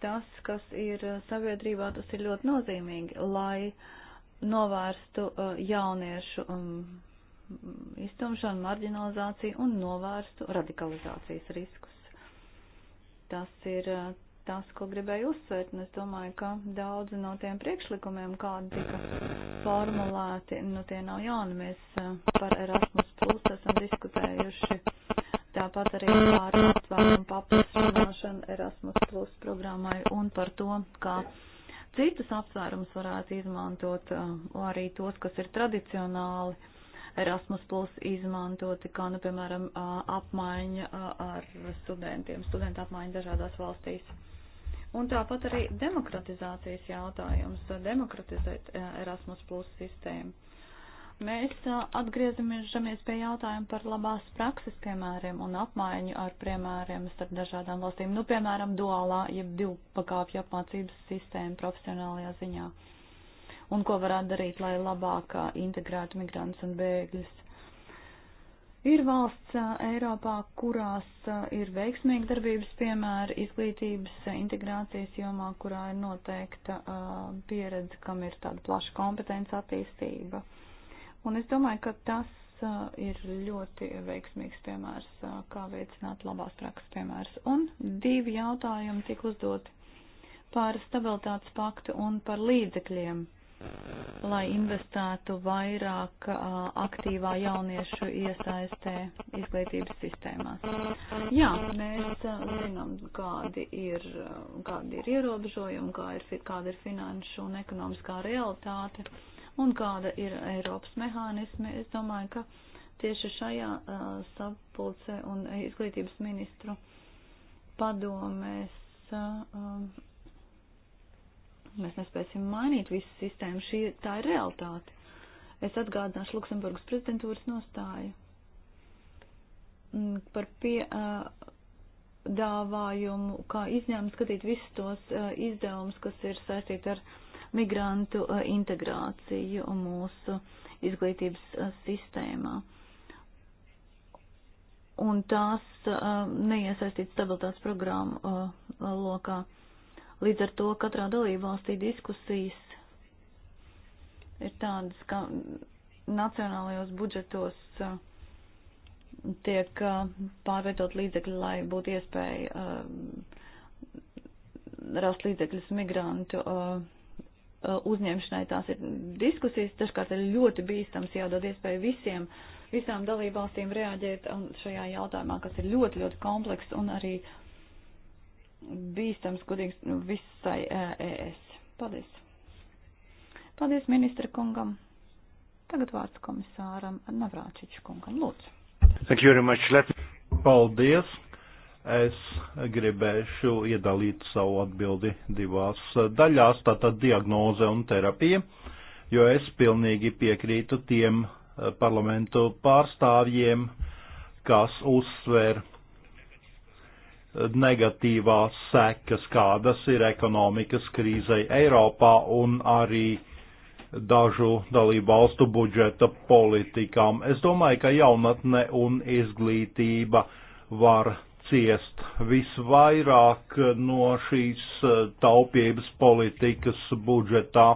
Tas, kas ir uh, sabiedrībā, tas ir ļoti nozīmīgi, lai uh, novērstu uh, jauniešu um, iztumšanu, marginalizāciju un novērstu radikalizācijas riskus. Tas ir uh, tas, ko gribēju uzsvērt, un es domāju, ka daudzi no tiem priekšlikumiem, kādi tika formulēti, nu tie nav jauni. Mēs uh, par Erasmus Plus esam diskutējuši, tāpat arī par atvērumu paplašināšanu Erasmus Plus programmai un par to, kā. Ka citus apsvērumus varētu izmantot, eh, arī tos, kas ir tradicionāli Erasmus Plus izmantoti, kā, nu, piemēram, eh, apmaiņa eh, ar studentiem, studentu apmaiņa dažādās valstīs. Un tāpat arī demokratizācijas jautājums, demokratizēt Erasmus Plus sistēmu. Mēs atgriezamies pie jautājuma par labās prakses piemēriem un apmaiņu ar piemēriem starp dažādām valstīm. Nu, piemēram, duālā, jeb divpakāpju apmācības sistēma profesionālajā ziņā. Un ko varētu darīt, lai labāk integrētu migrantus un bēgļus. Ir valsts Eiropā, kurās ir veiksmīgi darbības piemēri izglītības integrācijas jomā, kurā ir noteikta pieredze, kam ir tāda plaša kompetence attīstība. Un es domāju, ka tas ir ļoti veiksmīgs piemērs, kā veicināt labās prakses piemērs. Un divi jautājumi tika uzdoti par stabilitātes paktu un par līdzekļiem, lai investētu vairāk aktīvā jauniešu iesaistē izglītības sistēmās. Jā, mēs zinām, kādi ir, kādi ir ierobežojumi, kā ir, kāda ir finanšu un ekonomiskā realitāte un kāda ir Eiropas mehānismi. Es domāju, ka tieši šajā uh, sapulcē un izglītības ministru padomēs. Uh, Mēs nespēsim mainīt visu sistēmu. Šī, tā ir realitāte. Es atgādināšu Luksemburgas prezidentūras nostāju mm, par piedāvājumu, kā izņēmumu skatīt visus tos izdevumus, kas ir saistīti ar uh, migrantu eh, integrāciju mūsu izglītības eh, sistēmā. Un tās eh, neiesaistīt stabilitātes programmu lokā. Līdz ar to katrā dalībvalstī diskusijas ir tādas, ka nacionālajos budžetos uh, tiek pārvietot līdzekļi, lai būtu iespēja uh, rast līdzekļus migrantu uh, Uh, uzņemšanai. Tās ir diskusijas, dažkārt ir ļoti bīstams jādod iespēju visiem, visām dalībvalstīm reaģēt šajā jautājumā, kas ir ļoti, ļoti komplekss un arī bīstams, godīgs nu, visai uh, ES. Paldies. Paldies ministra kungam. Tagad vārds komisāram Navrāčiču kungam. Lūdzu. Thank you very much. Let... Paldies. Es gribēšu iedalīt savu atbildi divās daļās, tātad diagnoze un terapija, jo es pilnīgi piekrītu tiem eh, parlamentu pārstāvjiem, kas uzsver eh, negatīvās sekas, kādas ir ekonomikas krīzei Eiropā un arī dažu dalību valstu budžeta politikām. Es domāju, ka jaunatne un izglītība var ciest visvairāk no šīs eh, taupības politikas budžetā.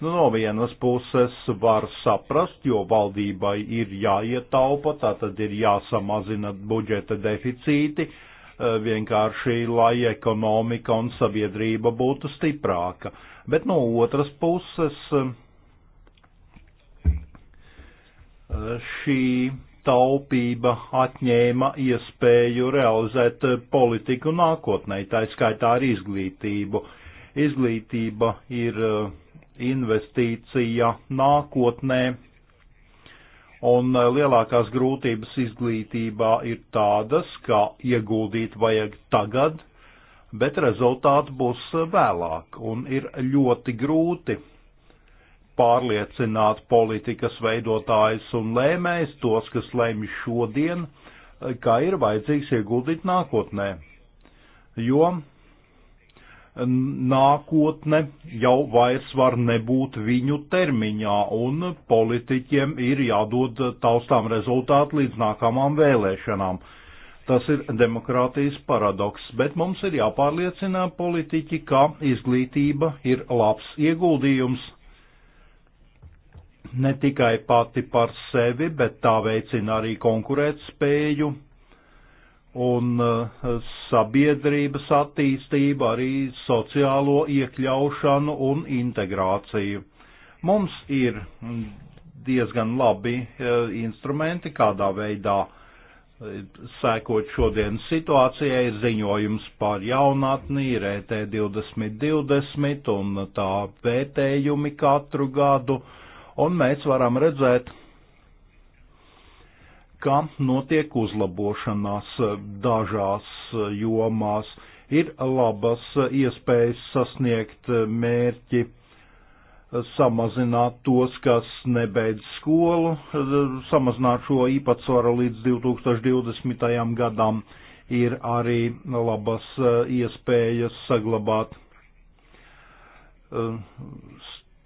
Nu, no vienas puses var saprast, jo valdībai ir jāietaupa, tātad ir jāsamazina budžeta deficīti, eh, vienkārši lai ekonomika un sabiedrība būtu stiprāka. Bet no otras puses eh, šī taupība atņēma iespēju realizēt politiku nākotnē, tā skaitā ar izglītību. Izglītība ir eh, investīcija nākotnē, un eh, lielākās grūtības izglītībā ir tādas, ka ieguldīt vajag tagad, bet rezultāti būs eh, vēlāk, un ir ļoti grūti pārliecināt politikas veidotājus un lēmējs, tos, kas lēmj šodien, kā ir vajadzīgs ieguldīt nākotnē. Jo nākotne jau vairs var nebūt viņu termiņā, un politiķiem ir jādod taustām rezultāti līdz nākamām vēlēšanām. Tas ir demokrātijas paradoks, bet mums ir jāpārliecina politiķi, ka izglītība ir labs ieguldījums ne tikai pati par sevi, bet tā veicina arī konkurētspēju un eh, sabiedrības attīstību, arī sociālo iekļaušanu un integrāciju. Mums ir mm, diezgan labi eh, instrumenti, kādā veidā eh, sēkot šodien situācijai, ir ziņojums par jaunatni, ir ET 2020 un tā vērtējumi katru gadu un mēs varam redzēt, ka notiek uzlabošanās dažās jomās, ir labas iespējas sasniegt mērķi, samazināt tos, kas nebeidz skolu, samazināt šo īpatsvaru līdz 2020. gadam, ir arī labas iespējas saglabāt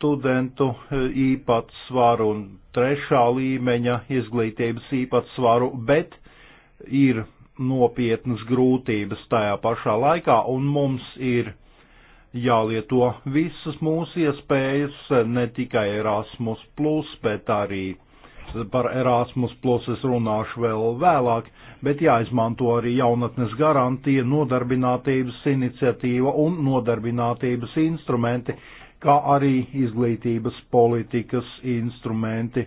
studentu e, īpatsvaru un trešā līmeņa izglītības īpatsvaru, bet ir nopietnas grūtības tajā pašā laikā, un mums ir jālieto visas mūsu iespējas, ne tikai Erasmus, bet arī par Erasmus, es runāšu vēl vēlāk, bet jāizmanto arī jaunatnes garantija, nodarbinātības iniciatīva un nodarbinātības instrumenti, kā arī izglītības politikas instrumenti.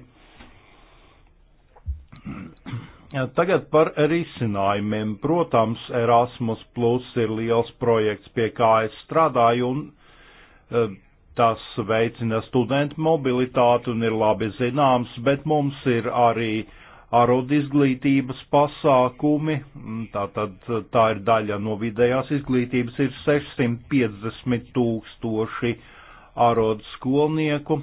Tagad par risinājumiem. Protams, Erasmus Plus ir liels projekts, pie kā es strādāju, un e, tas veicina studentu mobilitāti un ir labi zināms, bet mums ir arī arod izglītības pasākumi, tātad tā ir daļa no vidējās izglītības, ir 650 tūkstoši ārodu skolnieku,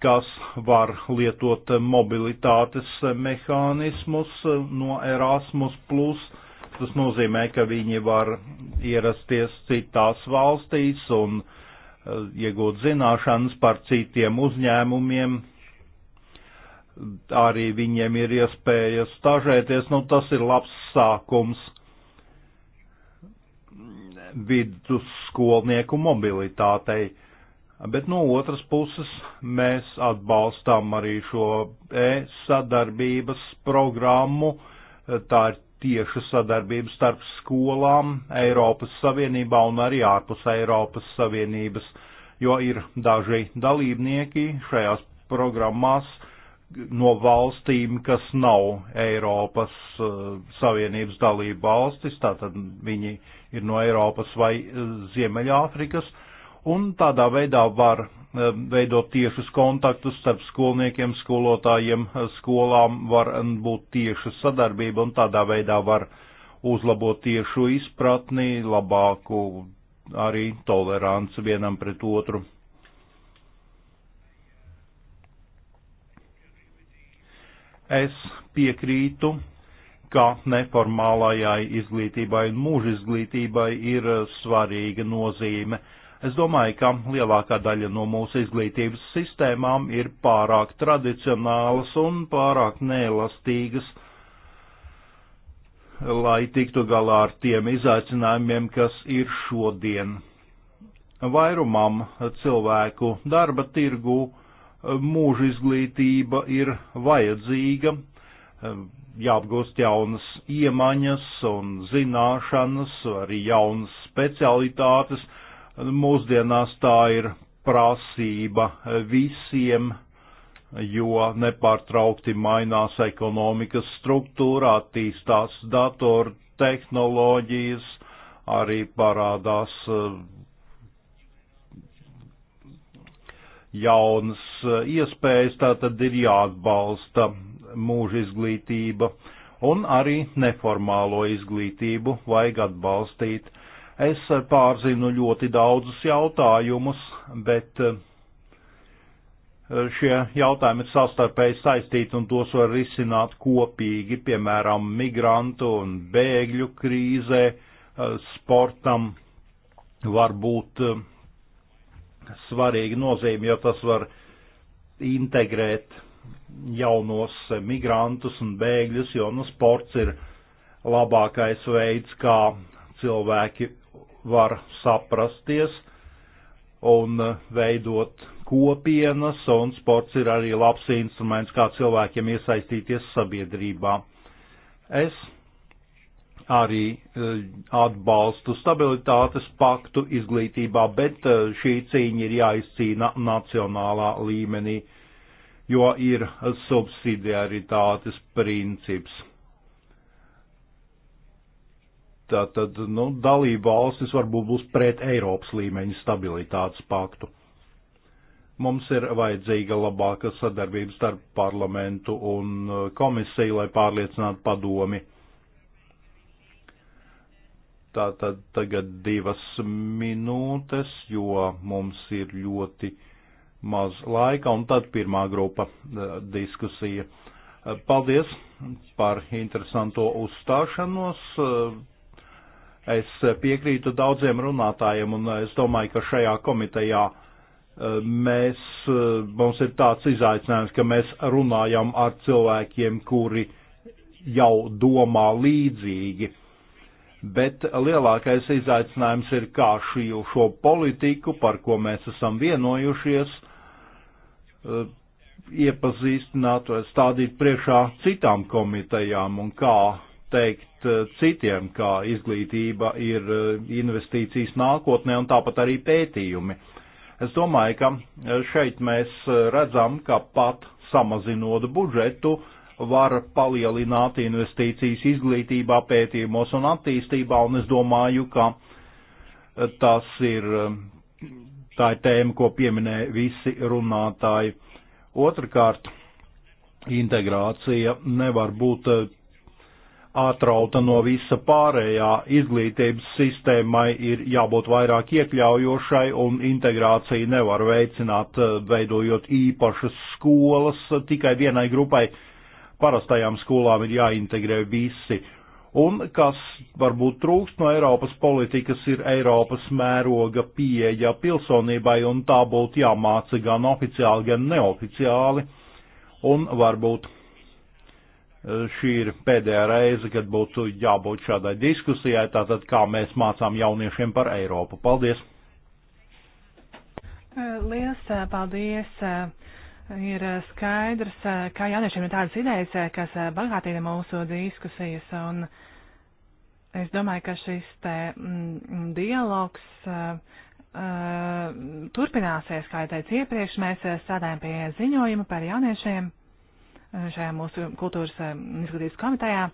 kas var lietot mobilitātes mehānismus no Erasmus. Tas nozīmē, ka viņi var ierasties citās valstīs un eh, iegūt zināšanas par citiem uzņēmumiem. Arī viņiem ir iespēja stažēties, nu tas ir labs sākums vidusskolnieku mobilitātei Bet no otras puses mēs atbalstām arī šo e-sadarbības programmu. Tā ir tieša sadarbība starp skolām Eiropas Savienībā un arī ārpus Eiropas Savienības, jo ir daži dalībnieki šajās programmās no valstīm, kas nav Eiropas uh, Savienības dalība valstis, tātad viņi ir no Eiropas vai uh, Ziemeļāfrikas. Uh, un tādā veidā var eh, veidot tiešus kontaktus starp skolniekiem, skolotājiem, eh, skolām, var mm, būt tieša sadarbība un tādā veidā var uzlabot tiešu izpratni, labāku arī toleranci vienam pret otru. Es piekrītu, ka neformālajai izglītībai un mūža izglītībai ir eh, svarīga nozīme Es domāju, ka lielākā daļa no mūsu izglītības sistēmām ir pārāk tradicionālas un pārāk neelastīgas, lai tiktu galā ar tiem izaicinājumiem, kas ir šodien. Vairumam cilvēku darba tirgu mūža izglītība ir vajadzīga, jāapgūst jaunas iemaņas un zināšanas, arī jaunas specialitātes, Mūsdienās tā ir prasība visiem, jo nepārtraukti mainās ekonomikas struktūra, attīstās datoru tehnoloģijas, arī parādās eh, jaunas eh, iespējas, tātad ir jāatbalsta mūža izglītība un arī neformālo izglītību vajag atbalstīt. Es pārzinu ļoti daudzus jautājumus, bet eh, šie jautājumi ir sastarpēji saistīti un tos var risināt kopīgi, piemēram, migrantu un bēgļu krīzē, eh, sportam var būt eh, svarīga nozīme, jo tas var integrēt jaunos migrantus un bēgļus, jo nu sports ir labākais veids, kā cilvēki var saprasties un veidot kopienas, un sports ir arī labs instruments, kā cilvēkiem iesaistīties sabiedrībā. Es arī e, atbalstu stabilitātes paktu izglītībā, bet e, šī cīņa ir jāizcīna nacionālā līmenī, jo ir subsidiaritātes princips Tātad nu, dalība valstis varbūt būs pret Eiropas līmeņa stabilitātes paktu. Mums ir vajadzīga labāka sadarbība starp parlamentu un uh, komisiju, lai pārliecinātu padomi. Tātad tagad divas minūtes, jo mums ir ļoti maz laika, un tad pirmā grupa uh, diskusija. Uh, paldies par interesanto uzstāšanos. Es piekrītu daudziem runātājiem, un es domāju, ka šajā komitejā eh, mēs, eh, mums ir tāds izaicinājums, ka mēs runājam ar cilvēkiem, kuri jau domā līdzīgi. Bet lielākais izaicinājums ir, kā šī, šo politiku, par ko mēs esam vienojušies, eh, iepazīstināt vai stādīt priekšā citām komitejām un kā teikt eh, citiem, kā izglītība ir eh, investīcijas nākotnē un tāpat arī pētījumi. Es domāju, ka eh, šeit mēs redzam, ka pat samazinot budžetu var palielināt investīcijas izglītībā, pētījumos un attīstībā, un es domāju, ka tas ir tā ir tēma, ko pieminē visi runātāji. Otrakārt, integrācija nevar būt atrauta no visa pārējā izglītības sistēmai ir jābūt vairāk iekļaujošai un integrāciju nevar veicināt, eh, veidojot īpašas skolas tikai vienai grupai. Parastajām skolām ir jāintegrē visi. Un kas varbūt trūkst no Eiropas politikas ir Eiropas mēroga pieeja pilsonībai, un tā būtu jāmāca gan oficiāli, gan neoficiāli. Un varbūt Eh, šī ir pēdējā reize, kad būtu jābūt šādai diskusijai, tātad kā mēs mācām jauniešiem par Eiropu. Paldies! Eh, Lielas eh, paldies! Ir skaidrs, ka jauniešiem ir tādas idejas, kas bagātina mūsu diskusijas, un es domāju, ka šis te mm, dialogs turpināsies, kā jau teicu iepriekš, mēs strādājam pie ziņojuma par jauniešiem šajā mūsu kultūras eh, izglītības komitejā.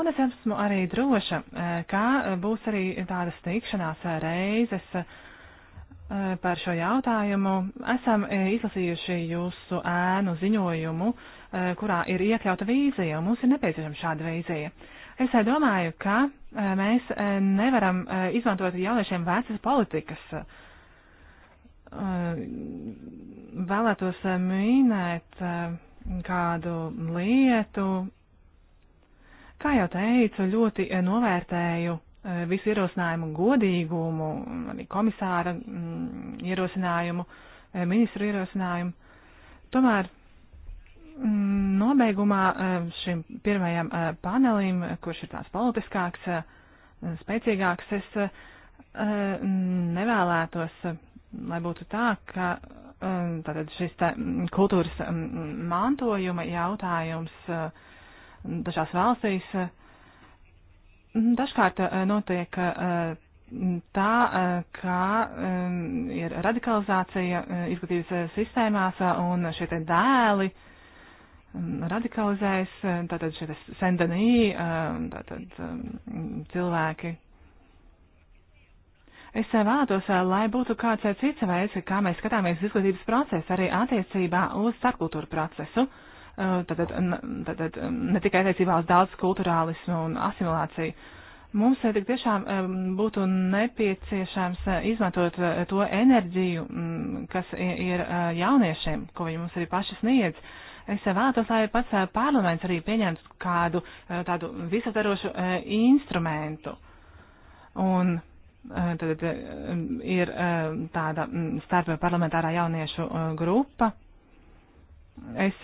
Un es esmu arī droša, eh, ka būs arī tādas tikšanās eh, reizes par šo jautājumu. Esam izlasījuši jūsu ēnu ziņojumu, kurā ir iekļauta vīzija, un mums ir nepieciešama šāda vīzija. Es domāju, ka mēs nevaram izmantot jauniešiem vecas politikas. Vēlētos minēt kādu lietu. Kā jau teicu, ļoti novērtēju e, visu ierosinājumu godīgumu, arī komisāra mm, ierosinājumu, e, ministru ierosinājumu. Tomēr mm, nobeigumā e, šim pirmajam panelim, kurš ir tāds politiskāks, spēcīgāks, es nevēlētos, lai būtu tā, ka Um, tātad šis tā, mm, kultūras mm, mm, mantojuma jautājums dažās valstīs dažkārt uh, notiek uh, tā, uh, kā um, ir radikalizācija izglītības sistēmās un šie te dēli radikalizējas, tātad šie te sendanī, tātad um, cilvēki, Es vēlētos, eh, lai būtu kāds eh, cits veids, kā mēs skatāmies izglītības procesu arī attiecībā uz starpkultūru procesu. Tātad, eh, tātad ne tikai attiecībā uz daudz kulturālismu un asimilāciju. Mums tik tiešām būtu nepieciešams izmantot to enerģiju, mm, kas ir jauniešiem, ko viņi mums arī paši sniedz. Es vēlētos, lai pats parlaments arī pieņemtu kādu tādu visatarošu instrumentu. Un Eh, tad eh, ir eh, tāda mm, starp parlamentārā jauniešu grupa. Es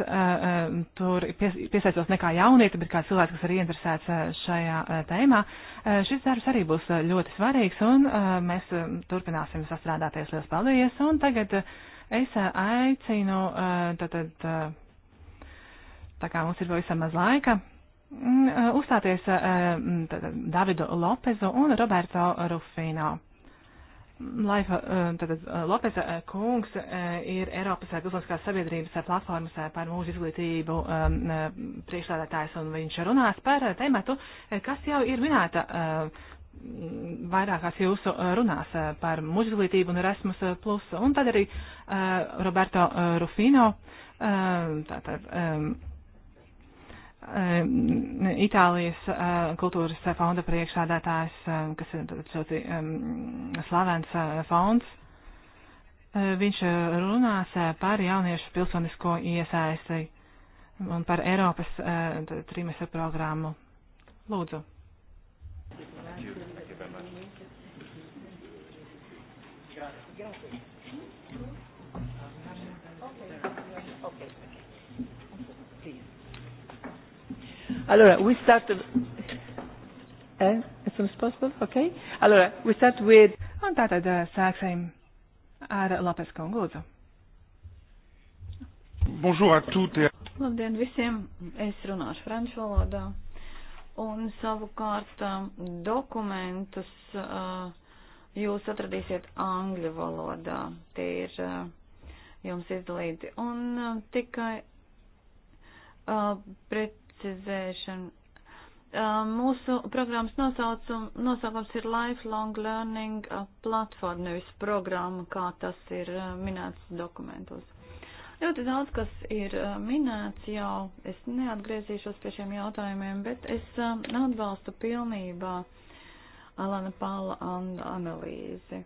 tur piesaistos ne kā jaunieti, bet kā cilvēks, kas ir ieinteresēts šajā tēmā. Šis darbs arī būs ļoti svarīgs, un mēs turpināsim sastrādāties. Lielas paldies! Un tagad es aicinu, tātad, tā kā mums ir vēl visam maz laika. Mm, eh, uzstāties eh, mm, Davidu Lopezu un Roberto Rufino. Laifa eh, tātad, Lopeza kungs ir Eiropas Pilsoniskās sabiedrības platformas par mūža izglītību priekšstādātājs, un viņš runās par tēmatu, kas jau ir minēta vairākās jūsu runās par mūža izglītību un Erasmus plusu, un tad arī Roberto Rufino. Tātad, Ehm, Itālijas ehm, kultūras fonda priekšādātājs, ehm, kas ir ļoti slavens fonds. Viņš runās par jauniešu pilsonisko iesaisti un par Eiropas trimesa programmu. Lūdzu. Thank you. Thank you Allora, we start... Eh? As soon as possible, ok? Allora, we start with... Un tātad eh, sāksim ar Lopes kungu, lūdzu. Bonjour à toutes et... Labdien visiem, es runāšu franču valodā. Un savukārt eh, dokumentus uh, jūs atradīsiet angļu valodā. Tie ir uh, jums izdalīti. Un uh, tikai uh, pret precizēšanu. Uh, mūsu programmas nosaukums ir Lifelong Learning uh, Platform, nevis programma, kā tas ir uh, minēts dokumentos. Ļoti daudz, kas ir minēts jau, es neatgriezīšos pie šiem jautājumiem, bet es um, atbalstu pilnībā Alana Pala analīzi.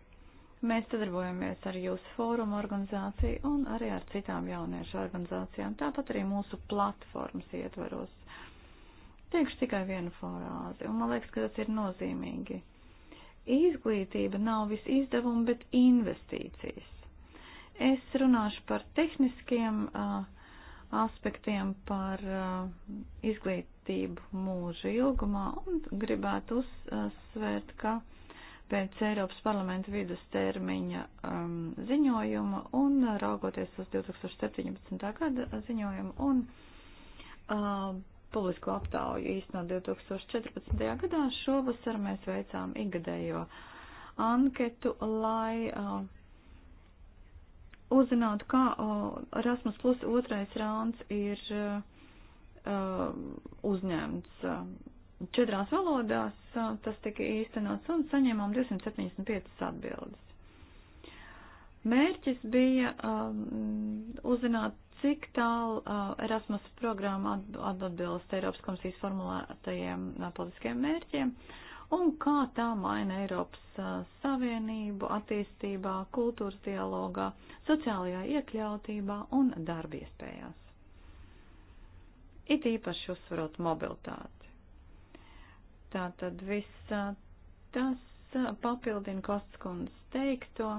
Mēs sadarbojamies ar jūsu fórumu organizāciju un arī ar citām jauniešu organizācijām, tāpat arī mūsu platformas ietvaros. Teikšu tikai vienu frāzi, un man liekas, ka tas ir nozīmīgi. Izglītība nav viss izdevumi, bet investīcijas. Es runāšu par tehniskiem uh, aspektiem par uh, izglītību mūža ilgumā un gribētu uzsvērt, uh, ka pēc Eiropas parlamenta vidus termiņa um, ziņojuma un uh, raugoties uz 2017. gada ziņojumu un uh, publisku aptauju īstenot 2014. gadā. Šovasar mēs veicām ikgadējo anketu, lai uh, uzzinātu, kā uh, Erasmus Plus otrais rāns ir uh, uzņemts. Uh, četrās valodās uh, tas tika īstenots un saņēmām 275 atbildes. Mērķis bija um, uzzināt Cik tālu uh, Erasmus programma atbilst Eiropas komisijas formulētajiem uh, politiskiem mērķiem un kā tā maina Eiropas uh, Savienību attīstībā, kultūras dialogā, sociālajā iekļautībā un darba iespējās? It īpaši uzsverot mobilitāti. Tātad viss uh, tas uh, papildina Kostskundas teikto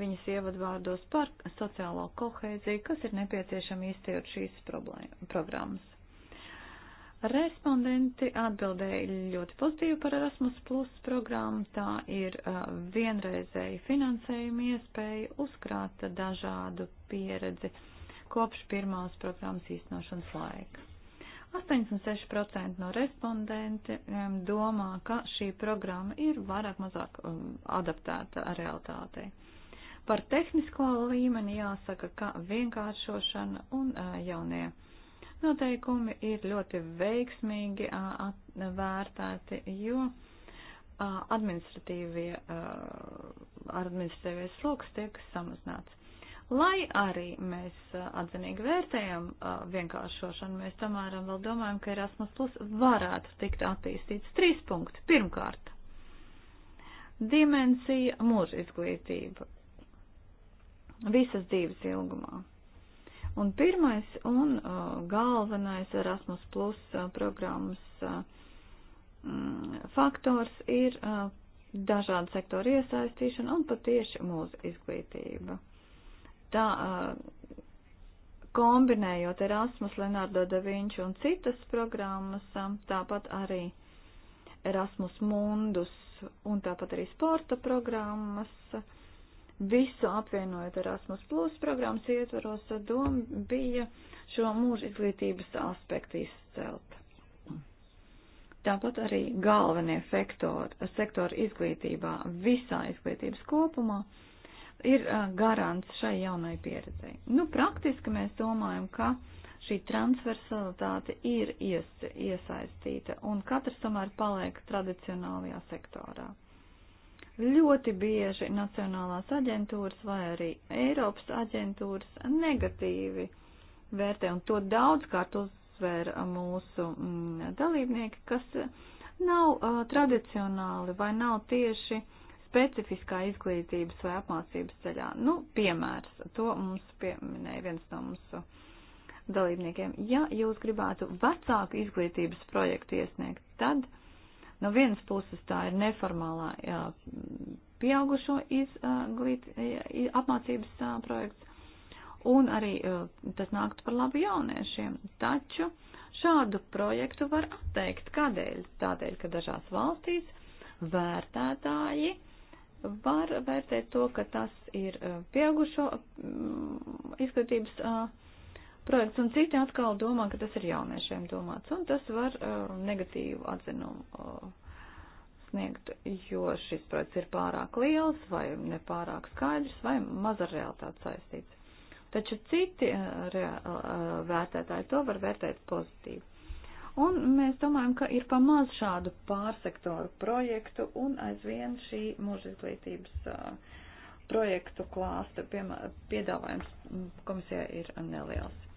viņas ievadvārdos par sociālo kohēziju, kas ir nepieciešama izciet šīs problēma, programmas. Respondenti atbildēja ļoti pozitīvi par Erasmus Plus programmu. Tā ir uh, vienreizēja finansējuma iespēja uzkrāt dažādu pieredzi kopš pirmās programmas īstenošanas laika. 86% no respondentiem um, domā, ka šī programma ir vairāk mazāk um, adaptēta realitātei. Par tehnisko līmeni jāsaka, ka vienkāršošana un jaunie noteikumi ir ļoti veiksmīgi vērtēti, jo administratīvie, administratīvais sloks tiek samazināts. Lai arī mēs atzinīgi vērtējam vienkāršošanu, mēs tomēr vēl domājam, ka Erasmus Plus varētu tikt attīstīts trīs punkti. Pirmkārt, dimensija mūža izglītība visas dzīves ilgumā. Un pirmais un uh, galvenais Erasmus Plus uh, programmas uh, mm, faktors ir uh, dažādu sektoru iesaistīšana un patieši mūsu izglītība. Tā uh, kombinējot Erasmus, Leonardo da Vinci un citas programmas, uh, tāpat arī Erasmus Mundus un tāpat arī sporta programmas. Uh, visu apvienojot Erasmus Plus programmas ietvaros, doma bija šo mūža izglītības aspektu izcelt. Tāpat arī galvenie sektori, sektori izglītībā, visā izglītības kopumā, ir garants šai jaunai pieredzei. Nu, praktiski mēs domājam, ka šī transversalitāte ir ies, iesaistīta un katrs tomēr paliek tradicionālajā sektorā. Ļoti bieži nacionālās aģentūras vai arī Eiropas aģentūras negatīvi vērtē, un to daudzkārt uzsvēra mūsu mm, dalībnieki, kas nav uh, tradicionāli vai nav tieši specifiskā izglītības vai apmācības ceļā. Nu, piemērs, to mums pieminēja viens no mūsu dalībniekiem. Ja jūs gribētu vecāku izglītības projektu iesniegt, tad uh, No vienas puses tā ir neformālā jā, pieaugušo izglīt, apmācības projekts, un arī tas nāktu par labu jauniešiem. Taču šādu projektu var atteikt. Kādēļ? Tādēļ, ka dažās valstīs vērtētāji var vērtēt to, ka tas ir pieaugušo izglītības projekts, un citi atkal domā, ka tas ir jauniešiem domāts, un tas var uh, negatīvu atzinumu uh, sniegt, jo šis projekts ir pārāk liels, vai nepārāk skaidrs, vai maz ar realitāti saistīts. Taču citi uh, rea, uh, uh vērtētāji to var vērtēt pozitīvi. Un mēs domājam, ka ir pamaz šādu pārsektoru projektu un aizvien šī mūža izglītības uh, projektu klāsta piemēr, piedāvājums mm, komisijai ir neliels.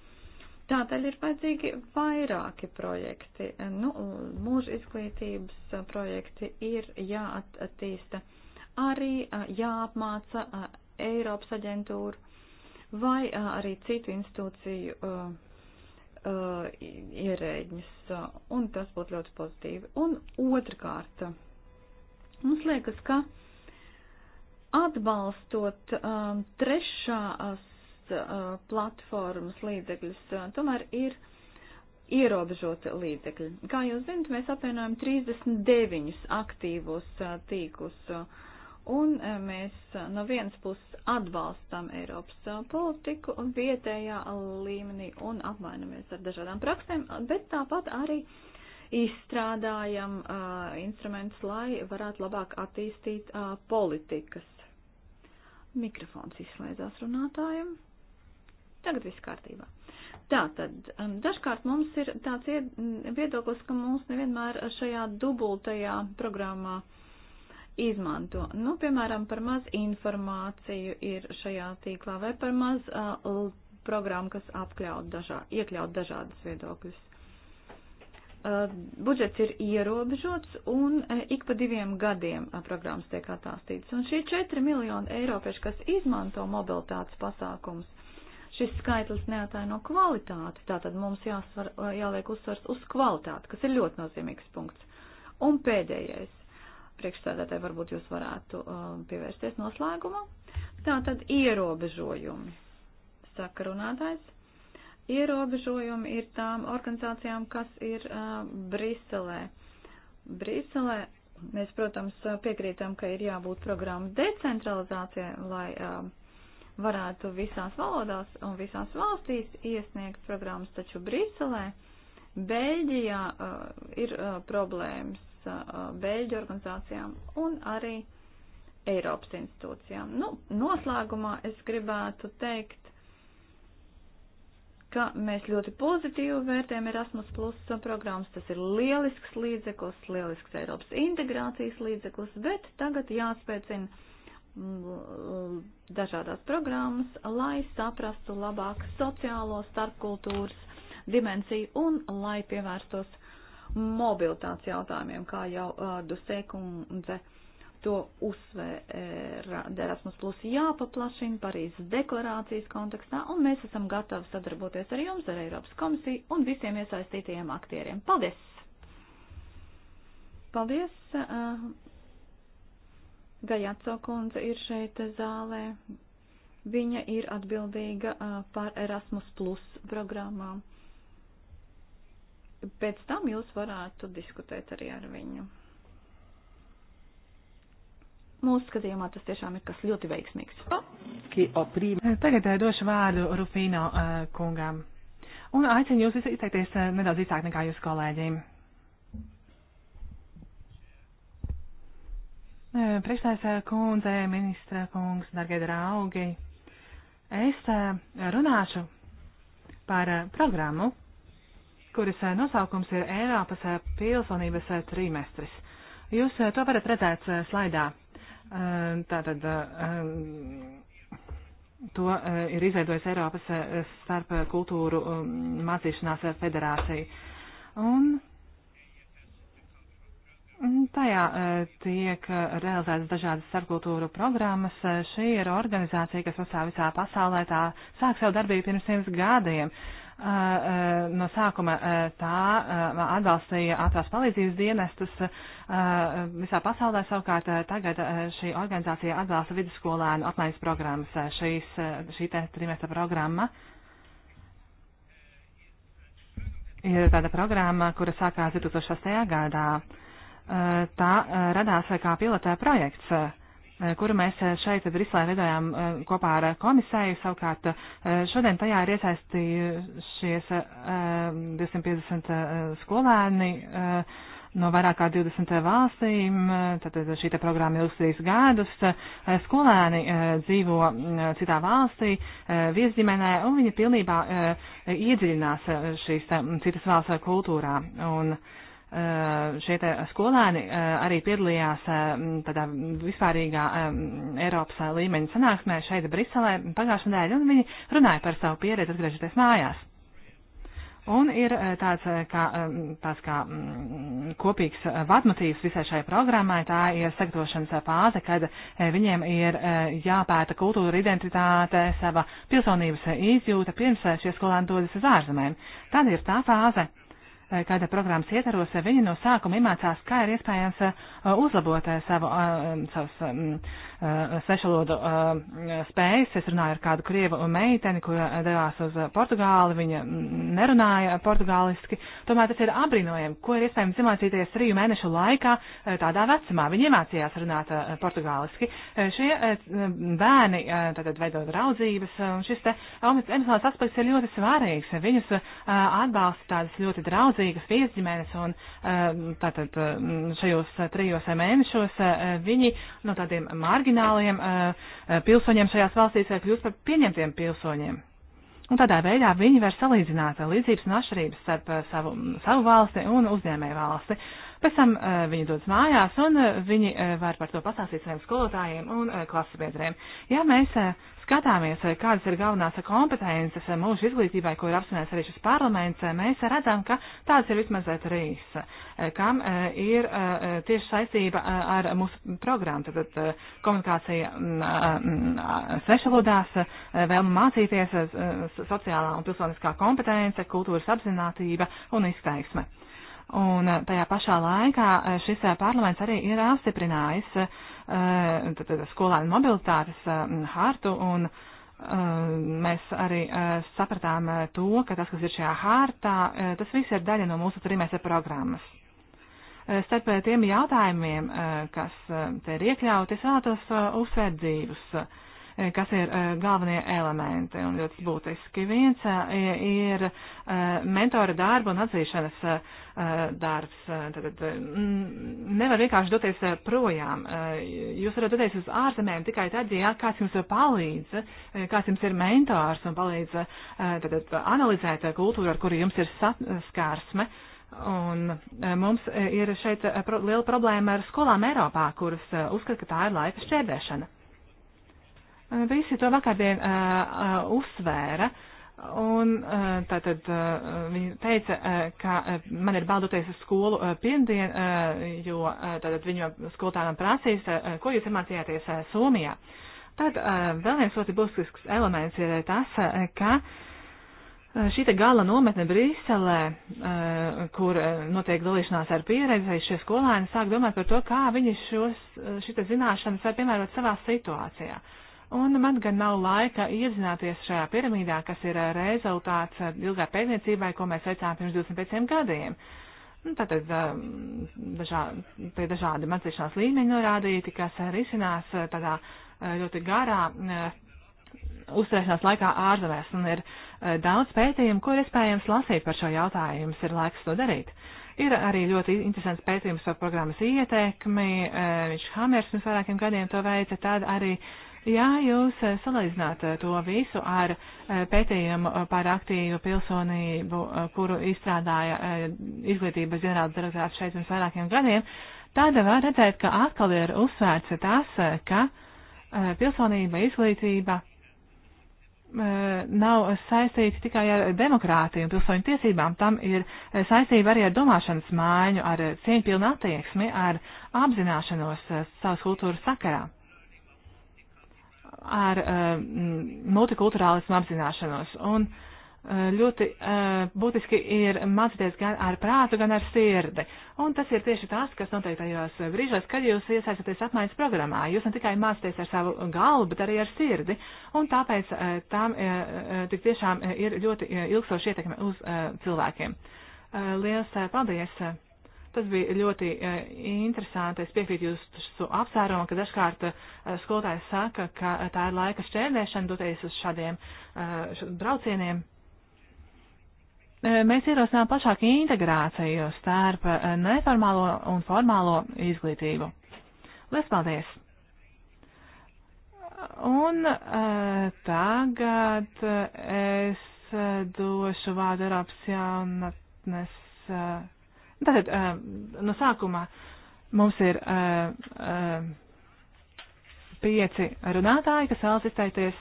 Tādēļ ir vajadzīgi vairāki projekti. Nu, mūža izglītības projekti ir jāattīsta arī jāapmāca Eiropas aģentūra vai arī citu institūciju ierēģis, un tas būtu ļoti pozitīvi. Un otrkārt, mums liekas, ka atbalstot trešās valsts uh, platformas līdzekļus, uh, tomēr ir ierobežota līdzekļi. Kā jūs zinat, mēs apvienojam 39 aktīvos uh, tīklus, un mēs no vienas puses atbalstam Eiropas politiku vietējā līmenī un apmainamies ar dažādām praksēm, bet tāpat arī izstrādājam uh, instrumentus, lai varētu labāk attīstīt uh, politikas. Mikrofons izslēdzās runātājiem. Tagad viss kārtībā. Tātad, um, dažkārt mums ir tāds mm, viedoklis, ka mūs nevienmēr šajā dubultajā programmā izmanto. Nu, piemēram, par maz informāciju ir šajā tīklā vai par maz uh, programmu, kas apkļaut dažā, iekļaut dažādas viedokļus. Uh, budžets ir ierobežots un uh, ik pa diviem gadiem uh, programmas tiek attīstītas. Un šie 4 miljoni eiropieši, kas izmanto mobilitātes pasākums, Šis skaitlis neataino kvalitāti, tātad mums jāsvar, jāliek uzsvars uz kvalitāti, kas ir ļoti nozīmīgs punkts. Un pēdējais, priekšsēdētāji, varbūt jūs varētu um, pievērsties noslēgumā. Tātad ierobežojumi, saka runātājs. Ierobežojumi ir tām organizācijām, kas ir uh, Briselē. Briselē mēs, protams, piekrītam, ka ir jābūt programmu decentralizācijai, lai uh, varētu visās valodās un visās valstīs iesniegt programmas, taču Briselē, Beļģijā uh, ir uh, problēmas uh, uh, Beļģu organizācijām un arī Eiropas institūcijām. Nu, noslēgumā es gribētu teikt, ka mēs ļoti pozitīvi vērtējam Erasmus Plus programmas. Tas ir lielisks līdzeklis, lielisks Eiropas integrācijas līdzeklis, bet tagad jāspēcina Mm, dažādās programmas, lai saprastu labāk sociālo starpkultūras dimensiju un lai pievērstos mobilitātes jautājumiem, kā jau uh, Dusēkundze to uzsvēra Erasmus Plus jāpaplašina Parīzes deklarācijas kontekstā, un mēs esam gatavi sadarboties ar jums, ar Eiropas komisiju un visiem iesaistītajiem aktieriem. Paldies! Paldies! Uh, Gajaco kundze ir šeit zālē. Viņa ir atbildīga par Erasmus Plus programmām. Pēc tam jūs varētu diskutēt arī ar viņu. Mūsu skatījumā tas tiešām ir kas ļoti veiksmīgs. Tagad došu vārdu Rufino kungam. Un aicinu jūs izteikties nedaudz īsāk nekā jūsu kolēģiem. E, priekšstādā kundze, ministra kungs, dargie draugi, es e, runāšu par e, programmu, kuras nosaukums ir Eiropas pilsonības trimestris. Jūs to varat redzēt slaidā. Tātad to ir izveidojis Eiropas starp kultūru mācīšanās federācija. Un Mm, tajā eh, tiek eh, realizētas dažādas starpkultūru programmas. Eh, šī ir organizācija, kas pasā visā pasaulē. Tā sāk savu darbību pirms simts gadiem. No sākuma tā atbalstīja ātrās palīdzības dienestus visā pasaulē. Savukārt tagad šī organizācija atbalsta vidusskolēnu apmaiņas programmas. Šīs, šī trimestra programma ir tāda programma, kura sākās 2006. gadā Eh, tā eh, radās kā pilotē projekts, eh, kuru mēs šeit Briselē veidojām kopā ar komisēju. Savukārt šodien tajā ir iesaistījušies 250 skolēni no vairāk kā 20 valstīm, tad šī te programma ilgs trīs gadus, skolēni dzīvo mm, citā valstī, viesģimenē, un viņi pilnībā iedziļinās šīs citas valsts kultūrā. Un, uh, Eh, šie skolēni eh, arī piedalījās eh, tādā vispārīgā Eiropas līmeņa sanāksmē šeit Briselē pagājušajā nedēļā, un viņi runāja par savu pieredzi atgriežoties mājās. Un ir tāds kā, tāds kā kopīgs vadmotīvs visai šai programmai, tā ir sagatavošanas fāze, kad viņiem ir jāpēta kultūra, identitāte, sava pilsonības izjūta, pirms šie skolēni dodas uz ārzemēm. Tad ir tā fāze, kāda programmas ietvaros, eh, viņi no sākuma iemācās, kā ir iespējams eh, Uh, uzlabot savu, uh, um, savus um, uh, svešvalodu spējas. Es runāju ar kādu krievu meiteni, kura devās uz Portugāli, viņa nerunāja portugāliski. Tomēr tas ir apbrīnojami, ko ir iespējams iemācīties triju mēnešu laikā tādā vecumā. Viņi iemācījās runāt portugāliski. Šie bērni tātad veidot raudzības, un šis te emocionāls aspekts ir ļoti svarīgs. Viņus atbalsta tādas ļoti draudzīgas viesģimenes, un tātad šajos trijos pēdējos mēnešos eh, eh, viņi no tādiem margināliem eh, pilsoņiem šajās valstīs kļūst par pieņemtiem pilsoņiem. Un tādā veidā viņi var salīdzināt līdzības un atšķirības starp savu, savu valsti un uzņēmēju valsti. Uh, Pēc tam eh, viņi dodas mājās un eh, viņi eh, var par to pastāstīt saviem skolotājiem un klasibiedriem. Ja mēs skatāmies, kādas ir galvenās kompetences mūsu izglītībai, ko ir apspriest arī šis parlaments, mēs redzam, ka tāds ir vismaz trīs, kam ir tieši saistība ar mūsu programmu. Tad komunikācija mm, mm, svešvalodās, vēlme mācīties, sociālā un pilsoniskā kompetence, kultūras apzinātība un izteiksme. Un eh, tajā pašā laikā eh, šis eh, parlaments arī ir apstiprinājis skolēnu mobilitātes hartu, un mēs arī sapratām to, ka tas, kas ir šajā hartā, tas viss ir daļa no mūsu trimēsa programmas. Starp tiem jautājumiem, kas te ir iekļauti, es vēlētos uzsvērt dzīvus Eh, kas ir eh, galvenie elementi un ļoti būtiski. Viens eh, ir mentora darba un atzīšanas darbs. Tad mm, nevar vienkārši doties projām. Jūs varat doties uz ārzemēm tikai tad, ja kāds jums palīdz, kāds jums ir mentors un palīdz tad, analizēt kultūru, ar kuru jums ir skārsme. Un mums ir šeit liela problēma ar skolām Eiropā, kuras uzskata, ka tā ir laika šķērdēšana. Eh, visi to vakardien uh, uh, eh, uzsvēra. Un uh, tātad uh, viņa teica, uh, ka uh, man ir baldoties uz skolu uh, pirmdien, uh, jo uh, tātad viņu skolotājiem prasīs, uh, ko jūs iemācījāties uh, Somijā. Tad uh, vēl viens ļoti būtisks elements ir tas, uh, ka uh, Šī gala nometne Brīselē, kur notiek dalīšanās ar pieredzi, šie skolēni sāk domāt par to, kā viņi šos, šita zināšanas var piemērot savā situācijā. Un man gan nav laika iezināties šajā piramīdā, kas ir rezultāts ilgā pētniecībai, ko mēs veicām pirms 25 gadiem. Nu, tātad dažā, tie dažādi mācīšanās līmeņi norādīti, kas risinās tādā ļoti garā uzturēšanās laikā ārzemēs. Un ir daudz pētījumu, ko ir iespējams lasīt par šo jautājumu. Jums ir laiks to darīt. Ir arī ļoti interesants pētījums par programmas ietekmi. Viņš Hamers pirms vairākiem gadiem to veica. Tad arī uh, Ja jūs eh, salīdzināt eh, to visu ar eh, pētījumu par aktīvu pilsonību, kuru izstrādāja izglītības ģenerāla direktorāts šeit pirms vairākiem gadiem, tad var redzēt, ka atkal ir uzsvērts tas, ka pilsonība, izglītība nav saistīts tikai ar demokrātiju un pilsoņu tiesībām. Tam ir saistība arī ar domāšanas mājiņu, ar cieņpilnu attieksmi, ar apzināšanos savas kultūras sakarā ar eh, multikulturālismu apzināšanos. Un eh, ļoti eh, būtiski ir mācīties gan ar prātu, gan ar sirdi. Un tas ir tieši tas, kas notiek tajos brīžos, kad jūs iesaistaties apmaiņas programmā. Jūs ne tikai mācāties ar savu galvu, bet arī ar sirdi. Un tāpēc tam tik tiešām ir ļoti ilgstoši ietekme uz cilvēkiem. Lielas paldies! Tas bija ļoti e, interesanti. Es piekrītu jūsu apsvērumam, ka dažkārt e, skolotājs saka, ka tā ir laika šķērdēšana doties uz šādiem e, braucieniem. Mēs ierosinām plašāku integrāciju starp neformālo un formālo izglītību. Lielas paldies! Un tagad es došu vārdu Eiropas jaunatnes Tātad eh, no sākuma mums ir eh, eh, pieci runātāji, kas vēlas izteikties.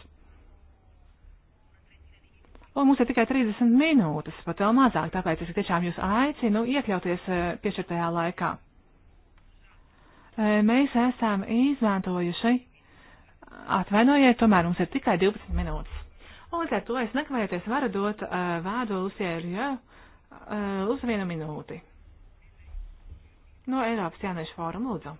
Un mums ir tikai 30 minūtes, pat vēl mazāk, tāpēc es tiešām jūs aicinu iekļauties piešķirtajā laikā. Mēs esam izmantojuši, atvainojiet, tomēr mums ir tikai 12 minūtes. Un līdz ar to es nekavējoties varu dot uh, vārdu Lucijai Rjau uh, uz vienu minūti no Eiropas jauniešu fóruma lūdzu.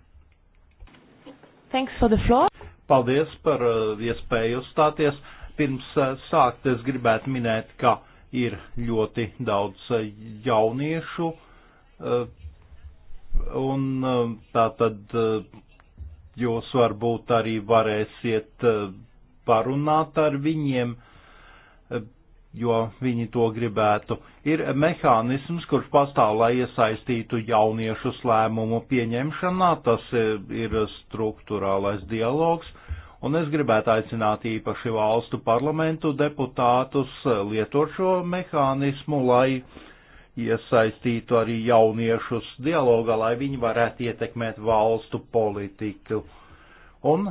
Thanks for the floor. Paldies par uh, iespēju uzstāties. Pirms uh, sākt es gribētu minēt, ka ir ļoti daudz uh, jauniešu uh, un uh, tā tad uh, jūs varbūt arī varēsiet uh, parunāt ar viņiem. Uh, jo viņi to gribētu. Ir mehānisms, kurš pastāv, lai iesaistītu jauniešus lēmumu pieņemšanā, tas ir struktūrālais dialogs, un es gribētu aicināt īpaši valstu parlamentu deputātus lietot šo mehānismu, lai iesaistītu arī jauniešus dialogā, lai viņi varētu ietekmēt valstu politiku. Un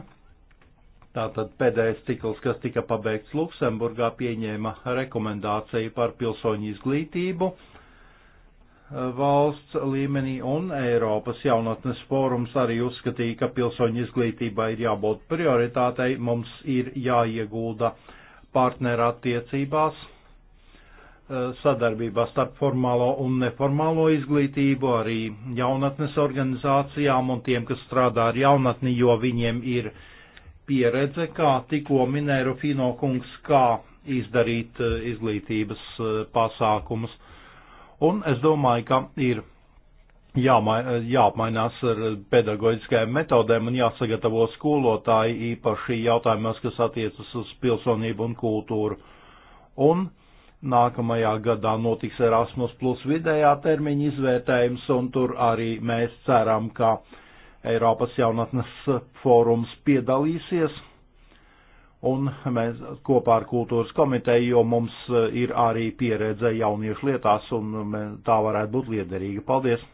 Tātad pēdējais cikls, kas tika pabeigts Luksemburgā, pieņēma rekomendāciju par pilsoņu izglītību eh, valsts līmenī un Eiropas jaunatnes fórums arī uzskatīja, ka pilsoņu izglītībai ir jābūt prioritātei, mums ir jāiegulda partnerattiecībās, eh, sadarbībā starp formālo un neformālo izglītību, arī jaunatnes organizācijām un tiem, kas strādā ar jaunatni, jo viņiem ir jāiegulda pieredze, kā tikko minēja Rufino kungs, kā izdarīt eh, izglītības eh, pasākumus. Un es domāju, ka ir jāmai, jāapmainās ar pedagoģiskajām metodēm un jāsagatavo skolotāji īpaši jautājumos, kas attiecas uz pilsonību un kultūru. Un nākamajā gadā notiks Erasmus plus vidējā termiņa izvērtējums, un tur arī mēs ceram, ka uh, Eiropas jaunatnes fórums piedalīsies. Un mēs kopā ar kultūras komiteju, jo mums ir arī pieredze jauniešu lietās, un tā varētu būt liederīga. Paldies!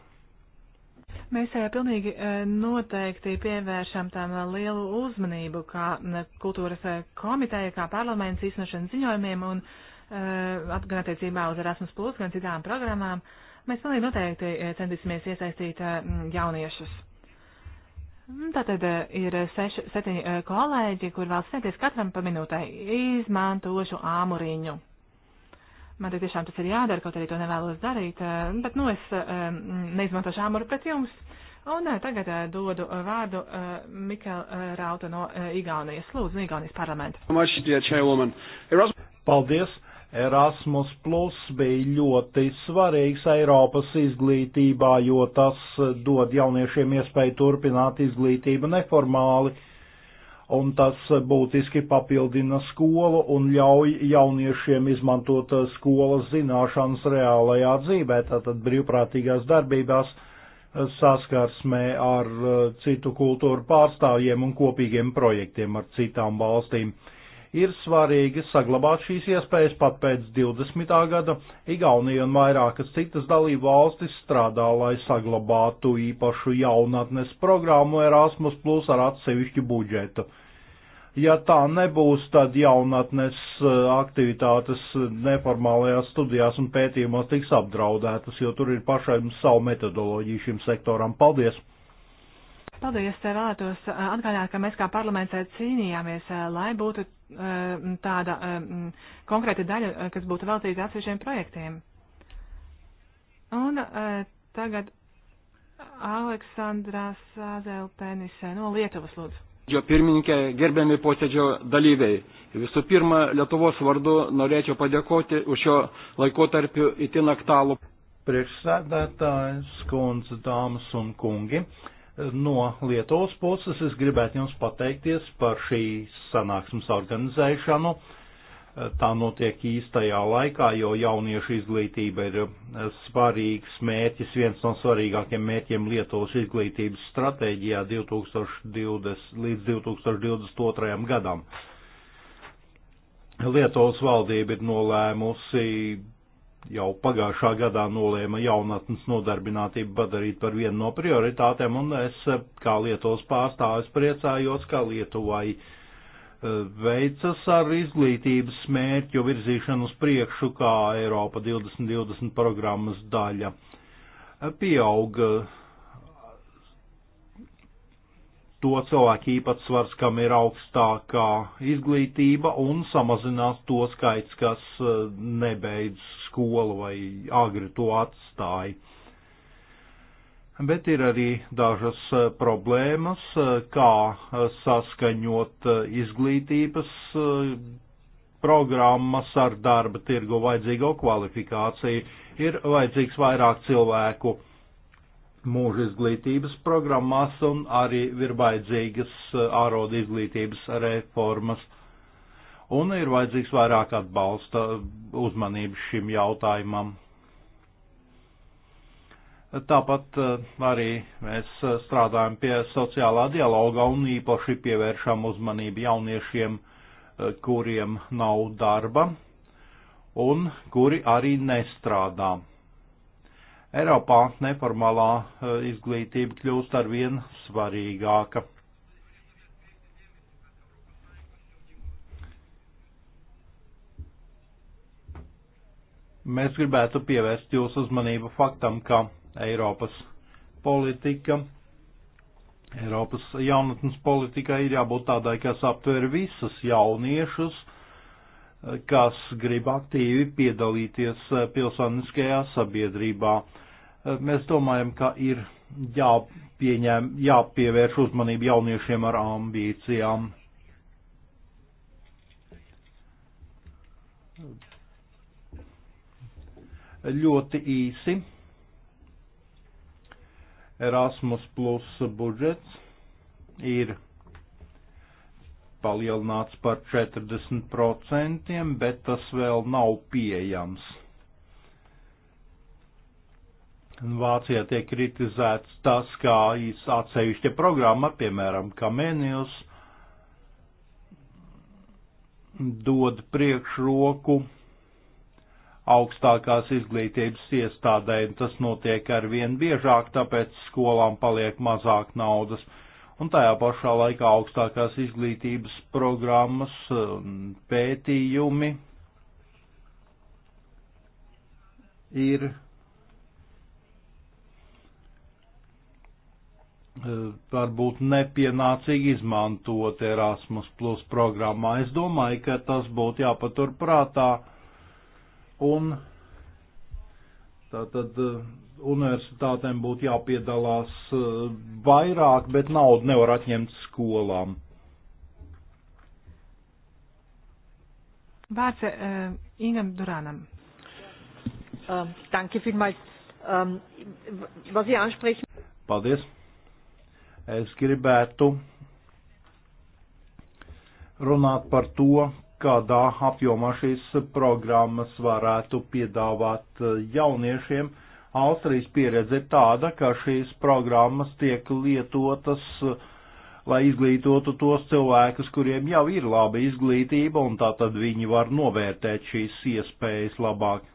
Mēs pilnīgi noteikti pievēršam tam lielu uzmanību, kā kultūras komiteja, kā parlaments īstenošanas ziņojumiem un gan attiecībā uz Erasmus, gan citām programmām. Mēs pilnīgi noteikti centīsimies iesaistīt jauniešus. Tātad eh, ir seši, septiņi eh, kolēģi, kur vēl sēties katram pa minūtai izmantošu āmuriņu. Man tik tiešām tas ir jādara, kaut arī to nevēlos darīt, eh, bet nu es neizmantošu āmuru pret jums. Un tagad dodu vārdu Mikel Rauta no Igaunijas. Lūdzu, Igaunijas parlamenta. Paldies! Erasmus Plus bija ļoti svarīgs Eiropas izglītībā, jo tas dod jauniešiem iespēju turpināt izglītību neformāli, un tas būtiski papildina skolu un ļauj jauniešiem izmantot skolas zināšanas reālajā dzīvē, tātad brīvprātīgās darbībās saskarsmē ar citu kultūru pārstāvjiem un kopīgiem projektiem ar citām valstīm ir svarīgi saglabāt šīs iespējas pat pēc 20. gada. Igaunija un vairākas citas dalību valstis strādā, lai saglabātu īpašu jaunatnes programmu Erasmus Plus ar atsevišķu budžetu. Ja tā nebūs, tad jaunatnes eh, aktivitātes neformālajās studijās un pētījumos tiks apdraudētas, jo tur ir pašai savu metodoloģiju šim sektoram. Paldies! Paldies, vēlētos eh, atgādināt, ka mēs kā parlaments eh, cīnījāmies, eh, lai būtu tāda konkrēta daļa, kas būtu veltīta atsevišķiem projektiem. Un tagad Aleksandrās Zelpenis no Lietuvas lūdzu. Jo pirmininkė, gerbiami posėdžio dalyviai, visų pirma, Lietuvos vardu norėčiau padėkoti už šio laikotarpiu itin aktualų. Priekšsēdētājs, kundze, dāmas un kungi, No Lietuvas puses es gribētu jums pateikties par šīs sanāksmes organizēšanu. Tā notiek īstajā laikā, jo jauniešu izglītība ir svarīgs mērķis, viens no svarīgākiem mērķiem Lietuvas izglītības stratēģijā 2020 līdz 2022. gadam. Lietuvas valdība ir nolēmusi jau pagājušā gadā nolēma jaunatnes nodarbinātību padarīt par vienu no prioritātēm, un es eh, kā Lietuvas pārstāvis priecājos, ka Lietuvai eh, veicas ar izglītības mērķu virzīšanu uz priekšu kā Eiropa 2020 programmas daļa. Eh, pieaug to cilvēku īpatsvars, kam ir augstākā izglītība, un samazinās to skaits, kas nebeidz skolu vai agri to atstāja. Bet ir arī dažas eh, problēmas, eh, kā eh, saskaņot izglītības programmas ar darba tirgu vajadzīgo kvalifikāciju. Ir vajadzīgs vairāk cilvēku mūža izglītības programmās un arī ir vajadzīgas ārodu izglītības reformas un ir vajadzīgs vairāk atbalsta uzmanības šim jautājumam. Tāpat eh, arī mēs eh, strādājam pie sociālā dialoga un īpaši pievēršam uzmanību jauniešiem, eh, kuriem nav darba un kuri arī nestrādā. Eiropā neformālā izglītība kļūst arvien svarīgāka. Mēs gribētu pievērst jūsu uzmanību faktam, ka Eiropas politika, Eiropas jaunatnes politika ir jābūt tādai, kas aptver visus jauniešus, kas grib aktīvi piedalīties pilsoniskajā sabiedrībā. Mēs domājam, ka ir jāpieņem, jāpievērš uzmanību jauniešiem ar ambīcijām. Ļoti īsi. Erasmus plus budžets ir palielināts par 40%, bet tas vēl nav pieejams. Vācijā tiek kritizēts tas, kā atsevišķa programma, piemēram, Kamēnijos, dod priekšroku augstākās izglītības iestādē, un tas notiek ar vien biežāk, tāpēc skolām paliek mazāk naudas. Un tajā pašā laikā augstākās izglītības programmas un um, pētījumi ir uh, varbūt nepienācīgi izmantot Erasmus Plus programmā. Es domāju, ka tas būtu jāpatur prātā Un tātad eh, universitātēm būtu jāpiedalās eh, vairāk, bet naudu nevar atņemt skolām. Vārds uh, eh, Ingam Duranam. Uh, danke vielmals. Um, was Sie ansprechen. Paldies. Es gribētu runāt par to, kādā apjomā šīs programmas varētu piedāvāt eh, jauniešiem. Austrijas pieredze ir tāda, ka šīs programmas tiek lietotas, eh, lai izglītotu tos cilvēkus, kuriem jau ir laba izglītība, un tātad viņi var novērtēt šīs iespējas labāk.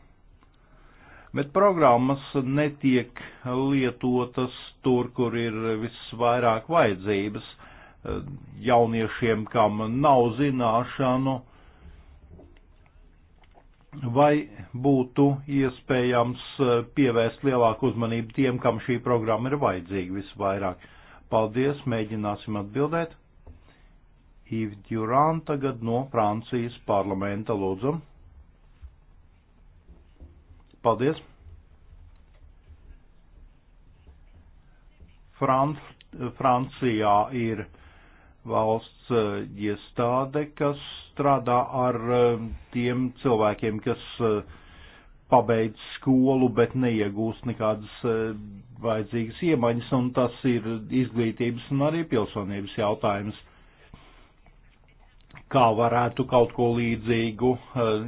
Bet programmas netiek lietotas tur, kur ir visvairāk vajadzības eh, jauniešiem, kam nav zināšanu, vai būtu iespējams eh, pievērst lielāku uzmanību tiem, kam šī programma ir vajadzīga visvairāk. Paldies, mēģināsim atbildēt. Yves Durand tagad no Francijas parlamenta lūdzam. Paldies. Franc Francijā ir valsts eh, iestāde, kas strādā ar eh, tiem cilvēkiem, kas eh, pabeidz skolu, bet neiegūst nekādas eh, vajadzīgas iemaņas, un tas ir izglītības un arī pilsonības jautājums. Kā varētu kaut ko līdzīgu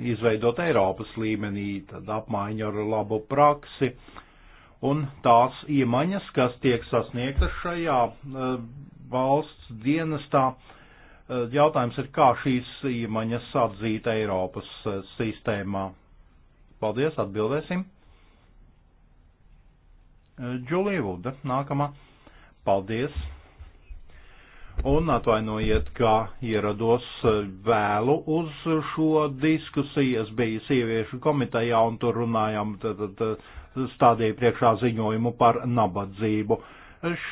izveidot Eiropas līmenī, tad apmaiņa ar labu praksi un tās iemaņas, kas tiek sasniegtas šajā valsts dienestā, uh, Eh, jautājums ir, kā šīs īmaņas atzīt Eiropas eh, sistēmā. Paldies, atbildēsim. Džulija eh, Vuda, nākamā. Paldies. Un atvainojiet, ka ierados vēlu uz šo diskusiju. Es biju sieviešu komitejā un tur runājām, tad, tad stādīja priekšā ziņojumu par nabadzību. Uh,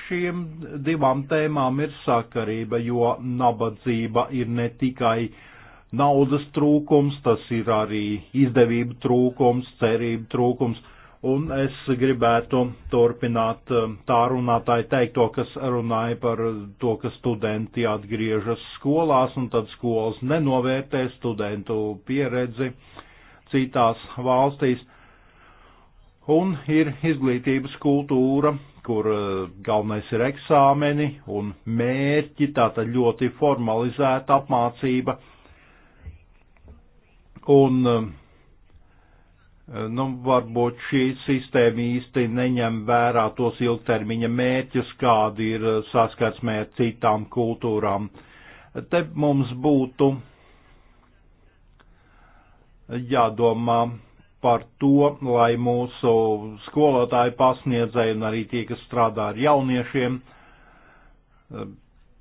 šiem divām tēmām ir sakarība, jo nabadzība ir ne tikai naudas trūkums, tas ir arī izdevību trūkums, cerību trūkums, un es gribētu turpināt um, tā runātāji teikto, kas runāja par to, ka studenti atgriežas skolās, un tad skolas nenovērtē studentu pieredzi citās valstīs un ir izglītības kultūra, kur eh, galvenais ir eksāmeni un mērķi, tātad ļoti formalizēta apmācība. Un, eh, nu, varbūt šī sistēma īsti neņem vērā tos ilgtermiņa mērķus, kādi ir eh, saskarsmē ar citām kultūrām. Te mums būtu jādomā par to, lai mūsu skolotāji pasniedzēji un arī tie, kas strādā ar jauniešiem, eh,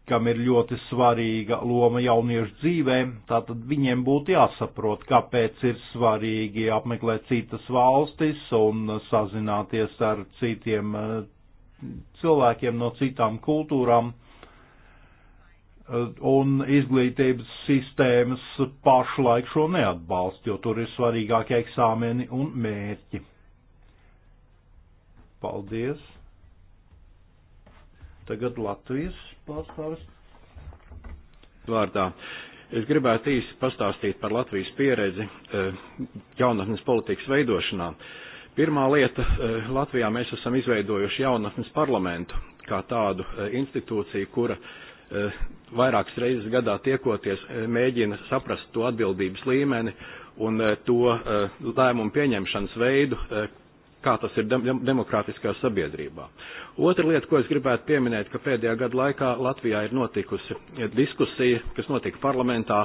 kam ir ļoti svarīga loma jauniešu dzīvē, tātad viņiem būtu jāsaprot, kāpēc ir svarīgi apmeklēt citas valstis un sazināties ar citiem eh, cilvēkiem no citām kultūrām un izglītības sistēmas pašlaik šo neatbalsta, jo tur ir svarīgākie eksāmeni un mērķi. Paldies. Tagad Latvijas pārstāvis. Vārdā. Es gribētu īsi pastāstīt par Latvijas pieredzi eh, jaunatnes politikas veidošanā. Pirmā lieta eh, - Latvijā mēs esam izveidojuši jaunatnes parlamentu kā tādu eh, institūciju, kura uh, Eh, vairākas reizes gadā tiekoties, eh, mēģina saprast to atbildības līmeni un eh, to lēmumu pieņemšanas veidu, kā tas ir dem demokrātiskā sabiedrībā. Otra lieta, ko es gribētu pieminēt, ka pēdējā gada laikā Latvijā ir notikusi diskusija, kas notika parlamentā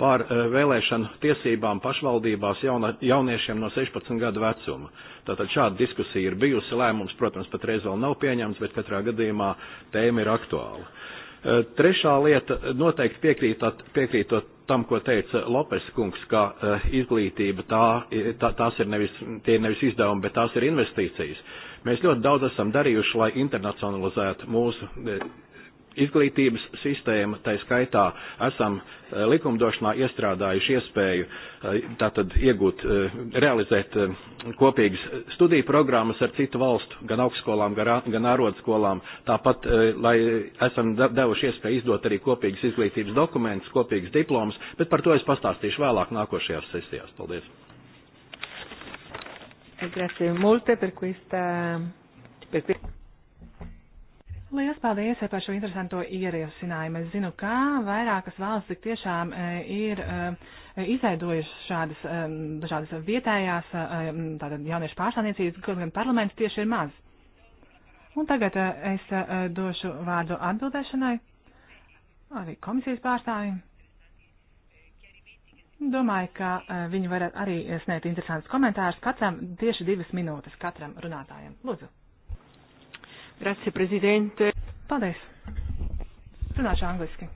par vēlēšanu tiesībām pašvaldībās jauna, jauniešiem no 16 gadu vecuma. Tātad šāda diskusija ir bijusi, lēmums, protams, patreiz vēl nav pieņemts, bet katrā gadījumā tēma ir aktuāla. Uh, Eh, trešā lieta noteikti piekrītot, piekrītot tam, ko teica Lopes kungs, ka eh, izglītība tā, tā, tās ir nevis, tie ir nevis izdevumi, bet tās ir investīcijas. Mēs ļoti daudz esam darījuši, lai internacionalizētu mūsu eh, izglītības sistēma, tai skaitā esam eh, likumdošanā iestrādājuši iespēju eh, tātad iegūt, eh, realizēt kopīgas studiju programmas ar citu valstu, gan augstskolām, gan ārodskolām. Tāpat, lai esam devuši iespēju izdot arī kopīgas izglītības dokumentus, kopīgas diplomas, bet par to es pastāstīšu vēlāk nākošajās sesijās. Paldies! Grazie molte per questa. Per questa... Lielas paldies par šo interesanto ierosinājumu. Es zinu, ka vairākas valstis tiešām e, ir e, izveidojušas šādas e, dažādas vietējās tātad jauniešu pārstāvniecības, kaut gan parlaments tieši ir maz. Un tagad es došu vārdu atbildēšanai arī komisijas pārstāvjiem. Domāju, ka viņi var arī sniegt interesantus komentārus katram tieši divas minūtes katram runātājam. Lūdzu. Grazie, prezidente. Paldies. Runāšu angliski.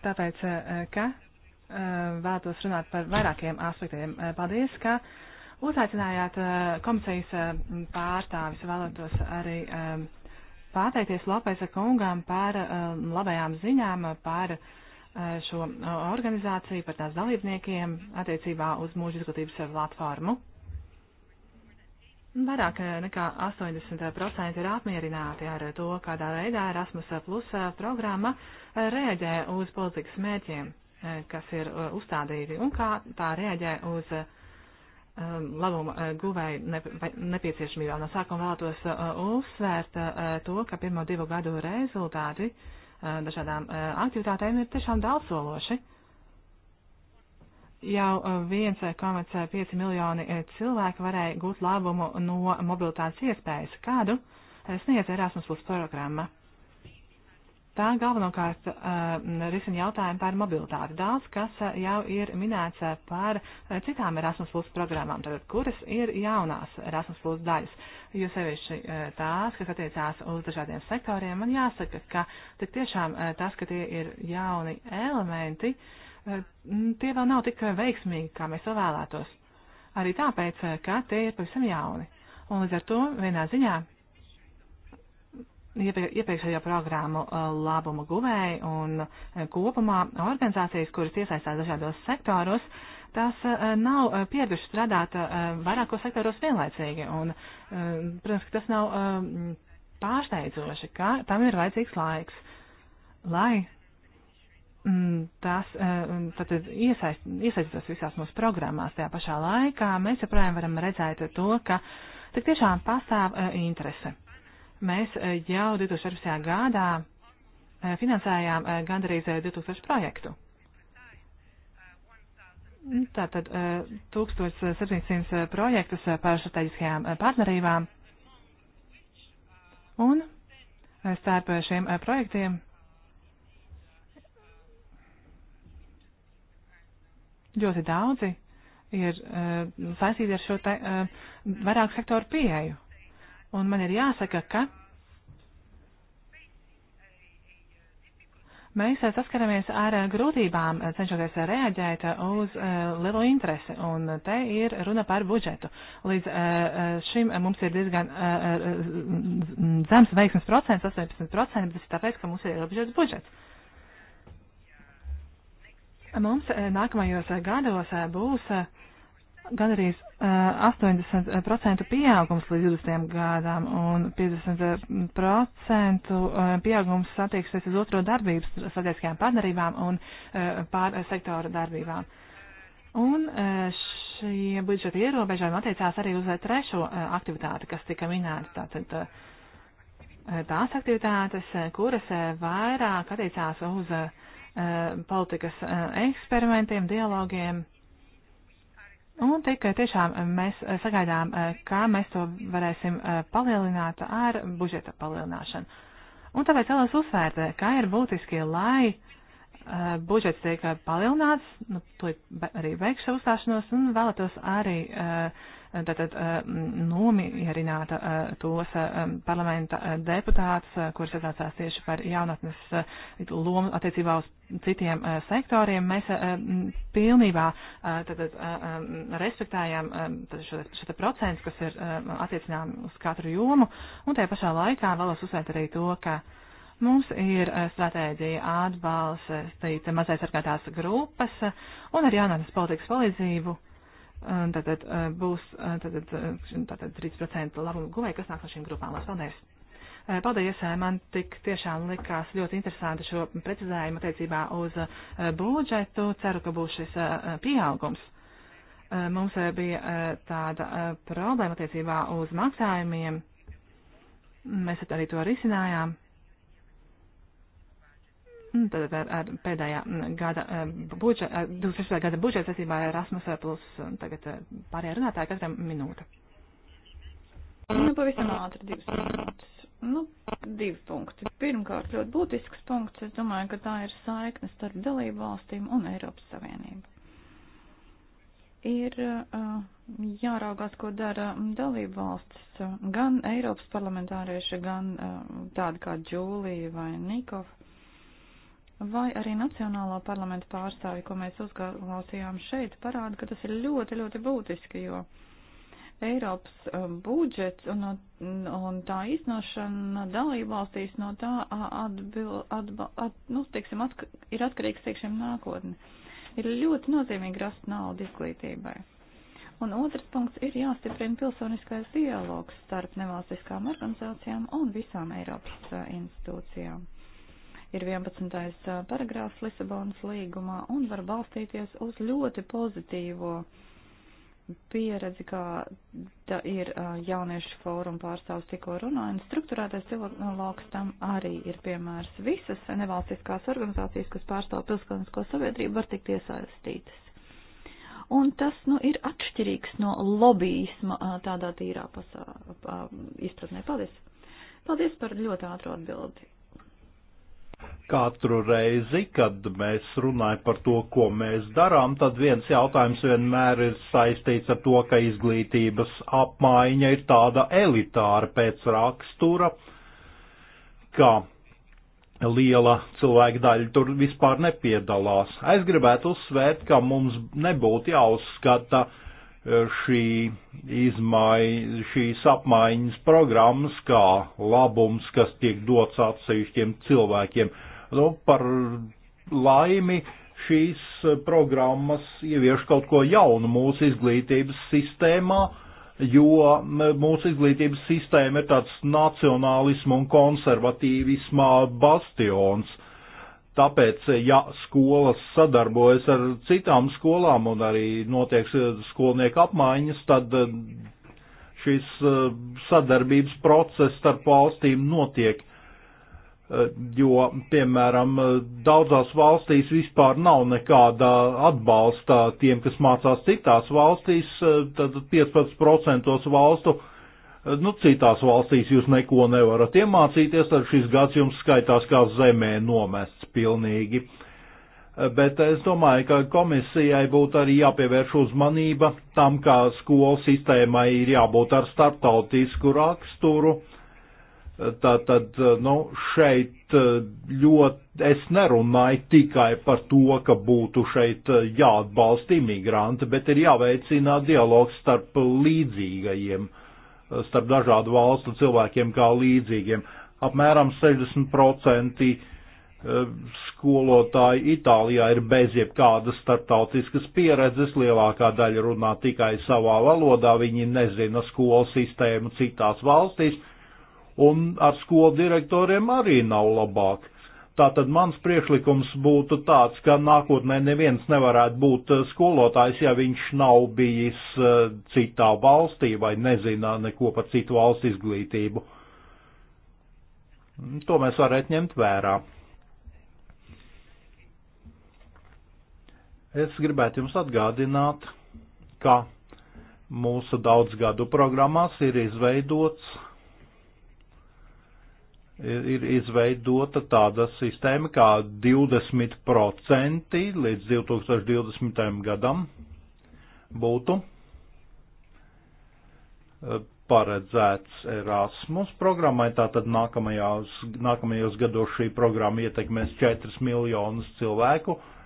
Tāpēc, eh, ka eh, vētos runāt par vairākiem aspektiem. Eh, paldies, ka uzaicinājāt komisijas pārstāvis. Vēlētos arī pateikties Lopēza kungam par labajām ziņām, par šo organizāciju, par tās dalībniekiem attiecībā uz mūža izglītības platformu. Vairāk eh, nekā 80% ir apmierināti ar to, kādā veidā Erasmus eh, Plus eh, programma rēģē uz politikas mērķiem, kas ir uzstādīti, un kā tā rēģē uz um, labuma guvēju nepieciešamībām. No sākuma vēlētos uzsvērt to, ka pirmo divu gadu rezultāti dažādām aktivitātēm ir tiešām daudzsološi jau 1,5 eh, eh, eh, miljoni cilvēki varēja gūt labumu no mobilitātes iespējas, kādu sniedz Erasmus Plus programma. Tā galvenokārt risina jautājumu par mobilitāti. Daudz, kas jau ir minēts par citām Erasmus Plus programmām, tad kuras ir jaunās Erasmus Plus daļas, jo sevišķi tās, kas attiecās uz dažādiem sektoriem, man jāsaka, ka tik tiešām tas, ka tie ir jauni elementi, uh, Mm, tie vēl nav tik veiksmīgi, kā mēs to vēlētos. Arī tāpēc, ka tie ir pavisam jauni. Un līdz ar to vienā ziņā iepriekšējo programmu uh, labuma guvēji un uh, kopumā organizācijas, kuras iesaistās dažādos sektoros, tās uh, nav pieradušas strādāt vairākos sektoros vienlaicīgi. Un, protams, ka tas nav pārsteidzoši, ka tam ir vajadzīgs laiks, lai Mm, tas tātad eh, mm, iesaist, iesaistās visās mūsu programmās. Tajā pašā laikā mēs joprojām varam redzēt to, ka tik tiešām pastāv eh, interese. Mēs eh, jau 2014. gadā finansējām gandarīz 2000 projektu. Mm, tātad 1700 projektus par strateģiskajām partnerībām. Un starp šiem projektiem ļoti daudzi ir uh, saistīti ar šo te, uh, eh, vairāku sektoru pieeju. Un man ir jāsaka, ka mēs uh, saskaramies ar uh, grūtībām, uh, cenšoties reaģēt uz lielo interesi. Un te ir runa par budžetu. Līdz šim mums ir diezgan zems veiksmes procents, 18%, bet tas ir tāpēc, ka mums ir ierobežots budžets. Mums eh, nākamajos eh, gados eh, būs gandrīz 80% pieaugums līdz 20 gadām un 50% pieaugums attieksies uz otro darbības strateģiskajām partnerībām un pārsektora darbībām. Un šie budžeta ierobežojumi attiecās arī uz trešo aktivitāti, kas tika minēta. Tātad, tās aktivitātes, kuras vairāk attiecās uz uh, Eh, politikas eh, eksperimentiem, dialogiem. Un tikai tiešām mēs eh, sagaidām, kā mēs to varēsim palielināt ar budžeta palielināšanu. Un tāpēc vēlos uzsvērt, kā ir būtiski, lai budžets tiek palielināts, nu, to arī beigšu uzstāšanos, un vēlētos arī uh, tātad eh, nomierināta eh, tos eh, parlamenta deputātus, kurus atsācās tieši par jaunatnes lomu attiecībā uz citiem sektoriem. Mēs pilnībā tātad respektējām šo, šo procentu, kas ir attiecinām uz katru jomu, un tajā pašā laikā vēlos uzsvērt arī to, ka mums ir stratēģija atbalstīt mazai sargātās grupas un ar jaunatnes politikas palīdzību tātad uh, būs uh, tātad, uh, tātad 3% labumu guvēji, kas nāk no šīm grupām. Paldies! Paldies, man tik tiešām likās ļoti interesanti šo precizējumu attiecībā uz budžetu. Ceru, ka būs šis pieaugums. Mums bija tāda problēma attiecībā uz maksājumiem. Mēs arī to risinājām. Mm. tad ar, ar pēdējā mm, gada eh, budžeta, eh, 2016. gada budžeta saistībā ar Erasmus eh, plus tagad pārējā runātāja katram minūte. Nu, pavisam ātri divas minūtes. Nu, divi punkti. Pirmkārt, ļoti būtisks punkts. Es domāju, ka tā ir saikne starp dalību valstīm un Eiropas Savienību. Ir uh, jāraugās, ko dara dalību valstis, gan Eiropas parlamentārieši, gan uh, tādi kā Džūlija vai Nikova vai arī Nacionālā parlamenta pārstāvi, ko mēs uzklausījām šeit, parāda, ka tas ir ļoti, ļoti būtiski, jo Eiropas um, budžets un, un tā iznošana dalībvalstīs no tā atbil, atba, at, nu, teiksim, atka, ir atkarīgs, teiksim, nākotne. Ir ļoti nozīmīgi rast naudu izglītībai. Un otrs punkts ir jāstiprina pilsoniskais dialogs starp nevalstiskām organizācijām un visām Eiropas uh, institūcijām ir 11. paragrāfs Lisabonas līgumā un var balstīties uz ļoti pozitīvo pieredzi, kā tā ir jauniešu fórumu pārstāvs tikko runājot. Struktūrētais dialogs tam arī ir piemērs. Visas nevalstiskās organizācijas, kas pārstāv pilsonisko sabiedrību, var tikt iesaistītas. Un tas nu, ir atšķirīgs no lobbyisma tādā tīrā pasā, izpratnē. Paldies! Paldies par ļoti ātru atbildi. Katru reizi, kad mēs runājam par to, ko mēs darām, tad viens jautājums vienmēr ir saistīts ar to, ka izglītības apmaiņa ir tāda elitāra pēc rakstura, ka liela cilvēka daļa tur vispār nepiedalās. Es gribētu uzsvērt, ka mums nebūtu jāuzskata, uh, šī izmaiņa, šīs apmaiņas programmas kā labums, kas tiek dots atsevišķiem cilvēkiem. Nu, par laimi šīs programmas ievieš kaut ko jaunu mūsu izglītības sistēmā, jo mūsu izglītības sistēma ir tāds nacionālismu un konservatīvismā bastions. Uh, Tāpēc, ja skolas sadarbojas ar citām skolām un arī notiek skolnieku apmaiņas, tad eh, šis eh, sadarbības process starp valstīm notiek. Eh, jo, piemēram, daudzās valstīs vispār nav nekāda atbalsta tiem, kas mācās citās valstīs, tad 15% valstu nu, citās valstīs jūs neko nevarat iemācīties, tad šis gads jums skaitās kā zemē nomest pilnīgi. Bet es domāju, ka komisijai būtu arī jāpievērš uzmanība tam, kā skolu sistēmai ir jābūt ar starptautisku raksturu. Tātad, nu, šeit eh, ļoti, es nerunāju tikai par to, ka būtu šeit eh, jāatbalsta imigranti, bet ir jāveicina dialogs starp līdzīgajiem, eh, starp dažādu valstu cilvēkiem kā līdzīgiem. Apmēram 60% Eh, skolotāji Itālijā ir bez jebkādas starptautiskas pieredzes, lielākā daļa runā tikai savā valodā, viņi nezina skolu sistēmu citās valstīs, un ar skolu direktoriem arī nav labāk. Tātad mans priekšlikums būtu tāds, ka nākotnē neviens nevarētu būt eh, skolotājs, ja viņš nav bijis eh, citā valstī vai nezina neko par citu valstu izglītību. To mēs varētu ņemt vērā. Es gribētu jums atgādināt, ka mūsu daudzgadu programmās ir izveidots ir izveidota tāda sistēma kā 20% līdz 2020. gadam būtu eh, paredzēts Erasmus programmai, tātad nākamajos, nākamajos gados šī programma ietekmēs 4 miljonus cilvēku, uh,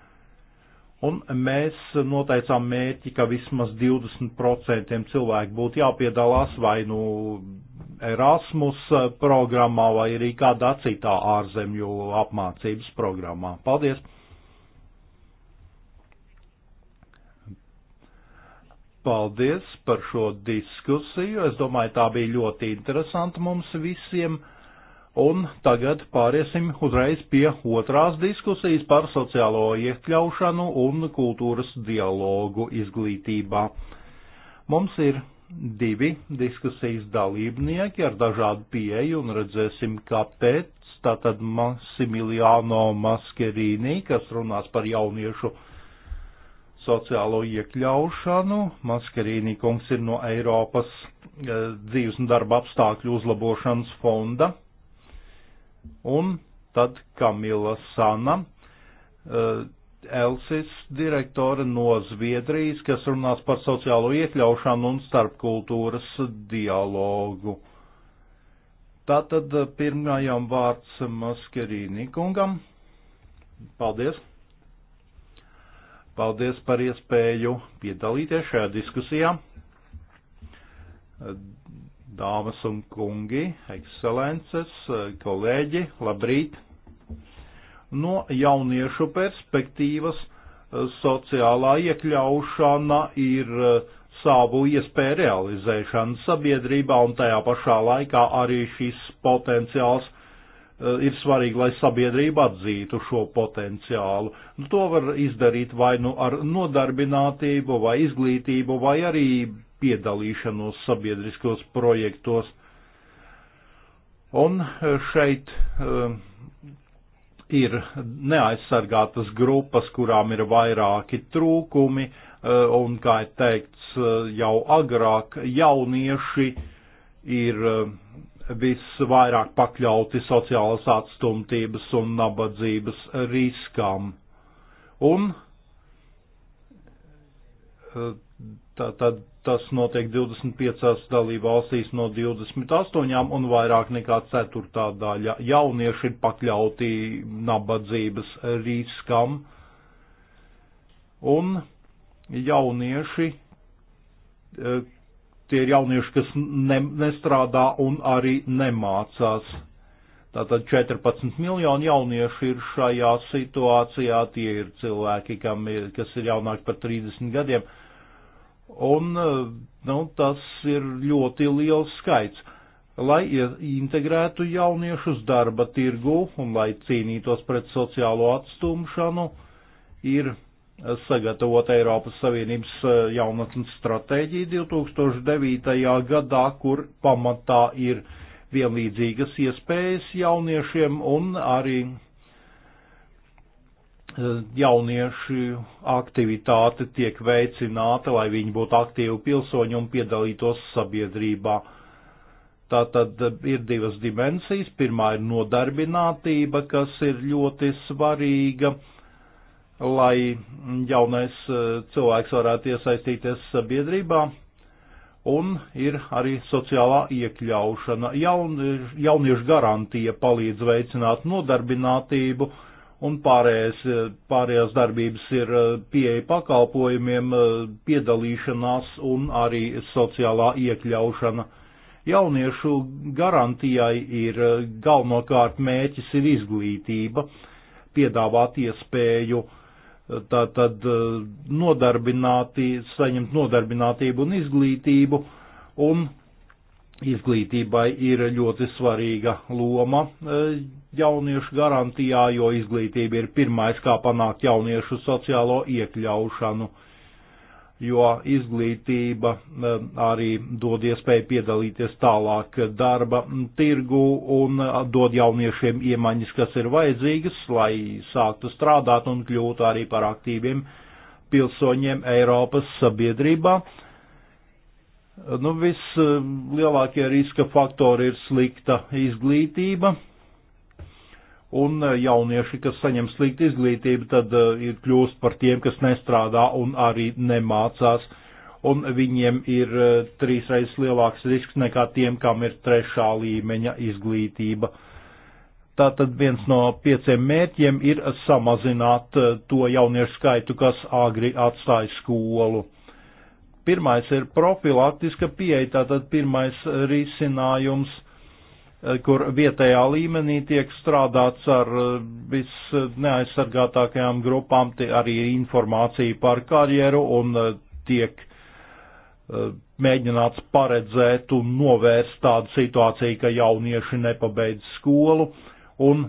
Un mēs noteicām mērķi, ka vismaz 20% cilvēku būtu jāpiedalās vai nu Erasmus programmā vai arī kādā citā ārzemju apmācības programmā. Paldies! Paldies par šo diskusiju. Es domāju, tā bija ļoti interesanta mums visiem. Un tagad pāriesim uzreiz pie otrās diskusijas par sociālo iekļaušanu un kultūras dialogu izglītībā. Mums ir divi diskusijas dalībnieki ar dažādu pieeju un redzēsim, kāpēc. Tātad Massimiliano Maskerīni, kas runās par jauniešu sociālo iekļaušanu. Maskerīni kungs ir no Eiropas eh, dzīves un darba apstākļu uzlabošanas fonda un tad Kamila Sana, eh, Elsis direktore no Zviedrijas, kas runās par sociālo iekļaušanu un starpkultūras dialogu. Tātad eh, pirmajam vārds Maskerīni kungam. Paldies! Paldies par iespēju piedalīties šajā diskusijā. Dāmas un kungi, ekscelences, kolēģi, labrīt! No jauniešu perspektīvas sociālā iekļaušana ir eh, savu iespēju realizēšana sabiedrībā un tajā pašā laikā arī šis potenciāls eh, ir svarīgi, lai sabiedrība atzītu šo potenciālu. Nu, to var izdarīt vai nu ar nodarbinātību, vai izglītību, vai arī piedalīšanos sabiedriskos projektos. Un e, šeit um, ir neaizsargātas grupas, kurām ir vairāki trūkumi, e, un, kā ir teikts jau agrāk, jaunieši ir visvairāk pakļauti sociālas atstumtības un nabadzības riskam. Un tā tad Tas notiek 25 dalību valstīs no 28 un vairāk nekā ceturtā daļa. Jaunieši ir pakļauti nabadzības riskam. Un jaunieši, e, tie ir jaunieši, kas ne, nestrādā un arī nemācās. Tātad 14 miljoni jaunieši ir šajā situācijā, tie ir cilvēki, kam ir, kas ir jaunāki par 30 gadiem. Uh, Un eh, nu, tas ir ļoti liels skaits. Lai integrētu jauniešus darba tirgu un lai cīnītos pret sociālo atstumšanu, ir eh, sagatavota Eiropas Savienības eh, jaunatnes stratēģija 2009. gadā, kur pamatā ir vienlīdzīgas iespējas jauniešiem un arī jaunieši aktivitāte tiek veicināta, lai viņi būtu aktīvi pilsoņi un piedalītos sabiedrībā. Tā tad ir divas dimensijas. Pirmā ir nodarbinātība, kas ir ļoti svarīga, lai jaunais eh, cilvēks varētu iesaistīties sabiedrībā. Un ir arī sociālā iekļaušana. Jaun, jauniešu garantija palīdz veicināt nodarbinātību, uh, un pārējais, eh, pārējās darbības ir eh, pieeja pakalpojumiem, eh, piedalīšanās un arī sociālā iekļaušana. Jauniešu garantijai ir galvenokārt mēķis ir izglītība, piedāvāt iespēju tātad nodarbināti, saņemt nodarbinātību un izglītību un Izglītībai ir ļoti svarīga loma e, jauniešu garantijā, jo izglītība ir pirmais, kā panākt jauniešu sociālo iekļaušanu, jo izglītība e, arī dod iespēju piedalīties tālāk darba tirgu un e, dod jauniešiem iemaņas, kas ir vajadzīgas, lai sāktu strādāt un kļūtu arī par aktīviem pilsoņiem Eiropas sabiedrībā Nu, vislielākie riska faktori ir slikta izglītība, un eh, jaunieši, kas saņem sliktu izglītību, tad eh, ir kļūst par tiem, kas nestrādā un arī nemācās, un viņiem ir eh, trīsreiz lielāks risks nekā tiem, kam ir trešā līmeņa izglītība. Tātad viens no pieciem mērķiem ir samazināt to jauniešu skaitu, kas agri atstāja skolu Pirmais ir profilaktiska pieeja, tātad pirmais risinājums, eh, kur vietējā līmenī tiek strādāts ar eh, visneaizsargātākajām grupām, arī informācija par karjeru un eh, tiek mēģināts paredzēt un novērst tādu situāciju, ka jaunieši nepabeidz skolu. Un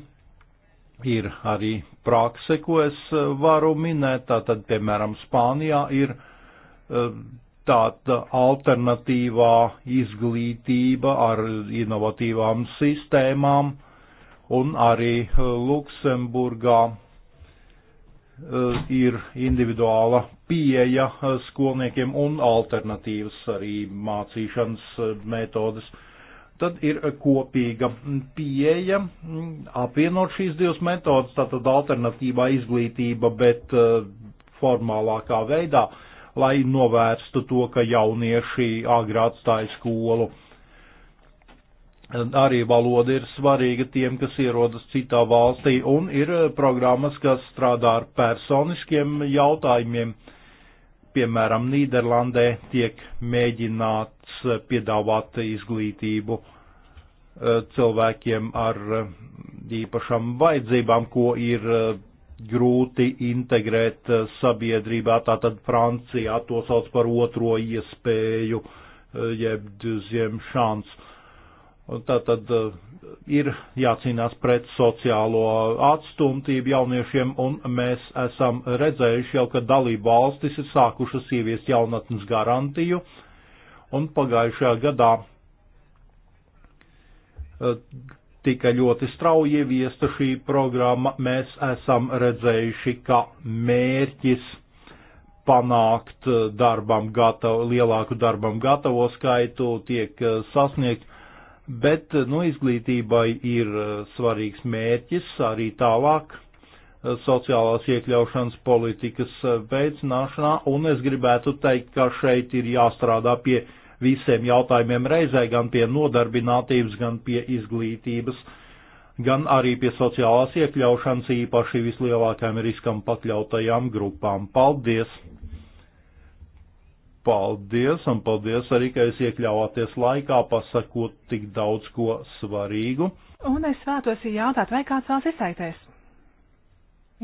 ir arī prakse, ko es varu minēt, tātad, piemēram, Spānijā ir tāda alternatīvā izglītība ar inovatīvām sistēmām un arī eh, Luksemburgā eh, ir individuāla pieeja eh, skolniekiem un alternatīvas arī mācīšanas metodas. Tad ir kopīga pieeja mm, apvienot šīs divas metodas, tātad alternatīvā izglītība, bet formālākā veidā. Uh, lai novērstu to, ka jaunieši agri atstāja skolu. Arī valoda ir svarīga tiem, kas ierodas citā valstī, un ir programmas, kas strādā ar personiskiem jautājumiem. Piemēram, Nīderlandē tiek mēģināts piedāvāt izglītību eh, cilvēkiem ar eh, īpašām vajadzībām, ko ir eh, grūti integrēt eh, sabiedrībā. Tātad Francijā to sauc par otro iespēju, eh, jeb ziemšāns. Tātad eh, ir jācīnās pret sociālo atstumtību jauniešiem, un mēs esam redzējuši jau, ka dalība valstis ir sākušas ieviest jaunatnes garantiju, un pagājušajā gadā tika ļoti strauji ieviesta šī programma, mēs esam redzējuši, ka mērķis panākt darbam gatavu, lielāku darbam gatavo skaitu tiek eh, sasniegt, bet, eh, nu, izglītībai ir eh, svarīgs mērķis arī tālāk sociālās iekļaušanas politikas veicināšanā, un es gribētu teikt, ka šeit ir jāstrādā pie visiem jautājumiem reizē, gan pie nodarbinātības, gan pie izglītības, gan arī pie sociālās iekļaušanas īpaši vislielākajām riskam pakļautajām grupām. Paldies! Paldies, un paldies arī, ka jūs iekļāvāties laikā, pasakot tik daudz ko svarīgu. Un es vētos jautāt, vai kāds vēlas izteikties?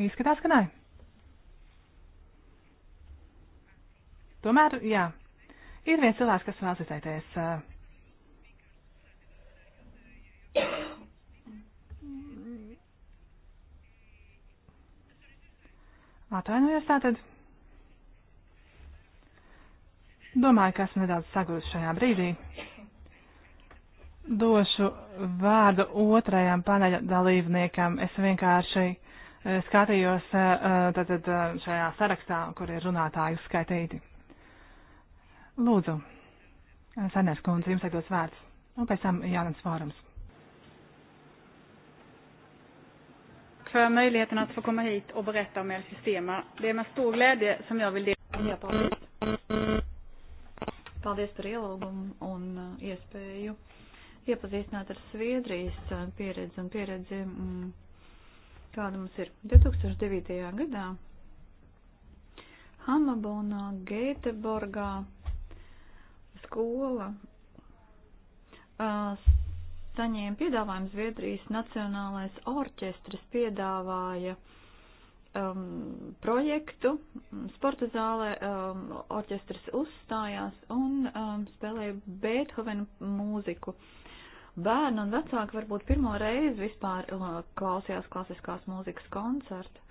Izskatās, ka nē. Tomēr, jā, Ir viens cilvēks, kas vēlas izteikties. Atvainojos tātad. Domāju, ka esmu nedaudz sagūst šajā brīdī. Došu vārdu otrajam paneļa dalībniekam. Es vienkārši eh, skatījos eh, eh, tātad šajā sarakstā, kur ir runātāju skaitīti. Lūdzu, Sanērs kundze, jums tagad vārds, un pēc tam Jānis Fārums. för möjligheten att få komma hit och berätta om El er Sistema. Det är med stor glädje som jag vill dela. Jā, paldies. paldies par ielūgumu un uh, iespēju iepazīstināt ar Sviedrijas uh, pieredzi un pieredzi, mm, kāda mums ir 2009. gadā. Hamabonā, Gēteborgā skola saņēma piedāvājumu Zviedrijas Nacionālais orķestris piedāvāja um, projektu. Sporta zālē um, orķestris uzstājās un um, spēlēja Beethovenu mūziku. Bērni un vecāki varbūt pirmo reizi vispār uh, klausījās klasiskās mūzikas koncertu.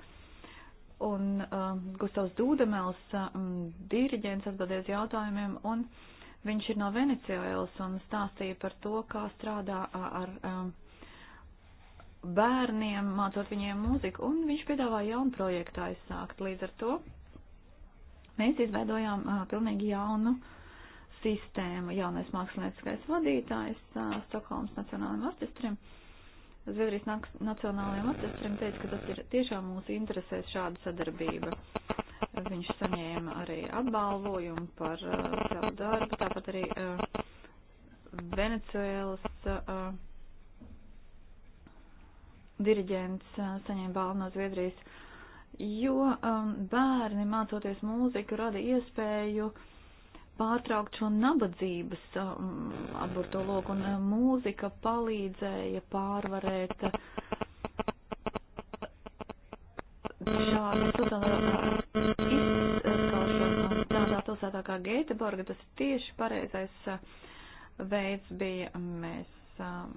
Un um, Gustavs Dūdemels, um, diriģents, atbildēja uz jautājumiem un uh, Viņš ir no Venecijālas un stāstīja par to, kā strādā ar um, bērniem, mācot viņiem mūziku, un viņš piedāvāja jaunu projektu aizsākt. Līdz ar to mēs izveidojām uh, pilnīgi jaunu sistēmu. Jaunais mākslinieckais vadītājs uh, Stokholmas Nacionālajiem orķestram uh, Zviedrijas Nacionālajiem orķestram teica, ka tas ir tiešām mūsu interesēs šāda sadarbība. Viņš saņēma arī apbalvojumu par uh, savu darbu, tāpat arī uh, Venecuēlas uh, diriģents uh, saņēma balvu no Zviedrijas, jo um, bērni mācoties mūziku rada iespēju uh, pārtraukt šo nabadzības uh, aburto loku, un uh, mūzika palīdzēja pārvarēt uh, šādu izskaušanu tādā pilsētā kā Gēteborga. Tas tieši pareizais veids bija. Mēs um,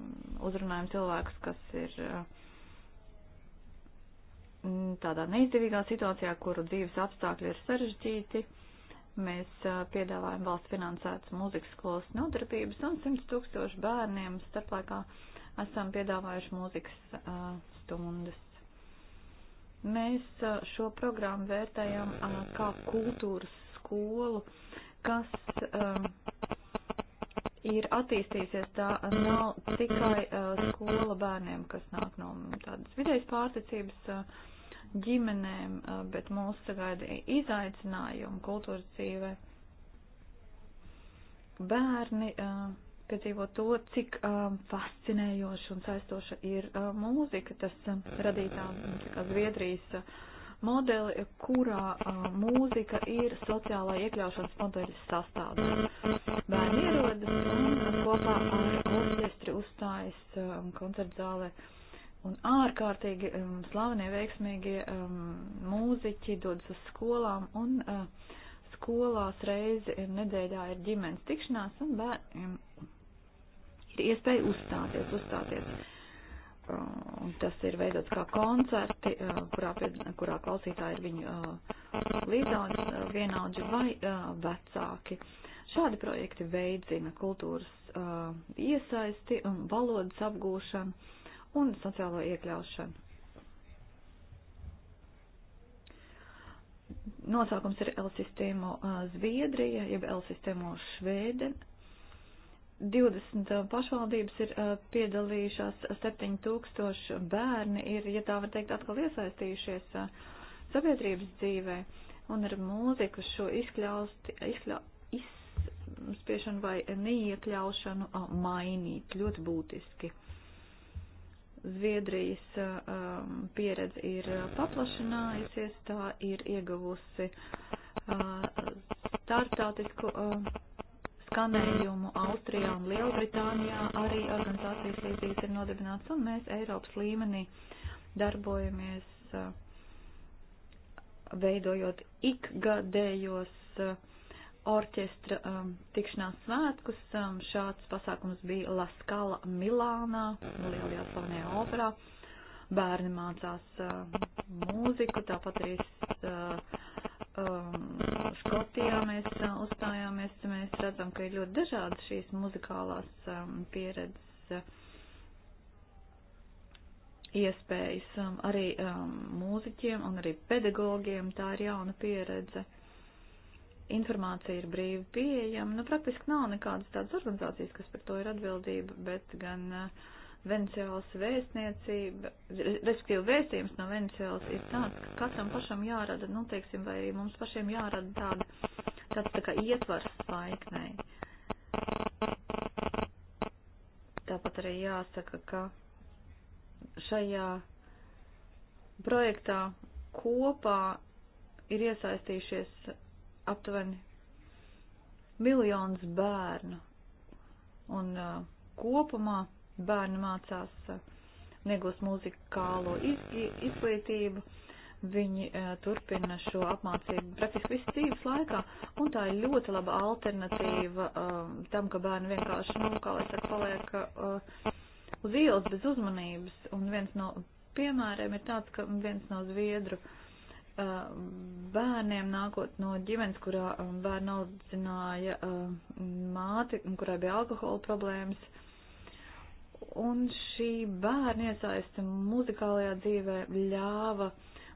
uzrunājam cilvēkus, kas ir tādā neizdevīgā situācijā, kuru dzīves apstākļi ir sarežģīti Mēs piedāvājam valsts finansētas mūzikas skolas nodarbības un 100 tūkstošu bērniem starplaikā esam piedāvājuši mūzikas stundas. Mēs šo programmu vērtējam kā kultūras skolu, kas ir attīstīsies. Tā nav tikai skola bērniem, kas nāk no tādas vidējas pārticības ģimenēm, eh, bet mūs sagaida izaicinājumi kultūras dzīvē. Bērni eh, piedzīvo to, cik eh, fascinējoša un saistoša ir mūzika, tas radītā nu, Zviedrijas modeli, kurā mūzika ir sociālā iekļaušanas modeļa sastāvdaļa. Bērni ierodas un kopā ar orķestri uzstājas koncertzālē. zālē Un ārkārtīgi um, slavenie, veiksmīgie um, mūziķi dodas uz skolām un uh, skolās reizi nedēļā ir ģimenes tikšanās un bērniem ir iespēja uzstāties, uzstāties. Uh, un tas ir veidots kā koncerti, uh, kurā, pied, kurā klausītāji ir viņu uh, līdzaudži, vienaudži vai vecāki. Šādi projekti veicina kultūras iesaisti un valodas apgūšanu un sociālo iekļaušanu. Nosaukums ir L-sistēmu Zviedrija, jeb L-sistēmu Švēden. 20 pašvaldības ir piedalījušās, 7000 bērni ir, ja tā var teikt, atkal iesaistījušies sabiedrības dzīvē un ar mūziku šo izkļaust, izkļa, izspiešanu vai neiekļaušanu mainīt ļoti būtiski. Zviedrijas uh, um, pieredze ir uh, paplašinājusies, tā ir ieguvusi uh, startautisku uh, skanējumu Austrijā un Lielbritānijā. Arī organizācijas līdzīgas ir nodibināts, un mēs Eiropas līmenī darbojamies, uh, veidojot ikgadējos uh, orķestra um, tikšanās svētkus. Um, šāds pasākums bija Laskala Milānā, Lielajā slavenajā operā. Bērni mācās uh, mūziku, tāpat arī uh, um, Skotijā mēs uh, uzstājāmies. Mēs redzam, ka ir ļoti dažādas šīs muzikālās um, pieredzes. Uh, Iespējas um, arī um, mūziķiem un arī pedagogiem tā ir jauna pieredze informācija ir brīvi pieejama. Nu, praktiski nav nekādas tādas organizācijas, kas par to ir atbildība, bet gan eh, Veneciālas vēstniecība, respektīvi vēstījums no Veneciālas ir tāds, ka katram pašam jārada, nu, teiksim, vai mums pašiem jārada tāda, tāds tā kā ietvars saiknei. Tāpat arī jāsaka, ka šajā projektā kopā ir iesaistījušies aptuveni miljons bērnu. Un uh, kopumā bērni mācās uh, negūs muzikālo izglītību, viņi uh, turpina šo apmācību praktiski visu dzīves laikā, un tā ir ļoti laba alternatīva uh, tam, ka bērni vienkārši, nu, kā lai saka, paliek uh, uz ielas bez uzmanības. Un viens no piemēriem ir tāds, ka viens no zviedru uh, Uh, bērniem nākot no ģimenes, kurā um, bērnu audzināja uh, māte, kurā bija alkohola problēmas. Un šī bērna iesaista muzikālajā dzīvē ļāva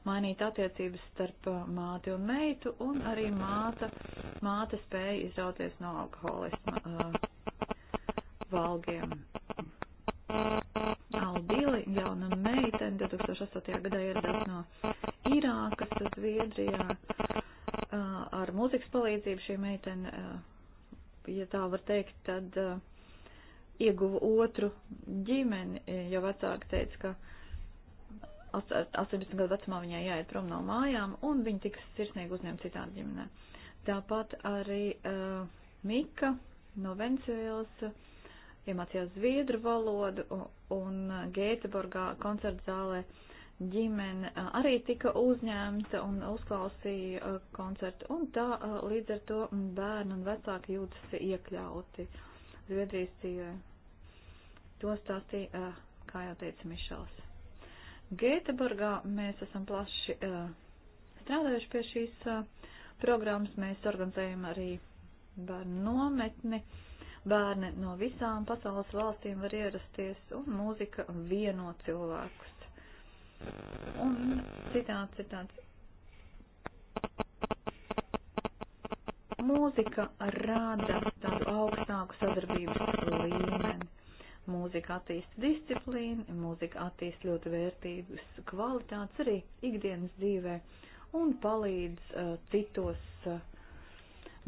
mainīt attiecības starp uh, māti un meitu, un arī māta, māte spēja izrauties no alkoholisma uh, valgiem. Aldīli, jauna meitene, 2008. gadā ieradās no Irākas uz Viedrijā. Ar mūzikas palīdzību šī meitene, ja tā var teikt, tad ieguva otru ģimeni, jo vecāki teica, ka 18 gadu vecumā viņai jāiet prom no mājām, un viņa tika sirsnīgi uzņemta citā ģimenē. Tāpat arī uh, Mika no Venecuēlas iemācījos zviedru valodu un uh, Gēteborgā koncertzālē ģimene uh, arī tika uzņemta un uzklausīja uh, koncertu. Un tā līdz ar to bērni un vecāki jūtas iekļauti Zviedrijas dzīvē. To stāstīja, kā jau teica Mišels. Gēteborgā mēs esam plaši strādājuši pie šīs programmas. Mēs organizējam arī bērnu nometni. Uh, Bērni no visām pasaules valstīm var ierasties, un mūzika vieno cilvēkus. Un citāts ir tāds. Mūzika rada tādu augstāku sadarbības līmeni. Mūzika attīsta disciplīnu, mūzika attīsta ļoti vērtīgas kvalitātes arī ikdienas dzīvē un palīdz uh, citos uh,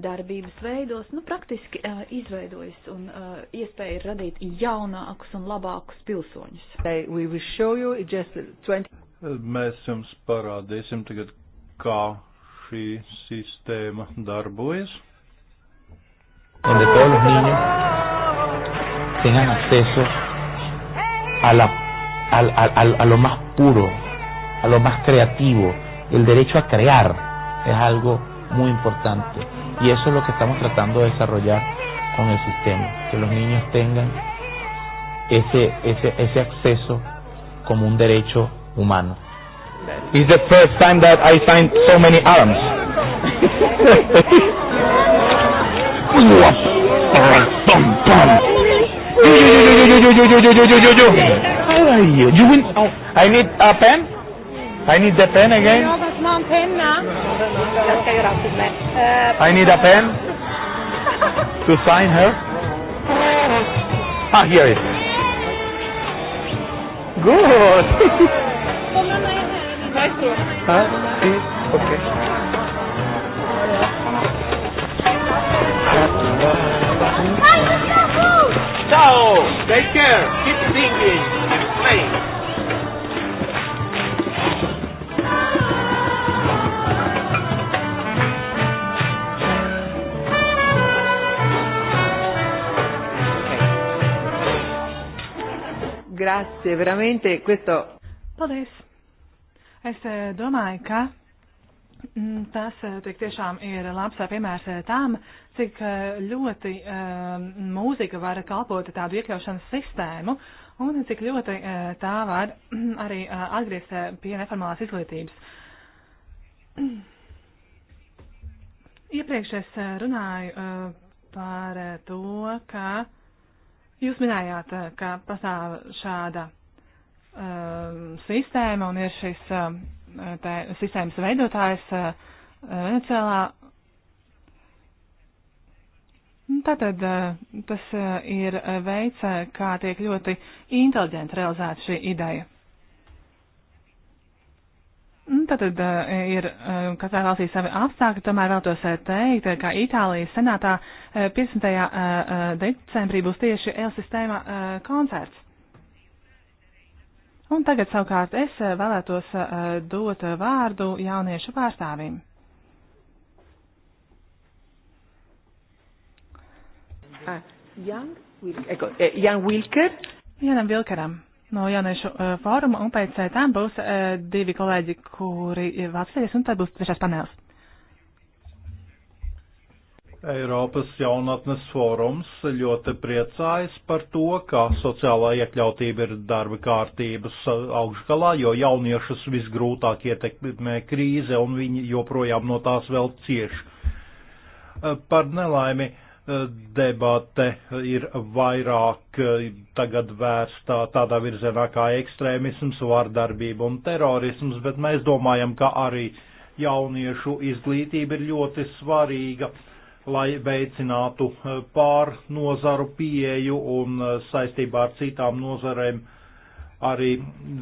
darbības veidos, nu, praktiski uh, izveidojas un uh, iespēja ir radīt jaunākus un labākus pilsoņus. Mēs jums parādīsim tagad, kā šī sistēma darbojas. Un de todos los niños tengan acceso a, la, a, a, a, a lo más puro, a lo más creativo. El derecho a crear es algo muy importante. Y eso es lo que estamos tratando de desarrollar con el sistema, que los niños tengan ese, ese, ese acceso como un derecho humano. It's the first time that I signed so many arms. you, win. Oh, I need a pen. I need the pen again. Mount Henna. Jag ska göra allt med. I need a pen to sign her. Ah, here it is. Good. huh? See? Okay. Ciao! Take care! Keep singing and playing! Grazie, veramente questo. Paldies! Es eh, domāju, ka mm, tas eh, tik tiešām ir labs eh, piemērs tām, cik ļoti mūzika var kalpot tādu iekļaušanas sistēmu un cik ļoti tā var mm, arī atgriezties pie neformālās izglītības. Iepriekš es runāju par to, ka Jūs minējāt, eh, ka pastāv šāda um, sistēma un ir šis um, eh, tā, sistēmas veidotājs uh, Venecijā. Nu, tātad uh, tas uh, ir veids, kā tiek ļoti inteliģenti realizēta šī ideja. Nu, tātad ir katrā valstī savi apstākļi, tomēr vēl tos teikt, ka Itālijas senātā 15. Eh, eh, decembrī būs tieši L-sistēma eh, koncerts. Un tagad savukārt es vēlētos dot vārdu jauniešu pārstāvim. Ah, Jan Wilker. Janam Vilkeram no jauniešu fóruma, un pēc tam būs divi kolēģi, kuri vācieties, un tad būs trešais panels. Eiropas jaunatnes fórums ļoti priecājas par to, ka sociālā iekļautība ir darba kārtības augšgalā, jo jauniešus visgrūtāk ietekmē krīze un viņi joprojām no tās vēl cieš. Par nelaimi debate ir vairāk tagad vērstā tādā virzienā kā ekstrēmisms, vārdarbība un terorisms, bet mēs domājam, ka arī jauniešu izglītība ir ļoti svarīga lai veicinātu eh, pārnozaru pieeju un eh, saistībā ar citām nozarēm arī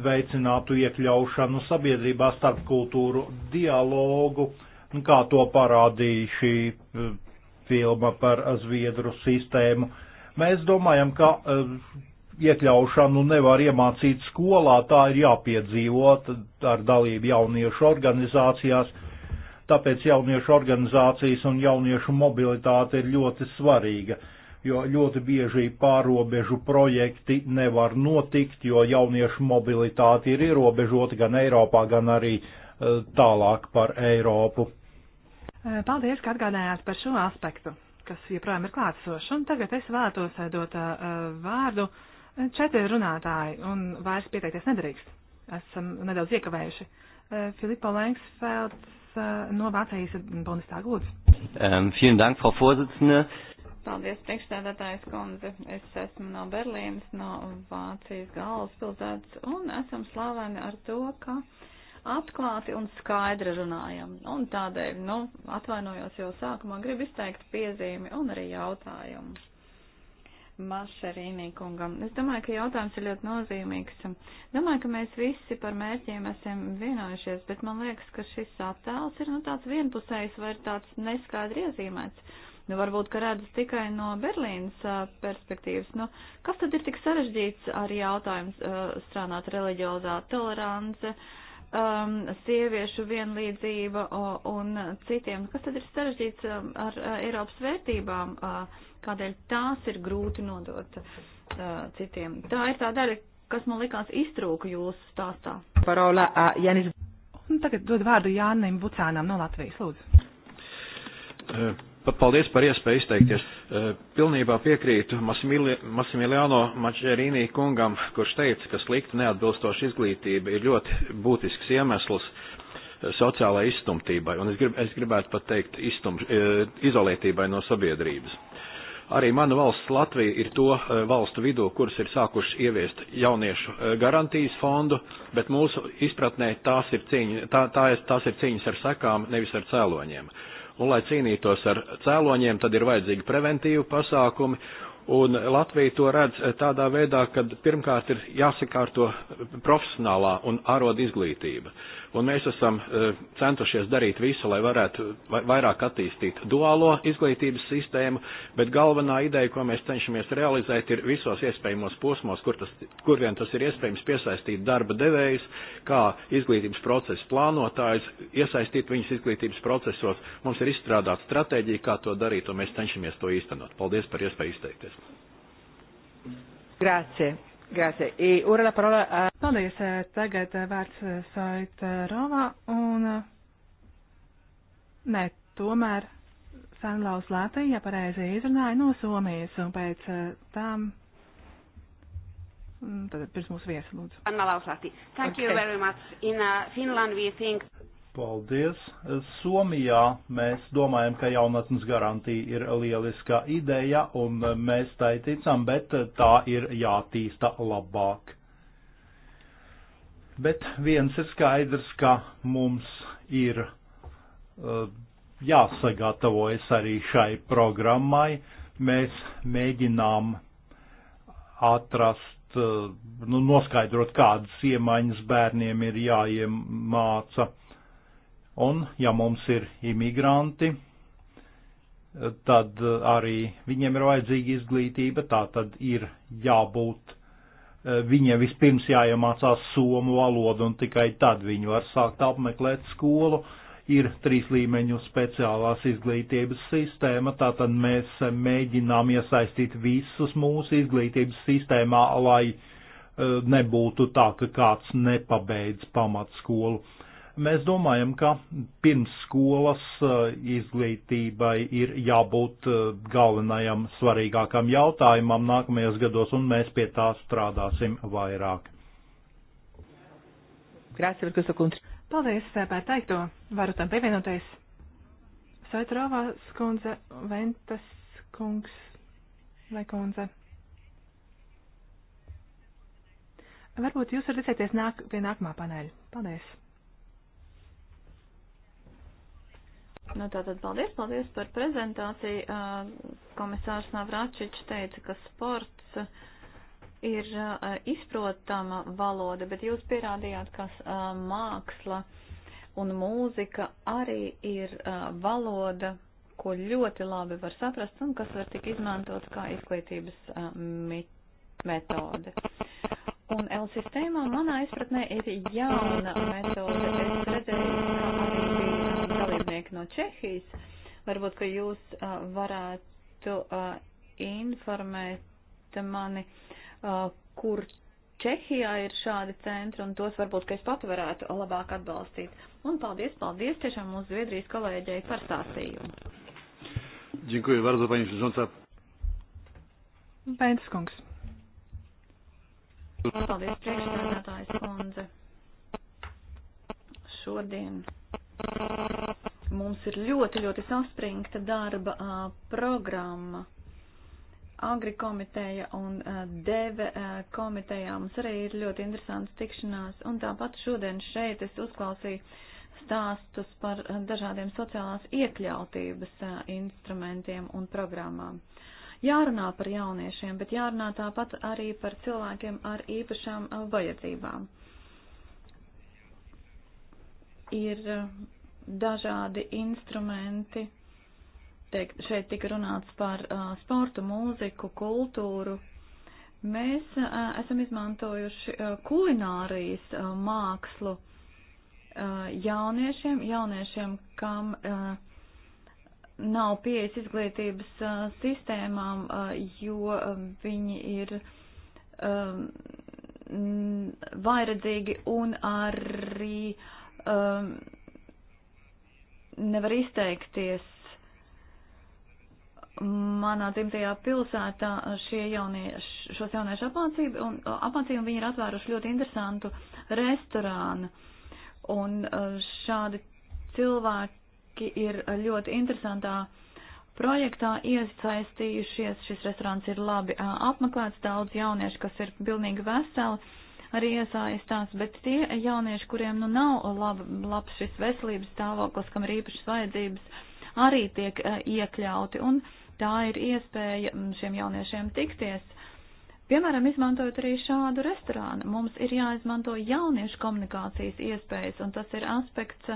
veicinātu iekļaušanu sabiedrībā starp kultūru dialogu, kā to parādīja šī eh, filma par zviedru sistēmu. Mēs domājam, ka iekļaušanu nevar iemācīt skolā, tā ir jāpiedzīvot ar dalību jauniešu organizācijās Tāpēc jauniešu organizācijas un jauniešu mobilitāte ir ļoti svarīga, jo ļoti bieži pārobežu projekti nevar notikt, jo jauniešu mobilitāte ir ierobežota gan Eiropā, gan arī eh, tālāk par Eiropu. Eh, paldies, ka atgādājāt par šo aspektu, kas joprojām ir klātsošs. Un tagad es vēlētos eh, dot uh, vārdu četri runātāji, un vairs pieteikties nedrīkst. Esam nedaudz iekavējuši. Uh, Filipa Lengsfelds, Eh, no Vācijas Bundestāga lūdzu. Um, vielen Dank, Frau Vorsitzende. Paldies, priekšstādātājs kundze. Es esmu no Berlīnas, no Vācijas galvaspilsētas un esam slaveni ar to, ka atklāti un skaidri runājam. Un tādēļ, nu, atvainojos jau sākumā, gribu izteikt piezīmi un arī jautājumu. Mašerīnī kungam. Es domāju, ka jautājums ir ļoti nozīmīgs. Domāju, ka mēs visi par mērķiem esam vienojušies, bet man liekas, ka šis attēls ir nu, tāds vienpusējs vai tāds neskaidri iezīmēts. Nu, varbūt, ka redz tikai no Berlīnas perspektīvas. Nu, kas tad ir tik sarežģīts ar jautājumu strādāt reliģiozā tolerance, um, sieviešu vienlīdzība un citiem? Kas tad ir sarežģīts ar Eiropas vērtībām? Uh, kādēļ tās ir grūti nodot uh, citiem. Tā ir tā daļa, kas man likās iztrūka jūsu stāstā. Parola a Janis. Un tagad dod vārdu Jānim Bucānam no Latvijas, lūdzu. Uh. Paldies par iespēju izteikties. Eh, pilnībā piekrītu Masimiliano Mačerīnī kungam, kurš teica, ka slikta neatbilstoša izglītība ir ļoti būtisks iemesls eh, sociālai izstumtībai, un es, grib, es gribētu pat teikt izstum, izolētībai no sabiedrības. Arī mana valsts Latvija ir to e, valstu vidū, kuras ir sākuši ieviest jauniešu e, garantijas fondu, bet mūsu izpratnē tās ir, cīņa, tā, tā, tās ir cīņas ar sekām, nevis ar cēloņiem. Un, lai cīnītos ar cēloņiem, tad ir vajadzīgi preventīvi pasākumi, Un Latvija to redz e, tādā veidā, ka pirmkārt ir jāsakārto profesionālā un ārod izglītība. Uh, un mēs esam e, centušies darīt visu, lai varētu vairāk attīstīt duālo izglītības sistēmu, bet galvenā ideja, ko mēs cenšamies realizēt, ir visos iespējamos posmos, kur, tas, kur vien tas ir iespējams piesaistīt darba devējus, kā izglītības procesu plānotājus, iesaistīt viņus izglītības procesos. Mums ir izstrādāta stratēģija, kā to darīt, un mēs cenšamies to īstenot. Paldies par iespēju izteikties. Grazie. Grazie. E ora la parola a... Paldies. Eh, tagad eh, vērts eh, sait Rovā un... Nē, tomēr Sanlaus Latvija, ja pareizi izrunāja, no Somijas un pēc tam... Mm, tad pirms mūsu viesi, lūdzu. Sanlaus Latvija. Thank okay. you very much. In uh, Finland we think... Paldies. Somijā mēs domājam, ka jaunatnes garantija ir lieliska ideja, un mēs tai ticam, bet tā ir jātīsta labāk. Bet viens ir skaidrs, ka mums ir uh, jāsagatavojas arī šai programmai. Mēs mēģinām atrast eh, nu, noskaidrot, kādas iemaņas bērniem ir jāiemāca. Un, ja mums ir imigranti, tad arī viņiem ir vajadzīga izglītība, tā tad ir jābūt, viņiem vispirms jāiemācās somu valodu un tikai tad viņi var sākt apmeklēt skolu. Ir trīs līmeņu speciālās izglītības sistēma, tātad mēs mēģinām iesaistīt visus mūsu izglītības sistēmā, lai eh, nebūtu tā, ka kāds nepabeidz pamatskolu. skolu Mēs domājam, ka pirms skolas uh, izglītībai ir jābūt uh, galvenajam svarīgākam jautājumam nākamajos gados, un mēs pie tā strādāsim vairāk. Grācija, Virkusa kundze. Paldies eh, par teikto. Varu tam pievienoties. Saitrovā skundze, Ventas kungs vai kundze. Varbūt jūs varat izsēties nāk, pie nākamā paneļa. Paldies! Nu, tātad paldies, paldies par prezentāciju. Komisārs Navračič teica, ka sports ir izprotama valoda, bet jūs pierādījāt, ka māksla un mūzika arī ir valoda, ko ļoti labi var saprast un kas var tik izmantot kā izglītības metode. Un L sistēmā manā izpratnē ir jauna metode. Es redzēju, ka arī dalībnieki no Čehijas. Varbūt, ka jūs uh, varētu uh, informēt mani, uh, kur Čehijā ir šādi centri, un tos varbūt, ka es pat varētu labāk atbalstīt. Un paldies, paldies tiešām mūsu Zviedrijas kolēģei par stāstījumu. Dziękuję bardzo, pani przewodnicząca. Pēc kungs. Paldies, priekšsēdētājs kundze. Šodien Mums ir ļoti, ļoti saspringta darba programma. Agri komiteja un deve komitejā mums arī ir ļoti interesants tikšanās. Un tāpat šodien šeit es uzklausīju stāstus par dažādiem sociālās iekļautības instrumentiem un programmām. Jārunā par jauniešiem, bet jārunā tāpat arī par cilvēkiem ar īpašām vajadzībām ir eh, dažādi instrumenti. Teik, šeit tika runāts par uh, sportu, mūziku, kultūru. Mēs uh, esam izmantojuši uh, kulinārijas uh, mākslu uh, jauniešiem, jauniešiem, kam uh, nav pieejas izglītības uh, sistēmām, uh, jo uh, viņi ir uh, vairedzīgi un arī uh, um, nevar izteikties. Manā dzimtajā pilsētā šie jaunieši, šos jauniešu apmācību, un, uh, apmācību viņi ir atvēruši ļoti interesantu restorānu. Un uh, šādi cilvēki ir ļoti interesantā projektā iesaistījušies. Šis restorāns ir labi uh, apmeklēts, daudz jauniešu, kas ir pilnīgi veseli arī iesaistās, bet tie jaunieši, kuriem nu nav lab, labs šis veselības stāvoklis, kam ir īpašas vajadzības, arī tiek eh, iekļauti, un tā ir iespēja mm, šiem jauniešiem tikties. Piemēram, izmantojot arī šādu restorānu, mums ir jāizmanto jauniešu komunikācijas iespējas, un tas ir aspekts,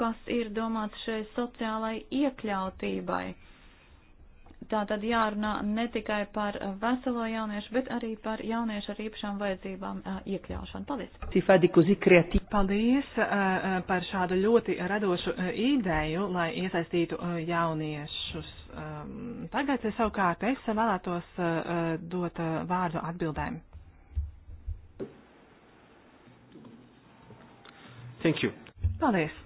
kas ir domāts šai sociālai iekļautībai Tā tad jārunā ne tikai par uh, veselo jauniešu, bet arī par jauniešu ar īpašām vajadzībām uh, iekļaušanu. Paldies! Paldies uh, par šādu ļoti radošu ideju, lai iesaistītu jauniešus. Um, tagad savukārt es vēlētos dot vārdu atbildēm. Thank you. Paldies!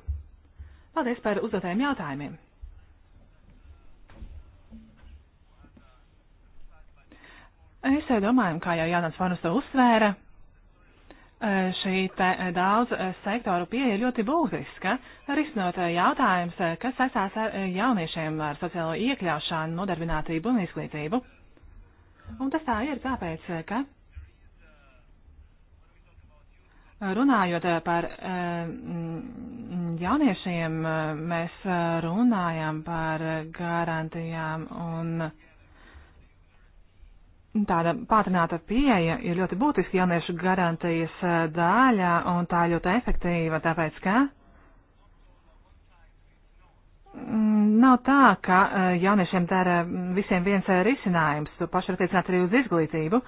Paldies par uzdotajiem jautājumiem! Es domāju, kā jau Jānis Vanus to uzsvēra, e, šī daudz e, sektoru pieeja ir ļoti būtiska, risinot e, jautājums, kas saistās ar jauniešiem, ar sociālo iekļaušanu, nodarbinātību un izglītību. Un tas tā ir tāpēc, ka Runājot par jauniešiem, mēs runājam par garantijām un Tāda pātrināta pieeja ir ļoti būtiska jauniešu garantijas eh, daļa, un tā ir ļoti efektīva, tāpēc ka mm, nav tā, ka eh, jauniešiem dara visiem viens eh, risinājums, to pašu attiecināt arī uz izglītību.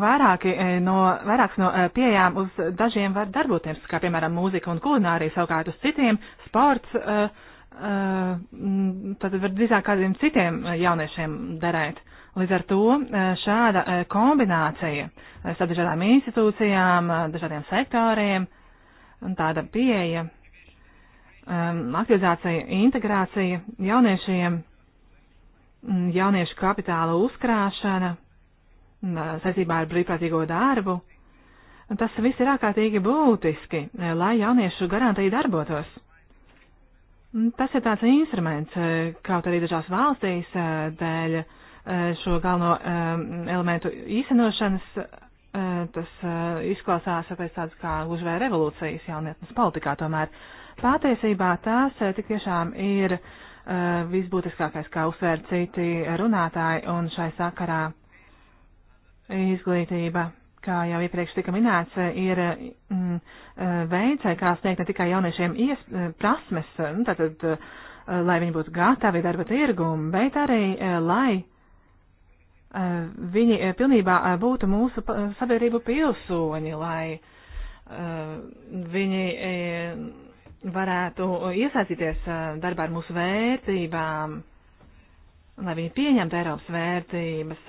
Vairāki no, vairāks no pieejām uz dažiem var darboties, kā piemēram mūzika un kulinārija, savukārt uz citiem sports, mm, tad var drīzāk kādiem citiem jauniešiem darēt. Līdz ar to e, šāda e, kombinācija e, starp dažādām institūcijām, dažādiem sektoriem un tāda pieeja, aktivizācija, integrācija jauniešiem, jauniešu kapitāla uzkrāšana saistībā ar brīvprātīgo darbu. Tas viss ir ārkārtīgi būtiski, lai jauniešu garantija darbotos. Tas ir tāds instruments, kaut arī dažās valstīs dēļ Eh, šo galveno eh, elementu īstenošanas, eh, tas izklausās pēc tādas kā gluži vai revolūcijas jaunietnes politikā tomēr. Patiesībā tās tik tiešām ir visbūtiskākais, kā uzsver citi runātāji, un šai sakarā izglītība, kā jau iepriekš tika minēts, ir mm, veids, kā sniegt ne tikai jauniešiem ies, prasmes, nu, tātad, lai viņi būtu gatavi darba tirgumu, bet arī, lai Eh, viņi eh, pilnībā eh, būtu mūsu sabiedrību pilsoņi, lai viņi varētu iesaistīties darbā ar mūsu vērtībām, lai viņi pieņemtu Eiropas vērtības,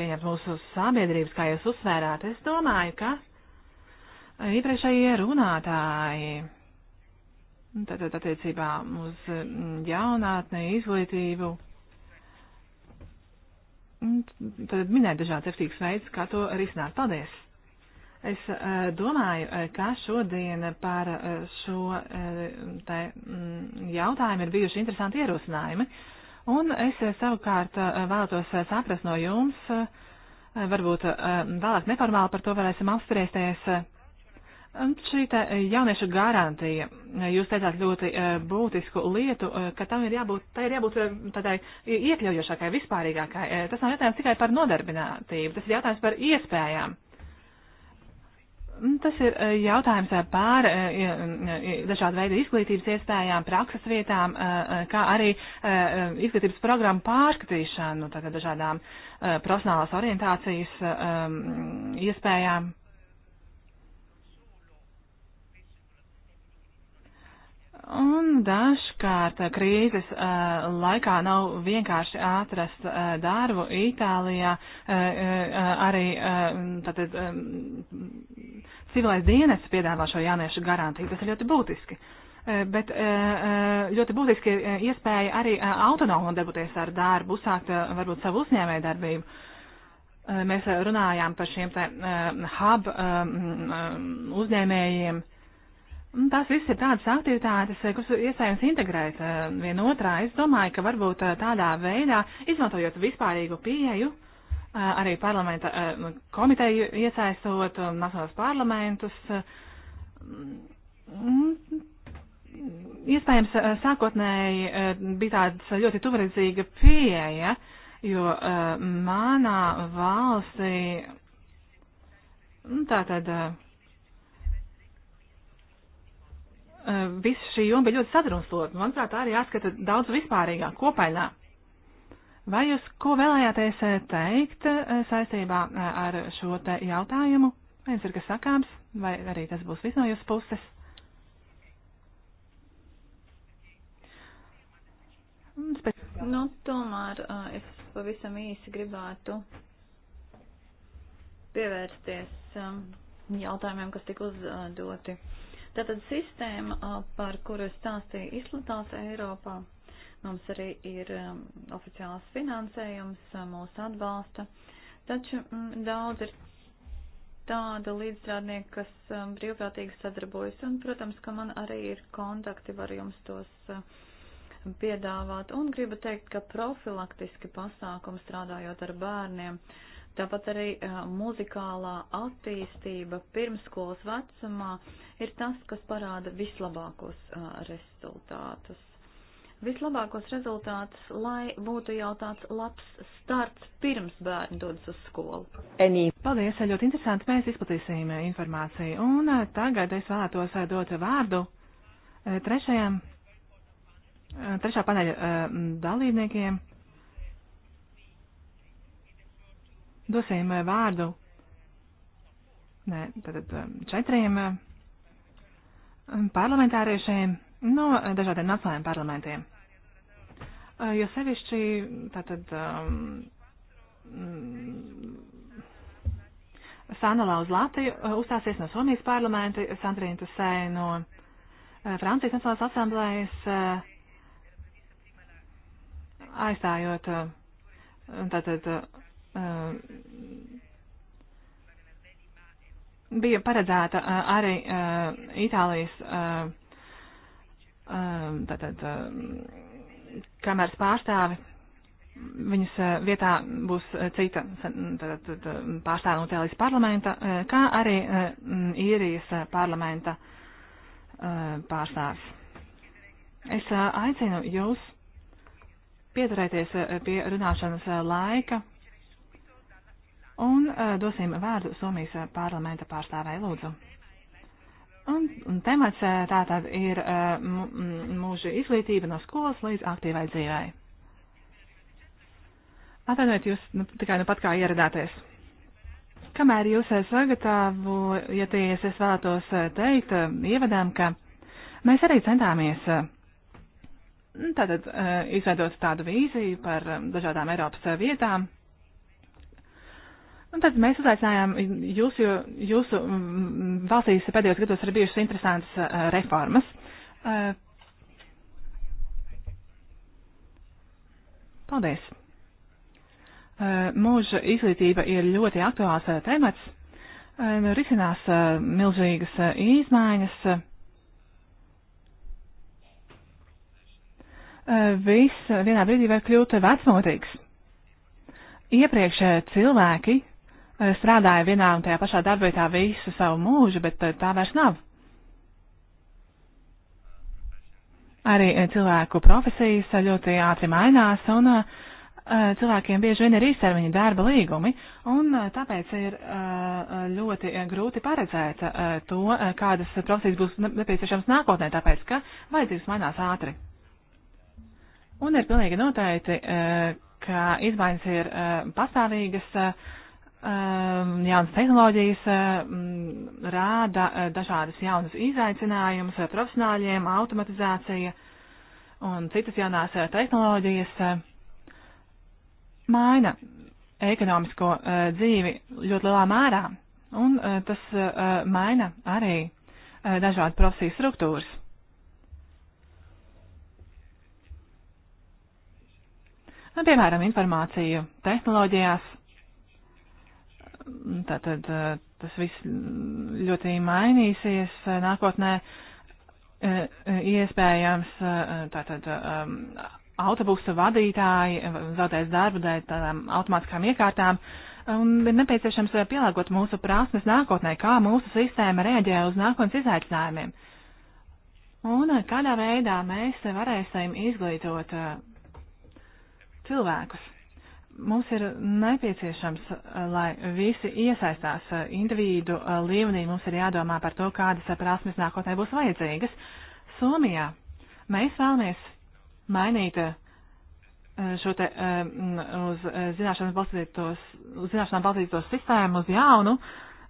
pieņemtu mūsu sabiedrības, kā jūs uzsvērāt. Es domāju, ka iepriekšējie runātāji, tātad attiecībā uz mm, jaunātni, izglītību, tad minēja dažādas efektīvas veids, kā to risināt. Paldies! Es eh, domāju, eh, ka šodien par eh, šo tā, mm, jautājumu ir bijuši interesanti ierosinājumi, un es savukārt vēlētos saprast no jums, varbūt vēlāk neformāli par to varēsim apspriesties Un šī tā e, jauniešu garantija, jūs teicāt ļoti e, būtisku lietu, e, ka tam ir jābūt, tā ir jābūt tādai iekļaujošākai, vispārīgākai. Tas nav jautājums tikai par nodarbinātību, tas ir jautājums par iespējām. Tas ir jautājums par dažādu veidu izglītības iespējām, prakses vietām, kā arī izglītības programmu pārskatīšanu, tātad dažādām profesionālās orientācijas iespējām. Un dažkārt eh, krīzes uh, laikā nav vienkārši atrast uh, darbu Itālijā, uh, arī tātad civilais dienests piedāvā šo jauniešu garantiju, tas ir ļoti būtiski. Bet ļoti būtiski ir iespēja arī autonomi darboties ar darbu, uzsākt varbūt savu uzņēmēju darbību. Mēs runājām par šiem te hub uzņēmējiem Un tās viss ir tādas aktivitātes, eh, kas iespējams integrēt eh, vienotrā. Es domāju, ka varbūt eh, tādā veidā, izmantojot vispārīgu pieeju, arī parlamenta komiteju iesaistot un um, nacionālos parlamentus, iespējams, sākotnēji bija tāda ļoti tuvredzīga pieeja, jo manā valstī, nu, tātad, Eh, visa šī joma bija ļoti sadrumstalota. Manuprāt, tā arī jāskata daudz vispārīgāk, kopainā. Vai jūs ko vēlējāties eh, teikt eh, saistībā ar šo te jautājumu? Vai jums ir kas sakāms, vai arī tas būs viss no jūsu puses? Mm, nu, tomēr es pavisam īsi gribētu pievērsties jautājumiem, kas tika uzdoti. Uh, Tātad sistēma, par kuru es stāstīju, izplatās Eiropā. Mums arī ir um, oficiāls finansējums, mūs atbalsta. Taču mm, daudz ir tāda līdzstrādnieka, kas um, brīvprātīgi sadarbojas. Un, protams, ka man arī ir kontakti, var jums tos piedāvāt. Un gribu teikt, ka profilaktiski pasākumi strādājot ar bērniem Tāpat arī muzikālā attīstība pirmskolas vecumā ir tas, kas parāda vislabākos rezultātus. Vislabākos rezultātus, lai būtu jau tāds labs starts pirms bērni dodas uz skolu. Enī. Paldies, ļoti interesanti. Mēs izplatīsim informāciju. Un tagad es vēlētos dot vārdu trešajam, trešā paneļa dalībniekiem. dosim eh, vārdu nē, tātad eh, četriem eh, parlamentāriešiem no dažādiem nacionālajiem parlamentiem. Jo sevišķi tātad um, Sanala uz Latviju uzstāsies no Somijas parlamenta, Sandrīna Tusē no Francijas Nacionālās asamblējas aizstājot tātad Ehm, bija paredzēta eh, arī eh, Itālijas eh, ehm, tātad, ehm, kameras pārstāvi. Viņas vietā būs cita tātad, pārstāve no Itālijas parlamenta, kā arī īrijas parlamenta pārstāvis. Es aicinu jūs pieturēties pie runāšanas laika Un uh, dosim vārdu Somijas eh, parlamenta pārstāvēju lūdzu. Un, un temats eh, tā tad ir uh, mūža izglītība no skolas līdz aktīvai dzīvēi. Atvainojiet, jūs nu, tikai nu pat kā ieradāties. Kamēr jūs sagatavojaties, es vēlētos teikt ievadām, ka mēs arī centāmies nu, tātad izveidot tādu vīziju par dažādām Eiropas vietām Un nu, tad mēs uzaicinājām jūs, jo jūsu mm, mm, valstīs pēdējos gados ir bijušas interesantas eh, reformas. Eh, paldies! Eh, mūža izglītība ir ļoti aktuāls temats. Risinās milzīgas izmaiņas. Viss vienā brīdī var kļūt vecmodīgs iepriekš cilvēki strādāja vienā un tajā pašā darbvietā visu savu mūžu, bet eh, tā vairs nav. Arī eh, cilvēku profesijas eh, ļoti ātri mainās, un cilvēkiem bieži vien ir īstermiņa darba līgumi, un tāpēc ir ļoti grūti paredzēt to, kādas profesijas būs nepieciešams nākotnē, tāpēc, ka vajadzības mainās ātri. Un ir pilnīgi noteikti, ka izmaiņas ir pastāvīgas Ehm, jaunas tehnoloģijas ehm, rāda e, dažādas jaunas izaicinājumus e, profesionāļiem, automatizācija un citas jaunās e, tehnoloģijas maina ekonomisko dzīvi ļoti lielā mērā, un tas maina arī dažādu profesiju struktūras. Piemēram, informāciju tehnoloģijās Tātad eh, tas viss ļoti mainīsies eh, nākotnē. Eh, iespējams, tātad ehm, autobusa vadītāji zaudēs darbu dēļ tādām automātiskām iekārtām. Un ir nepieciešams pielāgot mūsu prasmes nākotnē, kā mūsu sistēma reaģē uz nākotnes izaicinājumiem. Un kādā veidā mēs varēsim izglītot cilvēkus mums ir nepieciešams, eh, lai visi iesaistās eh, individu eh, līmenī. Mums ir jādomā par to, kādas prasmes nākotnē būs vajadzīgas. Somijā mēs vēlamies mainīt šo te uz zināšanām balstītos, uz zināšanām balstītos sistēmu uz jaunu.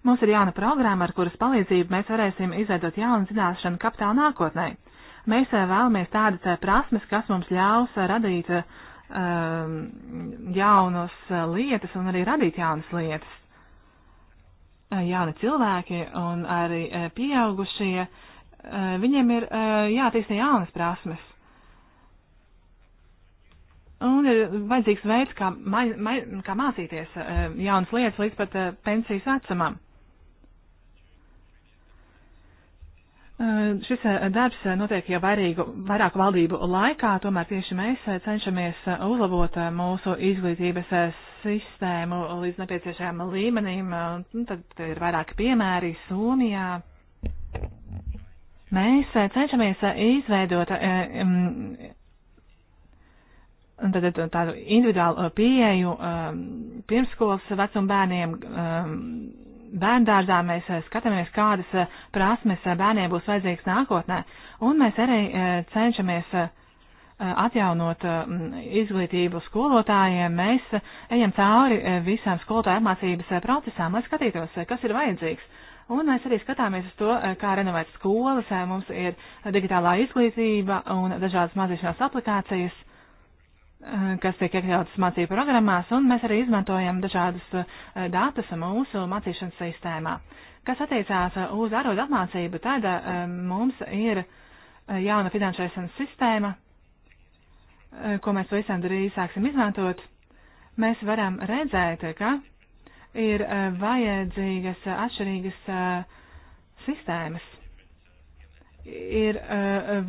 Mums ir jauna programma, ar kuras palīdzību mēs varēsim izveidot jaunu zināšanu kapitālu nākotnē. Mēs vēlamies tādas prasmes, kas mums ļaus radīt uh, um, jaunas lietas un arī radīt jaunas lietas. Uh, jauni cilvēki un arī uh, pieaugušie, uh, viņiem ir jātīsta jaunas prasmes. Un ir vajadzīgs veids, kā, mai, mai, kā mācīties jaunas lietas līdz pat pensijas vecumam. Eh, šis eh, darbs eh, notiek jau vairīgu, vairāku valdību laikā, tomēr tieši mēs cenšamies uzlabot mūsu izglītības sistēmu līdz nepieciešajām līmenim. Tad ir vairāki piemēri Somijā. Mēs cenšamies izveidot tātad, tādu individuālu pieeju pirmskolas vecuma bērniem bērndārzā mēs eh, skatāmies, kādas eh, prasmes eh, bērniem būs vajadzīgas nākotnē, un mēs arī cenšamies atjaunot mm, izglītību skolotājiem. Mēs ejam cauri visām skolotāju apmācības procesām, lai skatītos, kas ir vajadzīgs. Un mēs arī skatāmies uz to, kā renovēt skolas, mums ir digitālā izglītība un dažādas mazīšanās aplikācijas. Eh, kas tiek iekļautas mācību programmās, un mēs arī izmantojam dažādus eh, datus mūsu mācīšanas sistēmā. Kas attiecās uz ārodu apmācību, tad eh, mums ir jauna finansēšanas sistēma, ko mēs visam drīz sāksim izmantot. Mēs varam redzēt, ka ir vajadzīgas atšķirīgas sistēmas. Ir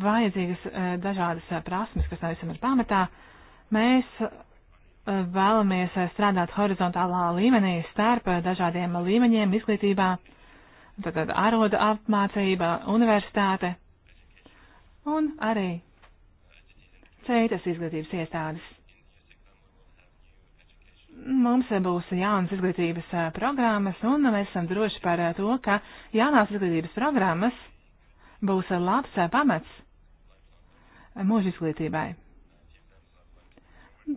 vajadzīgas dažādas prasmes, kas tā visam ir pamatā. Uh, Mēs eh, vēlamies eh, strādāt horizontālā līmenī starp eh, dažādiem līmeņiem izglītībā, tātad āroda apmācība, universitāte un arī citas izglītības iestādes. Mums būs jaunas izglītības programmas, un mēs esam droši par to, ka jaunās izglītības programmas būs labs pamats mūža izglītībai.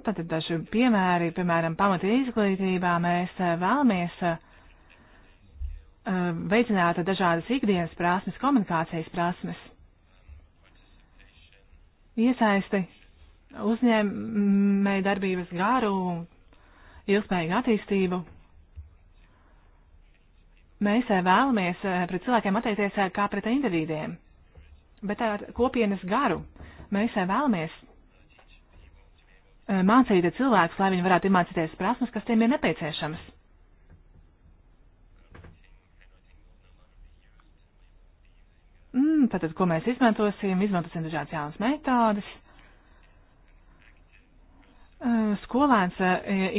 Tātad daži piemēri, piemēram, pamata izglītībā mēs eh, vēlamies eh, veicināt dažādas ikdienas prasmes, komunikācijas prasmes. Iesaisti uzņēmēju darbības garu, ilgspējīgu attīstību. Mēs eh, vēlamies pret cilvēkiem attiekties kā pret individiem, bet ar kopienas garu. Mēs vēlamies E, mācīt cilvēkus, lai viņi varētu iemācīties prasmes, kas tiem ir nepieciešamas. Mm, tātad, ko mēs izmantosim? Izmantosim dažādas jaunas metodas. E, skolēns e,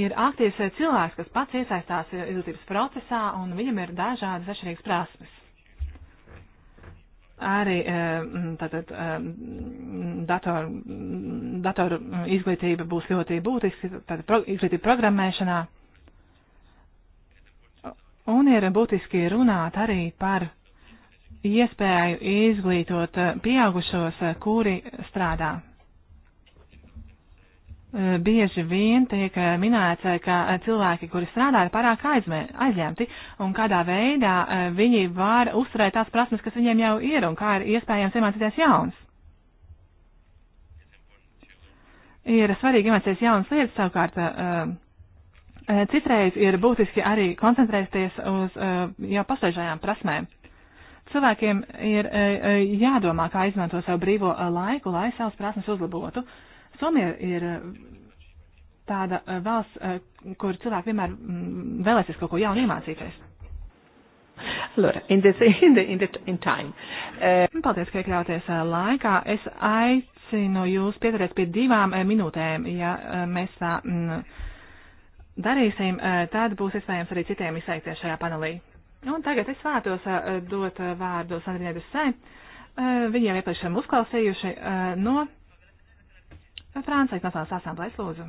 ir aktīvs cilvēks, kas pats iesaistās izglītības procesā, un viņam ir dažādas atšķirīgas prasmes arī eh, tātad, datoru, eh, datoru izglītība būs ļoti būtiski, tātad pro, izglītība programmēšanā. Un ir būtiski runāt arī par iespēju izglītot eh, pieaugušos, kuri strādā Eh, bieži vien tiek eh, minēts, eh, ka cilvēki, kuri strādā, ir pārāk aizmē, aizņemti, un kādā veidā viņi var uzturēt tās prasmes, kas viņiem jau ir, un kā ir iespējams iemācīties jaunas. Ir svarīgi iemācīties jaunas lietas, savukārt citreiz ir būtiski arī koncentrēties uz jau pašreizējām prasmēm. Cilvēkiem ir jādomā, kā izmanto savu brīvo laiku, lai savas prasmes uzlabotu. Uh, Somija ir eh, tāda eh, valsts, eh, kur cilvēki vienmēr mm, vēlēsies kaut ko jaunu iemācīties. Allora, in this, in the, in the, in time. Uh, Paldies, ka iekļauties laikā. Es aicinu jūs pieturēties pie divām minūtēm, ja mēs tā m, mm, darīsim, tad būs iespējams arī citiem izteikties šajā panelī. Un tagad es vētos dot vārdu Sandrinai Dusai. Viņiem iepriekš esam uzklausījuši no Francijas Nacionālās asamblēs lūdzu.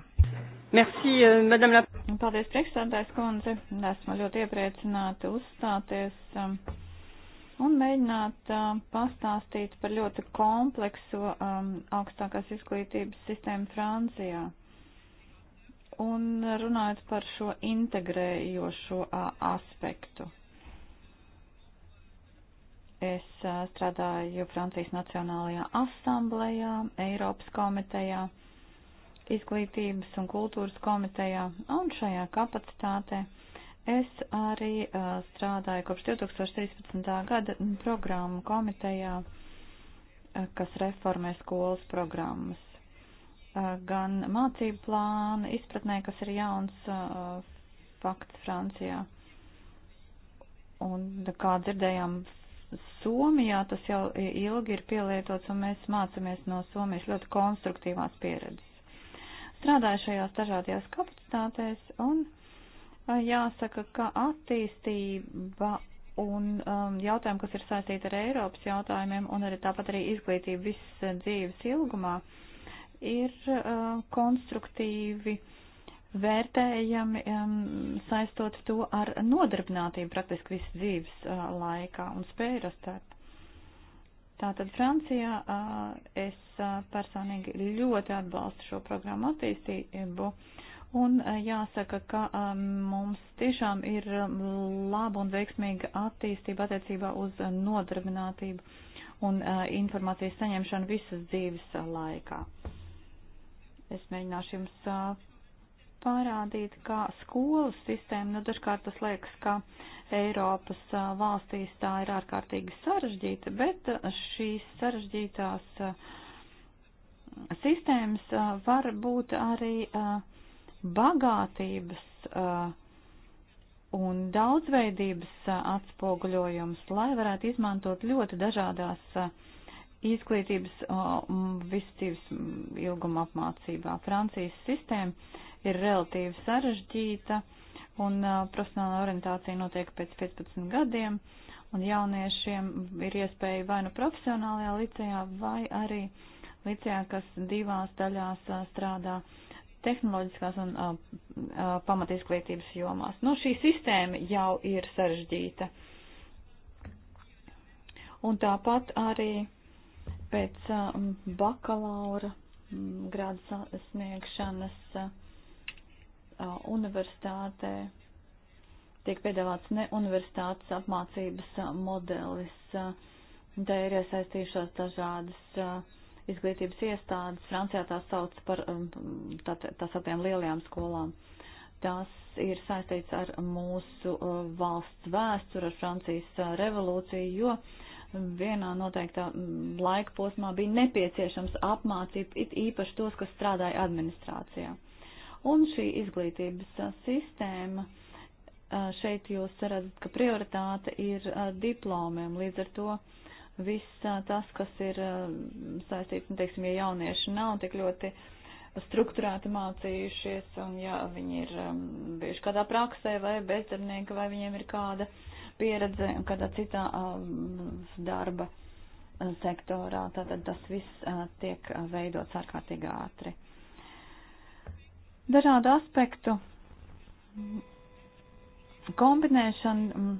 Merci, euh, madame la. Paldies, priekšstādājs kundze. Esmu ļoti iepriecināta uzstāties um, un mēģināt um, pastāstīt par ļoti kompleksu um, augstākās izglītības sistēmu Francijā. Un runājot par šo integrējošo aspektu. Es strādāju Francijas Nacionālajā asamblējā, Eiropas komitejā, izglītības un kultūras komitejā un šajā kapacitātē. Es arī uh, strādāju kopš 2013. gada programmu komitejā, uh, kas reformē skolas programmas. Uh, gan mācību plānu izpratnē, kas ir jauns uh, fakts Francijā. Un kā dzirdējām, Somijā tas jau ilgi ir pielietots, un mēs mācāmies no Somijas ļoti konstruktīvās pieredzes. Strādāju šajās dažādajās kapacitātēs, un jāsaka, ka attīstība un um, jautājumi, kas ir saistīti ar Eiropas jautājumiem, un arī tāpat arī izglītība visas dzīves ilgumā, ir uh, konstruktīvi uh, vērtējami um, saistot to ar nodarbinātību praktiski visu dzīves uh, laikā un spēju rastāt. Tātad Francijā uh, es uh, personīgi ļoti atbalstu šo programmu attīstību un uh, jāsaka, ka um, mums tiešām ir laba un veiksmīga attīstība attiecībā uz nodarbinātību un uh, informācijas saņemšanu visas dzīves uh, laikā. Es mēģināšu jums uh, parādīt, kā skolas sistēma, nu dažkārt tas liekas, ka Eiropas valstīs tā ir ārkārtīgi sarežģīta, bet šīs sarežģītās sistēmas var būt arī bagātības un daudzveidības atspoguļojums, lai varētu izmantot ļoti dažādās uh, izglītības viscīvas ilguma apmācībā. Francijas sistēma ir relatīvi sarežģīta un profesionāla orientācija notiek pēc 15 gadiem, un jauniešiem ir iespēja vai nu profesionālajā licejā, vai arī licejā, kas divās daļās strādā tehnoloģiskās un pamatizglītības jomās. Nu, šī sistēma jau ir sarežģīta. Un tāpat arī pēc bakalaura grādu sniegšanas universitātē tiek piedāvāts ne universitātes apmācības modelis. Te ir iesaistījušās dažādas izglītības iestādes. Francijā tās sauc par tā, tā sauktām lielajām skolām. Tās ir saistīts ar mūsu valsts vēsturi, ar Francijas revolūciju, jo vienā noteiktā mm, laika posmā bija nepieciešams apmācīt it īpaši tos, kas strādāja administrācijā. Un šī izglītības sistēma šeit jūs redzat, ka prioritāte ir diplomiem. Līdz ar to viss tas, kas ir saistīts, nu, teiksim, ja jaunieši nav tik ļoti struktūrēti mācījušies, un ja viņi ir bijuši kādā praksē vai bezdarbnieki, vai viņiem ir kāda uh, pieredze un kādā citā um, darba uh, sektorā. Tātad tas viss uh, tiek uh, veidots ārkārtīgi ātri. Dažādu aspektu kombinēšana mm,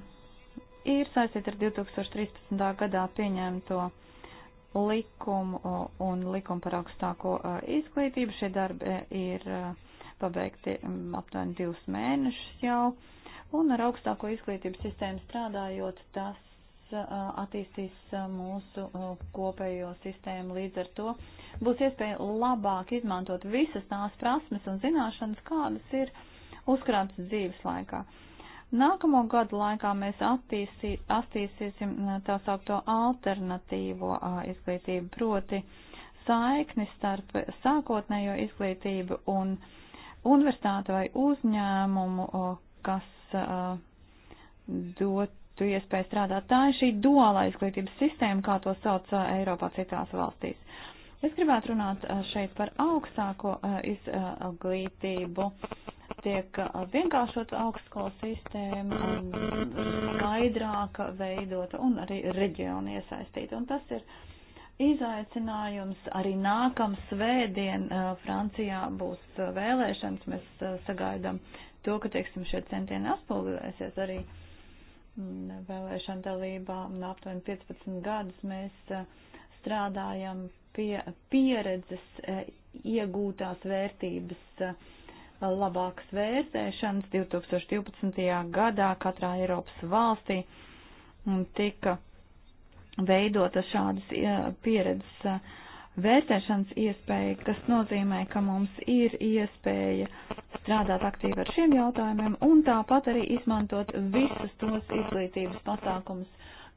ir saistīta ar 2013. gadā pieņemto likumu un likumu par augstāko izglītību. Šie darbi e, ir pabeigti mm, aptuveni divus mēnešus jau. Uh, Un ar augstāko izglītību sistēmu strādājot, tas attīstīs mūsu kopējo sistēmu. Līdz ar to būs iespēja labāk izmantot visas tās prasmes un zināšanas, kādas ir uzkrātas dzīves laikā. Nākamo gadu laikā mēs attīstī, attīstīsim tā saukto alternatīvo izglītību, proti saikni starp sākotnējo izglītību un universitāti vai uzņēmumu, kas uh, dotu iespēju strādāt. Tā ir šī duālā izglītības sistēma, kā to sauc uh, Eiropā citās valstīs. Es gribētu runāt uh, šeit par augstāko uh, izglītību. Tiek uh, vienkāršot augstskolas sistēma, um, skaidrāka veidota un arī reģiona iesaistīta. Un tas ir izaicinājums. Arī nākam svētdien uh, Francijā būs uh, vēlēšanas. Mēs uh, sagaidām to, ka, teiksim, šie centieni atspoguļojusies arī mm, vēlēšana dalībā, no aptuveni 15 gadus mēs eh, strādājam pie pieredzes eh, iegūtās vērtības eh, labākas vērtēšanas 2012. gadā katrā Eiropas valstī mm, tika veidota šādas pieredzes vērtēšanas iespēja, kas nozīmē, ka mums ir iespēja strādāt aktīvi ar šiem jautājumiem un tāpat arī izmantot visus tos izglītības pasākumus,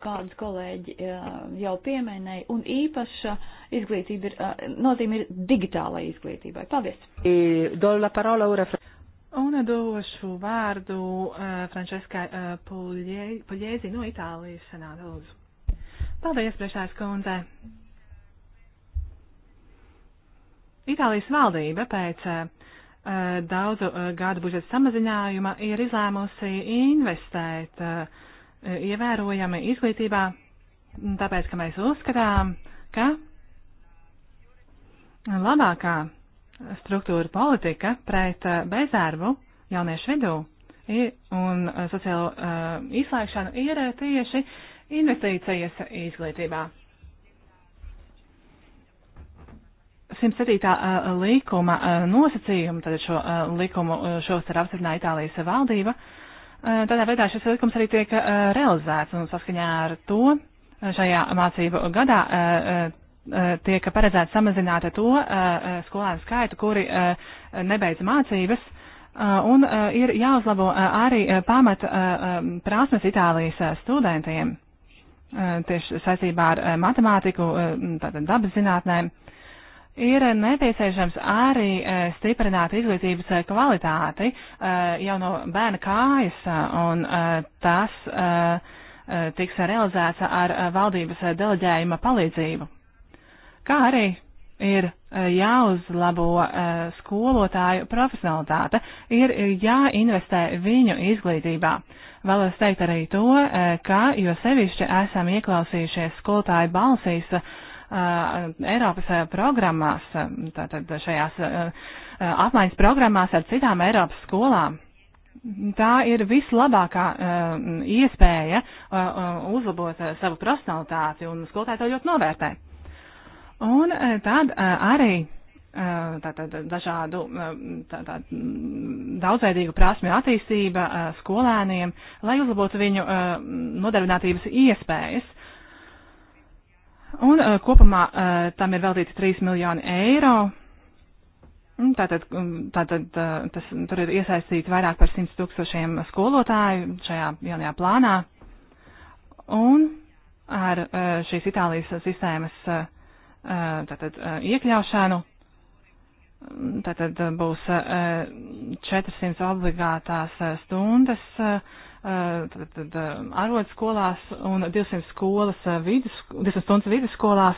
kādus kolēģi eh, jau pieminēja, un īpaša izglītība ir, eh, nozīme ir digitālai izglītībai. Paldies! E, un došu vārdu uh, Franceskai uh, Puljēzi no Itālijas senāta lūdzu. Paldies, priekšās kundze! Itālijas valdība pēc eh, eh, daudzu eh, gadu budžeta samazinājuma ir izlēmusi investēt ievērojami izglītībā, tāpēc, ka mēs uzskatām, ka labākā struktūra politika pret bezdarbu jauniešu vidū un sociālo izslēgšanu ir tieši investīcijas izglītībā. 107. likuma nosacījumu, tātad šo likumu šos ir apstiprināja Itālijas valdība. Tādā veidā šis likums arī tiek realizēts un saskaņā ar to šajā mācību gadā tiek paredzēts samazināt to skolēnu skaitu, kuri nebeidz mācības. Un ir jāuzlabo arī pamat prasmes Itālijas studentiem tieši saistībā ar matemātiku, tātad dabas zinātnēm. Ir nepieciešams arī e, stiprināt izglītības e, kvalitāti e, jau no bērna kājas, un tas tiks realizēts ar valdības deleģējuma palīdzību. Kā arī ir jāuzlabo skolotāju profesionalitāte, ir jāinvestē viņu izglītībā. Vēlos teikt arī to, ka jo sevišķi esam ieklausījušies skolotāju balsīs, Uh, Eiropas uh, programmās, um, tātad šajās uh, apmaiņas programmās ar citām Eiropas skolām. Tā ir vislabākā uh, iespēja uh, uzlabot uh, savu profesionalitāti, un skolotāji to ļoti novērtē. Un uh, tad uh, arī tātad dažādu tātad, daudzveidīgu prasmju attīstība skolēniem, lai uzlabotu viņu nodarbinātības iespējas. Un eh, kopumā eh, tam ir veltīts 3 miljoni eiro. Tātad, mm, tātad eh, tas, tur ir iesaistīts vairāk par 100 tūkstošiem skolotāju šajā jaunajā plānā. Un ar šīs Itālijas sistēmas tātad, iekļaušanu mm, tātad būs 400 obligātās stundas arodskolās un 200 skolas vidus, 200 stundas vidusskolās.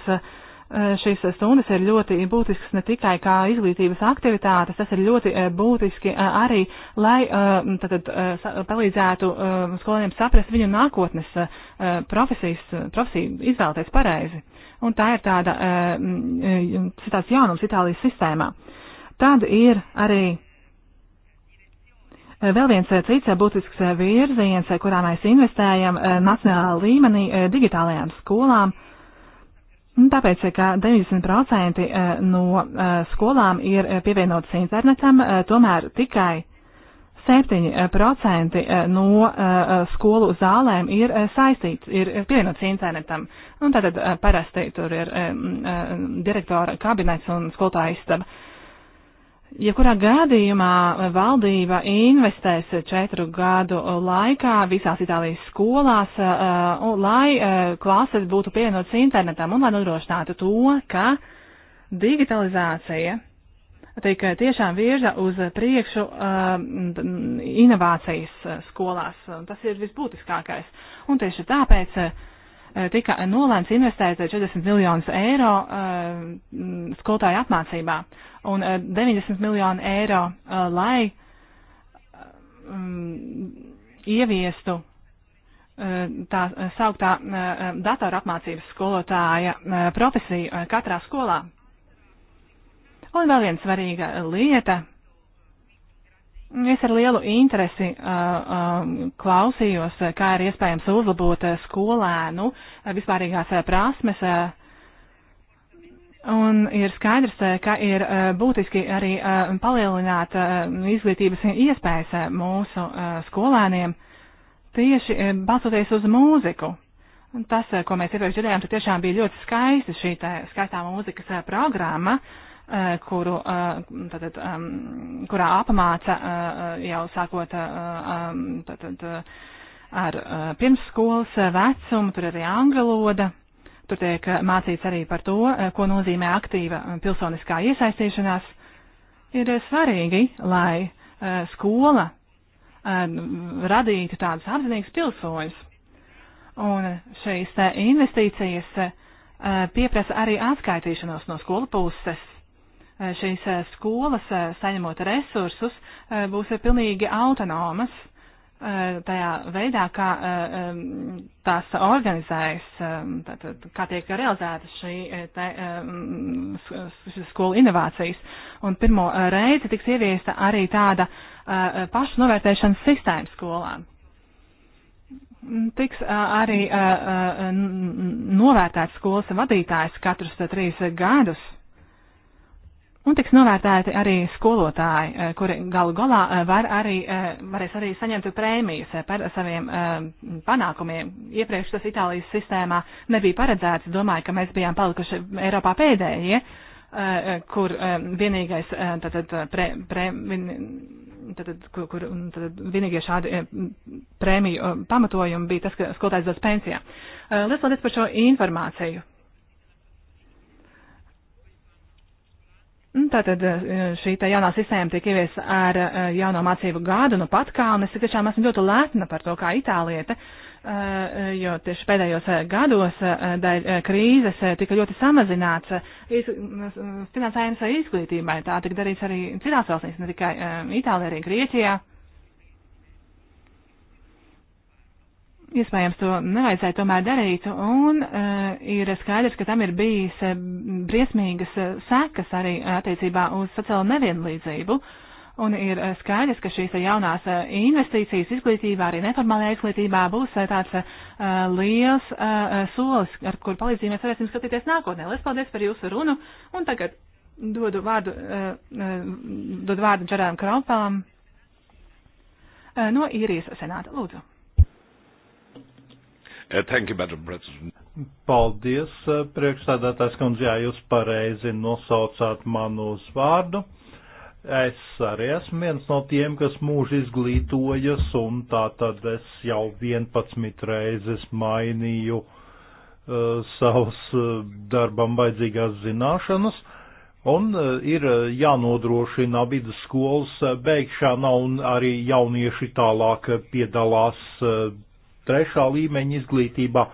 Šīs stundas ir ļoti būtiskas ne tikai kā izglītības aktivitātes, tas ir ļoti būtiski arī, lai tātad, palīdzētu skolēniem saprast viņu nākotnes profesijas, profesiju izvēlēties pareizi. Un tā ir tāda, tāds jaunums Itālijas sistēmā. Tad ir arī Vēl viens cits būtisks virziens, kurā mēs investējam nacionālā līmenī digitālajām skolām. Tāpēc, ka 90% no skolām ir pievienotas internetam, tomēr tikai 7% no skolu zālēm ir saistīts, ir pievienots internetam. Un tātad parasti tur ir direktora kabinets un skolotāja istaba. Jebkurā ja gadījumā eh, valdība investēs četru gadu laikā visās Itālijas skolās, eh, eh, lai klases būtu pievienotas internetam un lai nodrošinātu to, ka digitalizācija tiek tiešām virza uz priekšu inovācijas skolās. Tas ir visbūtiskākais. Un tieši tāpēc Eh, tika nolēmts investēt 40 miljonus eiro eh, skolotāju apmācībā un 90 eh, miljonu eiro, lai mm, ieviestu tā sauktā datora apmācības skolotāja profesiju katrā skolā. Un vēl viena svarīga lieta Es ar lielu interesi uh, uh, klausījos, uh, kā ir iespējams uzlabot uh, skolēnu uh, vispārīgās prasmes. Un ir skaidrs, ka ir būtiski arī palielināt izglītības iespējas mūsu skolēniem tieši balstoties uz mūziku. Tas, ko mēs iepriekš dzirdējām, tur tiešām bija ļoti skaisti šī tā, skaistā mūzikas programma. Uh, Eh, kuru, eh, tātad, kurā apmāca eh, jau sākot tātad, ar pirmsskolas vecumu, tur arī angloda. Tur tiek mācīts arī par to, ko nozīmē aktīva pilsoniskā iesaistīšanās. Ir svarīgi, lai skola radītu tādus apzinīgus pilsoņus. Un šīs investīcijas pieprasa arī atskaitīšanos no skolu puses Eh, šīs eh, skolas, eh, saņemot resursus, būs pilnīgi autonomas tajā veidā, kā tās organizējas, tātad, kā tiek realizētas šī te, skola inovācijas. Un pirmo reizi tiks ieviesta arī tāda pašu novērtēšanas sistēma skolām. Tiks arī novērtēts skolas vadītājs katrus trīs gadus Un tiks novērtēti arī skolotāji, eh, kuri galu galā eh, var arī, eh, varēs arī saņemt prēmijas par saviem panākumiem. Iepriekš tas Itālijas sistēmā nebija paredzēts. Domāju, ka mēs bijām palikuši Eiropā pēdējie, kur vienīgais, tātad, pre, pre, tātad, kur, kur mm, tātad, vienīgie šādi prēmiju pamatojumi bija tas, ka skolotājs dodas pensijā. Liels paldies par šo informāciju. Nu, tātad eh, šī tā jaunā sistēma tiek ievies ar eh, jauno mācību gadu, nu pat kā, un es tiešām esmu ļoti lētna par to, kā itālieta, eh, jo tieši pēdējos gados dēļ krīzes tika ļoti samazināts finansējums izglītībai. Tā tika darīts arī citās valstīs, ne tikai Itālijā, arī Grieķijā. iespējams to nevajadzēja tomēr darīt, un uh, ir skaidrs, ka tam ir bijis eh, briesmīgas eh, sekas arī attiecībā uz sociālo nevienlīdzību. Un ir skaidrs, ka šīs jaunās investīcijas izglītībā, arī neformālajā izglītībā būs tāds uh, liels uh, solis, ar kur palīdzību mēs varēsim skatīties nākotnē. Lielas paldies par jūsu runu, un tagad dodu vārdu, uh, uh, dodu vārdu Džerēm Krompām uh, no Īrijas senāta. Lūdzu. Uh, thank you, Madam President. Paldies, uh, priekšsēdētājs kundze, jā, jūs pareizi nosaucāt manu uzvārdu. Es arī esmu viens no tiem, kas mūžu izglītojas, un tā tad es jau 11 reizes mainīju uh, savus uh, darbam vajadzīgās zināšanas, un uh, ir uh, jānodrošina vidusskolas beigšana, un arī jaunieši tālāk piedalās uh, trešā līmeņa izglītībā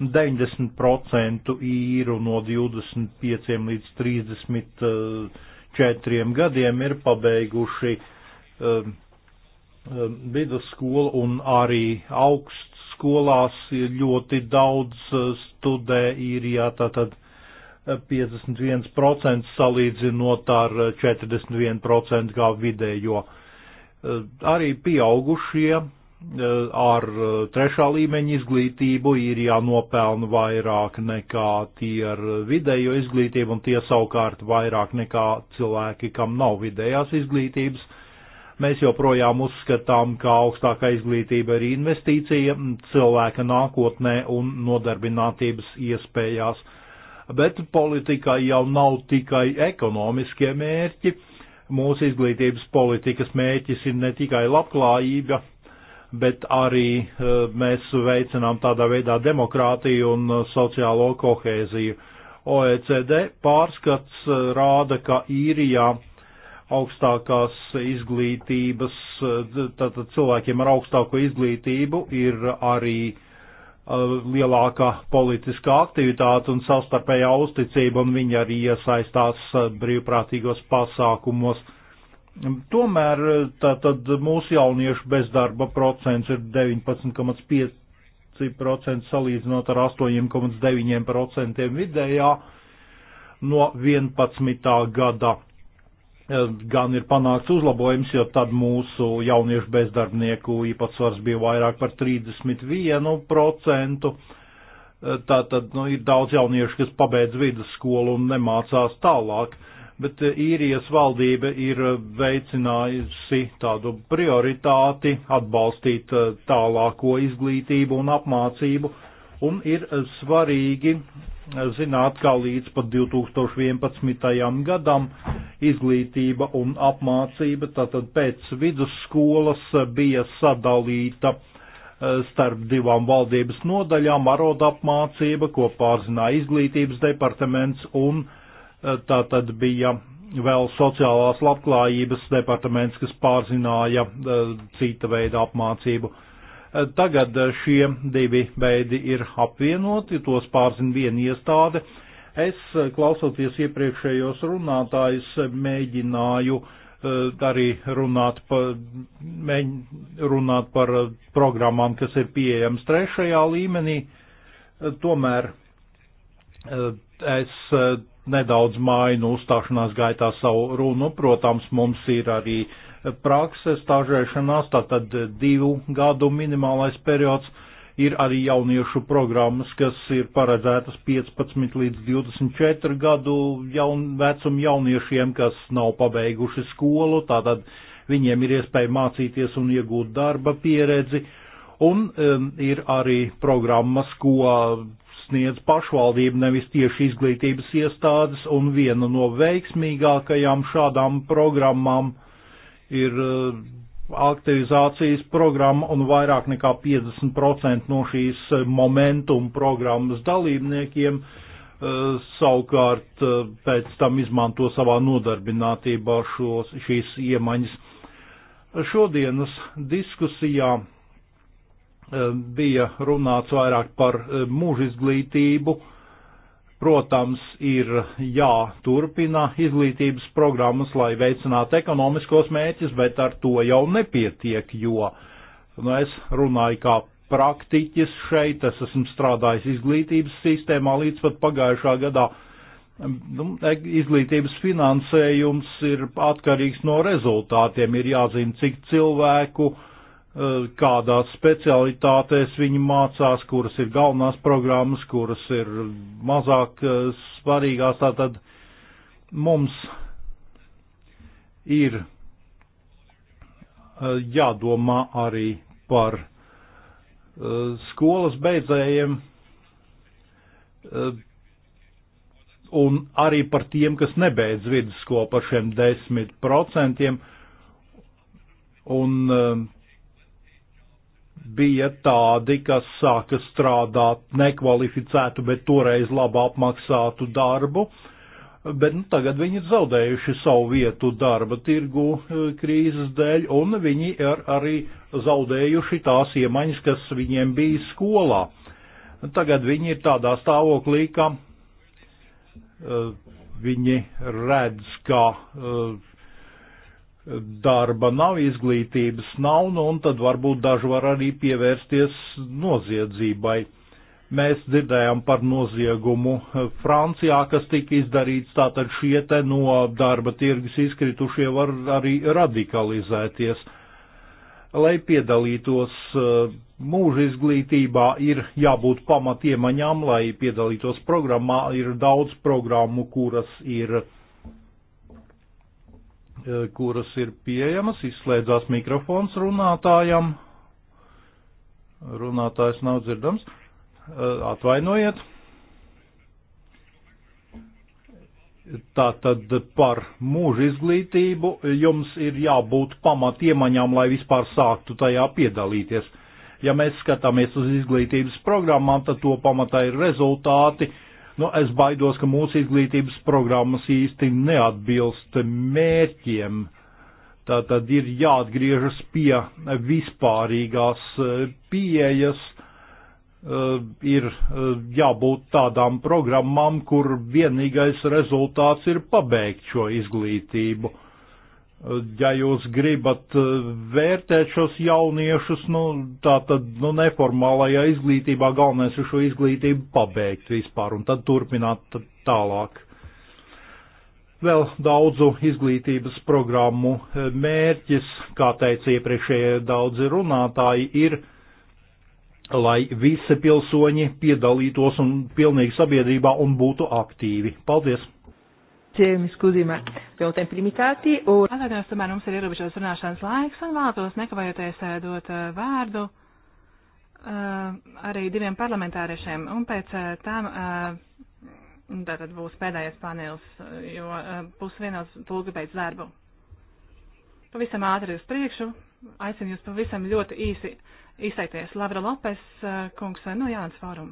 90% īru no 25 līdz 34 gadiem ir pabeiguši um, um, vidusskolu un arī augstskolās ļoti daudz uh, studē īrijā, tātad 51% uh, salīdzinot ar 41% uh, kā vidējo. Arī pieaugušie ar trešā līmeņa izglītību ir jānopelna vairāk nekā tie ar vidējo izglītību, un tie savukārt vairāk nekā cilvēki, kam nav vidējās izglītības. Mēs joprojām uzskatām, ka augstākā izglītība ir investīcija cilvēka nākotnē un nodarbinātības iespējās. Bet politikai jau nav tikai ekonomiskie mērķi. Mūsu izglītības politikas mērķis ir ne tikai labklājība, bet arī eh, mēs veicinām tādā veidā demokrātiju un eh, sociālo kohēziju. OECD pārskats eh, rāda, ka īrijā augstākās izglītības, tātad cilvēkiem ar augstāko izglītību ir arī lielāka politiskā aktivitāte un savstarpējā uzticība, un viņi arī iesaistās brīvprātīgos pasākumos Tomēr eh, tātad mūsu jauniešu bezdarba procents ir 19,5% salīdzinot ar 8,9% vidējā no 11. gada. Eh, gan ir panākts uzlabojums, jo tad mūsu jauniešu bezdarbnieku īpatsvars bija vairāk par 31%. Eh, tātad nu, ir daudz jauniešu, kas pabeidz vidusskolu un nemācās tālāk bet eh, īrijas valdība ir eh, veicinājusi tādu prioritāti atbalstīt eh, tālāko izglītību un apmācību, un ir svarīgi zināt, kā līdz pat 2011. gadam izglītība un apmācība, tātad pēc vidusskolas bija sadalīta starp divām valdības nodaļām - arotapmācība, ko pārzināja izglītības departaments un uh, Eh, tā tad bija vēl sociālās labklājības departaments, kas pārzināja eh, cita veida apmācību. Eh, tagad šie divi veidi ir apvienoti, tos pārzina viena iestāde. Es, klausoties iepriekšējos runātājus, mēģināju arī runāt par, mēģ, runāt par programmām, kas ir pieejams trešajā līmenī. Tomēr es nedaudz mainu uzstāšanās gaitā savu runu. Protams, mums ir arī prakse stāžēšanās, tātad divu gadu minimālais periods. Ir arī jauniešu programmas, kas ir paredzētas 15 līdz 24 gadu jaun, vecumu jauniešiem, kas nav pabeiguši skolu, tātad viņiem ir iespēja mācīties un iegūt darba pieredzi. Un um, ir arī programmas, ko sniedz pašvaldība, nevis tieši izglītības iestādes, un viena no veiksmīgākajām šādām programmām ir eh, aktivizācijas programma, un vairāk nekā 50% no šīs momentum programmas dalībniekiem eh, savukārt eh, pēc tam izmanto savā nodarbinātībā šos, šīs iemaņas. Šodienas diskusijā Eh, bija runāts vairāk par eh, mūža izglītību. Protams, ir jāturpina izglītības programmas, lai veicinātu ekonomiskos mērķus, bet ar to jau nepietiek, jo nu, es runāju kā praktiķis šeit, es esmu strādājis izglītības sistēmā līdz pat pagājušā gadā. Nu, e, izglītības finansējums ir atkarīgs no rezultātiem, ir jāzina, cik cilvēku uh, Eh, kādās specialitātēs viņi mācās, kuras ir galvenās programmas, kuras ir mazāk eh, svarīgās. Tātad mums ir eh, jādomā arī par skolas beidzējiem un arī par tiem, kas nebeidz vidusskolu par šiem desmit procentiem. Un bija tādi, kas sāka strādāt nekvalificētu, bet toreiz labi apmaksātu darbu, bet nu, tagad viņi ir zaudējuši savu vietu darba tirgu e, krīzes dēļ, un viņi ir arī zaudējuši tās iemaņas, kas viņiem bija skolā. Tagad viņi ir tādā stāvoklī, ka uh, viņi redz, ka uh, darba nav, izglītības nav, nu, un tad varbūt daži var arī pievērsties noziedzībai. Mēs dzirdējām par noziegumu Francijā, kas tika izdarīts, tātad šie te no darba tirgus izkritušie var arī radikalizēties. Lai piedalītos e, mūža izglītībā, ir jābūt pamatiemaņām, lai piedalītos programmā, ir daudz programmu, kuras ir uh, E, kuras ir pieejamas, izslēdzās mikrofons runātājam. Runātājs nav dzirdams. E, atvainojiet. Tātad par mūža izglītību jums ir jābūt pamat iemaņām, lai vispār sāktu tajā piedalīties. Ja mēs skatāmies uz izglītības programmām, tad to pamatā ir rezultāti, uh, Nu, es baidos, ka mūsu izglītības programmas īsti neatbilst mērķiem. Tā tad ir jāatgriežas pie vispārīgās eh, pieejas, eh, ir eh, jābūt tādām programmām, kur vienīgais rezultāts ir pabeigt šo izglītību ja jūs gribat eh, vērtēt šos jauniešus, nu, tā tad, nu, neformālajā izglītībā galvenais ir šo izglītību pabeigt vispār un tad turpināt tālāk. Vēl daudzu izglītības programmu eh, mērķis, kā teica iepriekšējie daudzi runātāji, ir, lai visi pilsoņi piedalītos un pilnīgi sabiedrībā un būtu aktīvi. Paldies! Ķēmi, skudī, man jau tiem limitēti. Un... Atvainojos, tomēr mums ir ierobežots runāšanas laiks un vēlētos nekavējoties eh, dot eh, vārdu uh, arī diviem parlamentāriešiem. Un pēc uh, tam uh, tātad būs pēdējais panelis, jo uh, pusvienos tulka beidz darbu. Pavisam ātri uz priekšu. Aicinu jūs pavisam ļoti īsi izteikties. Lavra Lopes, uh, kungs, no Jānis Fārum.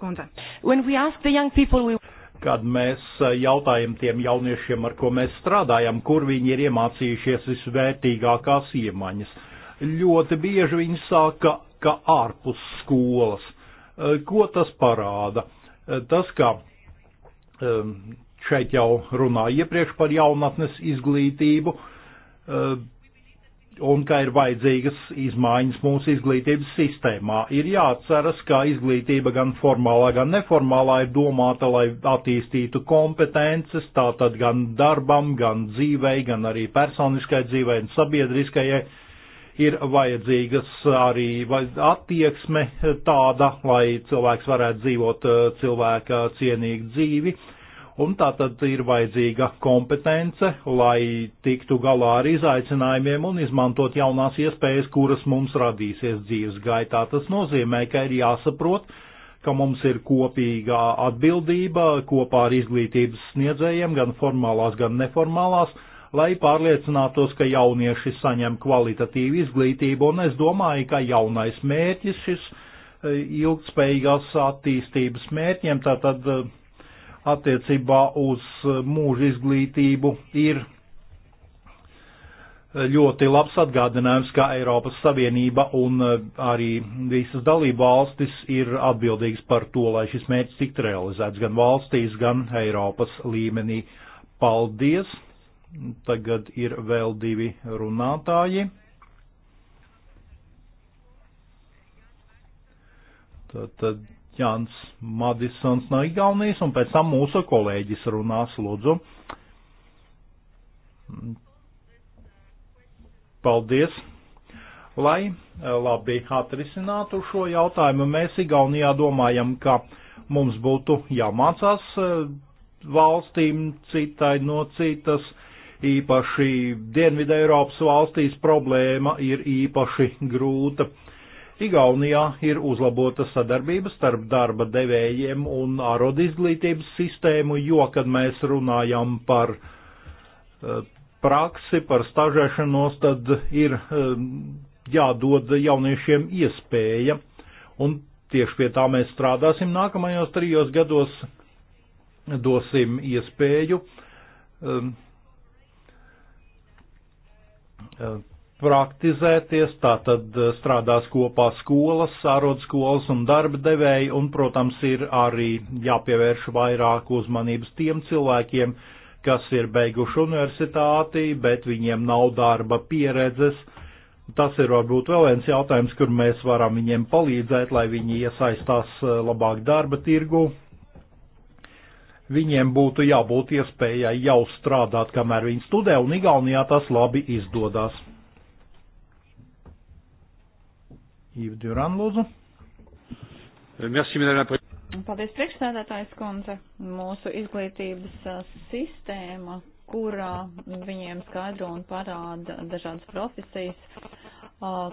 Kundze. When we ask the young people, we kad mēs eh, jautājam tiem jauniešiem, ar ko mēs strādājam, kur viņi ir iemācījušies visvērtīgākās iemaņas. Ļoti bieži viņi sāka, ka ārpus skolas. Eh, ko tas parāda? Eh, tas, ka šeit jau runāja iepriekš par jaunatnes izglītību, un ka ir vajadzīgas izmaiņas mūsu izglītības sistēmā. Ir jāatceras, ka izglītība gan formālā, gan neformālā ir domāta, lai attīstītu kompetences, tātad gan darbam, gan dzīvei, gan arī personiskai dzīvei un sabiedriskajai. Ir vajadzīgas arī attieksme tāda, lai cilvēks varētu dzīvot eh, cilvēka cienīgu dzīvi Un tā tad ir vajadzīga kompetence, lai tiktu galā ar izaicinājumiem un izmantot jaunās iespējas, kuras mums radīsies dzīves gaitā. Tas nozīmē, ka ir jāsaprot, ka mums ir kopīgā atbildība kopā ar izglītības sniedzējiem, gan formālās, gan neformālās, lai pārliecinātos, ka jaunieši saņem kvalitatīvu izglītību, un es domāju, ka jaunais mērķis šis e, ilgtspējīgās attīstības mērķiem, tātad e, attiecībā uz eh, mūža izglītību ir eh, ļoti labs atgādinājums, ka Eiropas Savienība un eh, arī visas dalība valstis ir atbildīgas par to, lai šis mērķis tiktu realizēts gan valstīs, gan Eiropas līmenī. Paldies! Tagad ir vēl divi runātāji. Tad, tad Jānis Madisons no Igaunijas, un pēc tam mūsu kolēģis runās, lūdzu. Paldies! Lai eh, labi atrisinātu šo jautājumu, mēs Igaunijā domājam, ka mums būtu jāmācās eh, valstīm citai no citas, īpaši Dienvidē Eiropas valstīs problēma ir īpaši grūta Igaunijā ir uzlabota sadarbība starp darba devējiem un ārod izglītības sistēmu, jo, kad mēs runājam par eh, praksi, par stažēšanos, tad ir eh, jādod jauniešiem iespēja, un tieši pie tā mēs strādāsim nākamajos trijos gados, dosim iespēju eh, praktizēties, tātad eh, strādās kopā skolas, ārodskolas un darba devēji, un, protams, ir arī jāpievērš vairāk uzmanības tiem cilvēkiem, kas ir beiguši universitāti, bet viņiem nav darba pieredzes. Tas ir varbūt vēl viens jautājums, kur mēs varam viņiem palīdzēt, lai viņi iesaistās eh, labāk darba tirgu. Viņiem būtu jābūt iespējai jau strādāt, kamēr viņi studē, un Igaunijā tas labi izdodas. Īva Duran, lūdzu. Euh, merci, Paldies, priekšstādātājs kundze. Mūsu izglītības uh, sistēma, kurā viņiem skaidro un parāda dažādas profesijas, uh,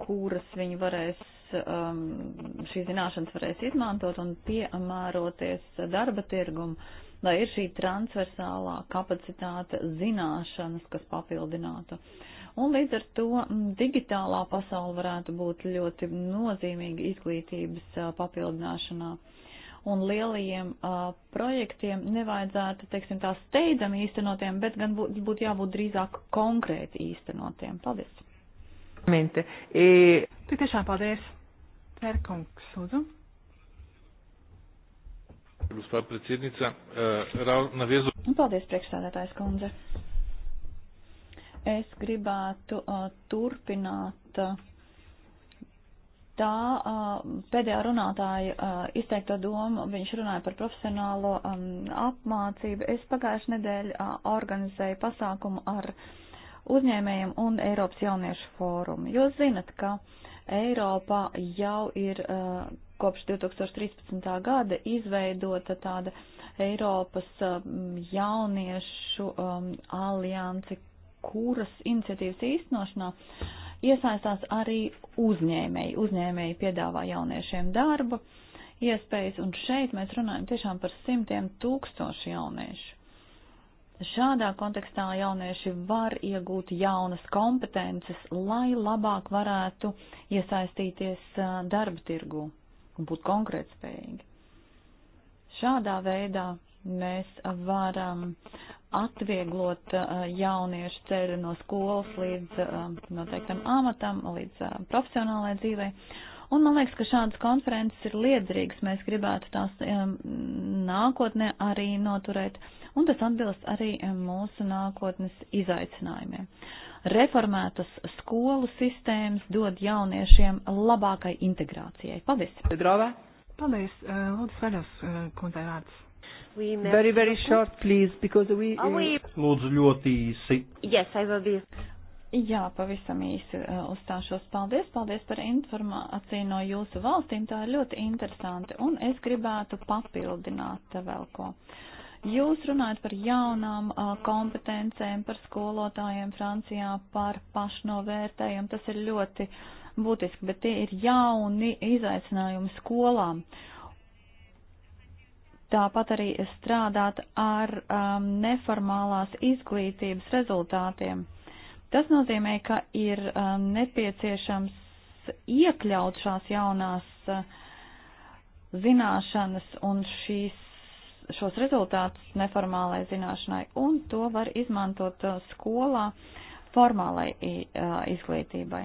kuras viņi varēs, um, šī zināšanas varēs izmantot un piemēroties darba tirgumu, lai ir šī transversālā kapacitāte zināšanas, kas papildinātu. Uh, Un līdz ar to mm, digitālā pasaule varētu būt ļoti nozīmīga izglītības papildināšanā. Un lielajiem uh, projektiem nevajadzētu, teiksim, tā steidzami īstenotiem, bet gan būtu būt jābūt drīzāk konkrēti īstenotiem. Paldies! Mente. E... Tik tiešām paldies! Pērkungs, lūdzu! Gospa predsednica, uh, navezu. Paldies, priekšstādātājs kundze. Es gribētu uh, turpināt uh, tā uh, pēdējā runātāja uh, izteikto domu. Viņš runāja par profesionālo um, apmācību. Es pagājušajā nedēļā uh, organizēju pasākumu ar uzņēmējiem un Eiropas jauniešu fórumu. Jūs zinat, ka Eiropā jau ir uh, kopš 2013. gada izveidota tāda Eiropas um, jauniešu um, alianci, kuras iniciatīvas īstenošanā iesaistās arī uzņēmēji. Uzņēmēji piedāvā jauniešiem darba iespējas, un šeit mēs runājam tiešām par simtiem tūkstošu jauniešu. Šādā kontekstā jaunieši var iegūt jaunas kompetences, lai labāk varētu iesaistīties darba tirgu un būt konkrētspējīgi. Šādā veidā mēs varam atvieglot uh, jauniešu ceļu no skolas līdz uh, noteiktam amatam, līdz uh, profesionālajai dzīvei. Un man liekas, ka šādas konferences ir liederīgas, mēs gribētu tās um, nākotnē arī noturēt, un tas atbilst arī um, mūsu nākotnes izaicinājumiem. Reformētas skolu sistēmas dod jauniešiem labākai integrācijai. Paldies! Drāvē! Paldies! Lūdzu, Sveļos, kundzei vārds. Very, very short, please, because we... Uh, we... Lūdzu, ļoti īsi. Yes, I will be. Jā, pavisam īsi uh, uzstāšos. Paldies, paldies par informāciju no jūsu valstīm. Tā ir ļoti interesanti. Un es gribētu papildināt vēl ko. Jūs runājat par jaunām uh, kompetencēm, par skolotājiem Francijā, par pašnovērtējumu. Tas ir ļoti būtiski, bet tie ir jauni izaicinājumi skolām. Uh, tāpat arī strādāt ar um, neformālās izglītības rezultātiem. Tas nozīmē, ka ir um, nepieciešams iekļaut šās jaunās uh, zināšanas un šīs, šos rezultātus neformālai zināšanai, un to var izmantot uh, skolā formālai uh, izglītībai.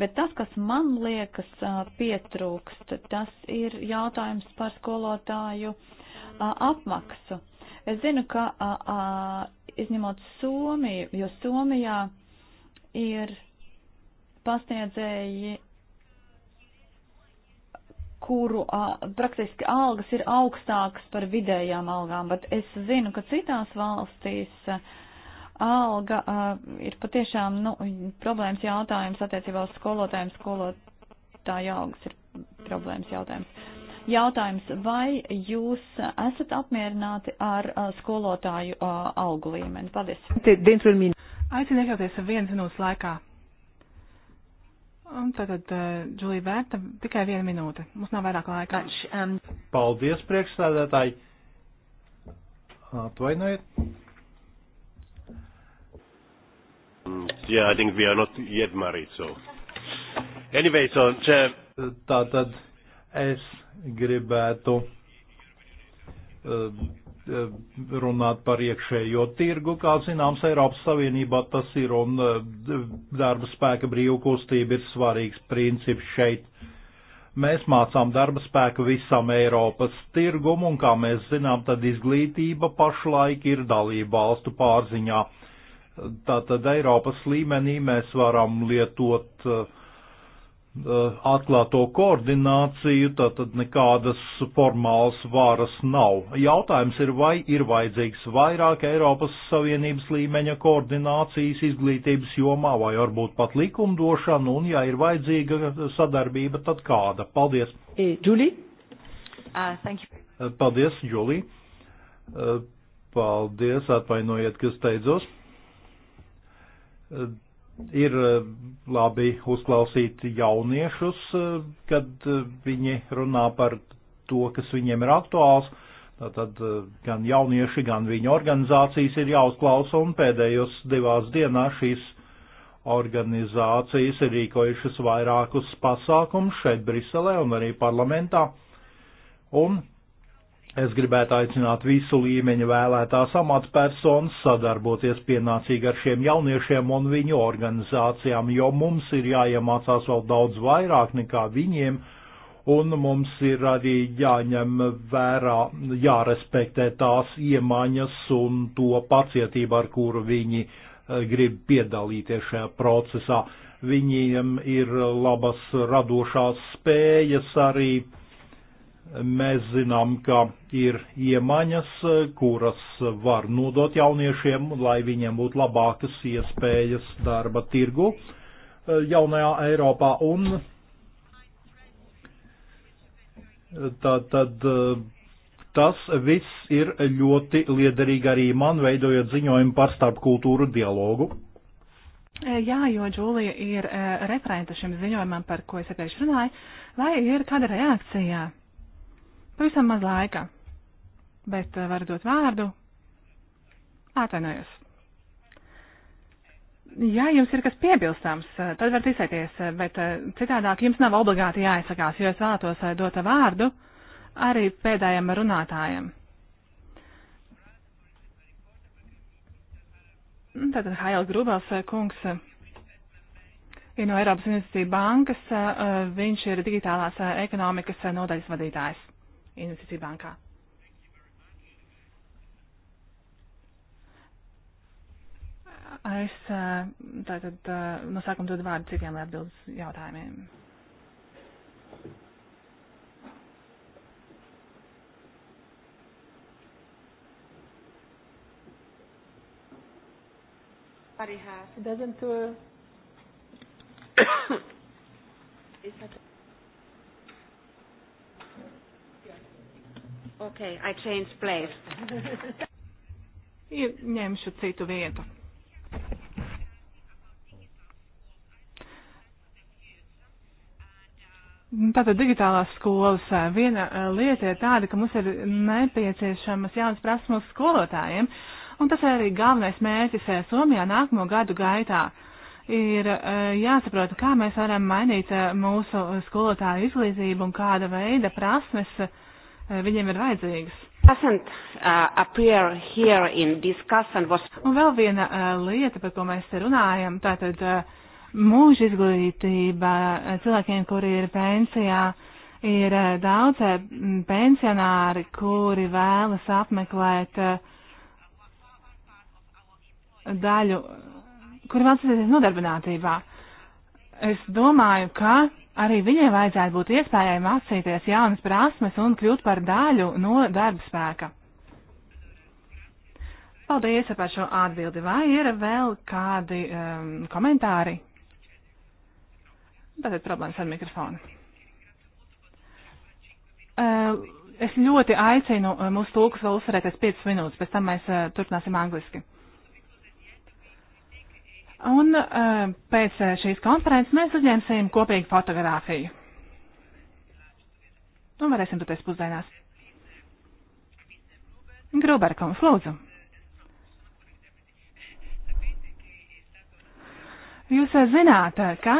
Bet tas, kas man liekas uh, pietrūkst, tas ir jautājums par skolotāju uh, apmaksu. Es zinu, ka a, a, izņemot Somiju, jo Somijā ir pasniedzēji, kuru a, praktiski algas ir augstākas par vidējām algām, bet es zinu, ka citās valstīs a, alga a, ir patiešām nu, problēmas jautājums attiecībā uz skolotājiem, skolotāju algas ir problēmas jautājums. Jautājums, vai jūs esat apmierināti ar skolotāju algu līmeni? Paldies. Aicinu iekļauties vienas minūtes laikā. Un tātad, Džulija uh, Vērta, tikai viena minūte. Mums nav vairāk laika. Paldies, priekšsēdētāji. Atvainojiet. Yeah, I think we are not yet married, so. Anyway, so, Chair. Tātad es gribētu eh, runāt par iekšējo tirgu, kā zināms, Eiropas Savienībā tas ir un eh, darba spēka brīvu kustība ir svarīgs princips šeit. Mēs mācām darba spēku visam Eiropas tirgumu un, kā mēs zinām, tad izglītība pašlaik ir dalība valstu pārziņā. Tātad Eiropas līmenī mēs varam lietot uh, Eh, atklāto koordināciju, tātad nekādas formālas varas nav. Jautājums ir, vai ir vajadzīgs vairāk Eiropas Savienības līmeņa koordinācijas izglītības jomā, vai varbūt pat likumdošana, un ja ir vajadzīga sadarbība, tad kāda? Paldies. E, Julija? Uh, thank you. Eh, paldies, Julija. Eh, paldies, atvainojiet, ka steidzos ir eh, labi uzklausīt jauniešus, eh, kad eh, viņi runā par to, kas viņiem ir aktuāls. Tātad gan jaunieši, gan viņa organizācijas ir jāuzklausa, un pēdējos divās dienās šīs organizācijas ir rīkojušas vairākus pasākumus šeit Briselē un arī parlamentā. Un Es gribētu aicināt visu līmeņu vēlētās amatpersonas sadarboties pienācīgi ar šiem jauniešiem un viņu organizācijām, jo mums ir jāiemācās vēl daudz vairāk nekā viņiem, un mums ir arī jāņem vērā, jārespektē tās iemaņas un to pacietību, ar kuru viņi eh, grib piedalīties šajā procesā. Viņiem ir labas radošās spējas arī Mēs zinām, ka ir iemaņas, kuras var nodot jauniešiem, lai viņiem būtu labākas iespējas darba tirgu eh, jaunajā Eiropā. Un tad, tad eh, tas viss ir ļoti liederīgi arī man, veidojot ziņojumu par starpkultūru dialogu. Eh, jā, jo Džūlija ir referenta šim ziņojumam, par ko es iepriekš runāju, vai ir kāda reakcija Pavisam maz laika, bet eh, varu dot vārdu. Atvainojos. Ja jums ir kas piebilstams, eh, tad varat izsaities, eh, bet citādāk jums nav obligāti jāizsakās, jo es vēlētos dot vārdu arī pēdējiem runātājiem. Nu, tātad Hails Grūbels kungs ir no Eiropas Investīcija bankas, viņš ir digitālās ekonomikas nodaļas vadītājs. Investicijų banką. Es eh, tātad eh, no sākuma dodu vārdu citiem, lai atbildes jautājumiem. It doesn't. Uh, Okay, I changed place. Ieņemšu citu vietu. Tātad digitālās skolas viena eh, lieta ir tāda, ka mums ir nepieciešamas jaunas prasmes skolotājiem, un tas ir arī galvenais mērķis eh, Somijā nākamo gadu gaitā. Ir eh, jāsaprot, kā mēs varam mainīt mūsu skolotāju izglītību un kāda veida prasmes uh, Eh, viņiem ir vajadzīgas. Uh, Un vēl viena eh, lieta, par ko mēs te runājam, tātad eh, mūža izglītība cilvēkiem, kuri ir pensijā, ir daudz pensionāri, kuri vēlas apmeklēt daļu, kuri vēlas iet nodarbinātībā. Es domāju, ka arī viņai vajadzētu būt iespējai mācīties jaunas prasmes un kļūt par daļu no darba spēka. Paldies par šo atbildi. Vai ir vēl kādi um, komentāri? Tātad problēmas ar mikrofonu. Uh, es ļoti aicinu uh, mūsu tūkus vēl uzsvarēties 5 minūtes, pēc tam mēs uh, turpināsim angliski. Un eh, pēc eh, šīs konferences mēs uzņemsim kopīgu fotografiju. Un varēsim doties pusdienās. Gruberkums, lūdzu. Jūs eh, zināt, ka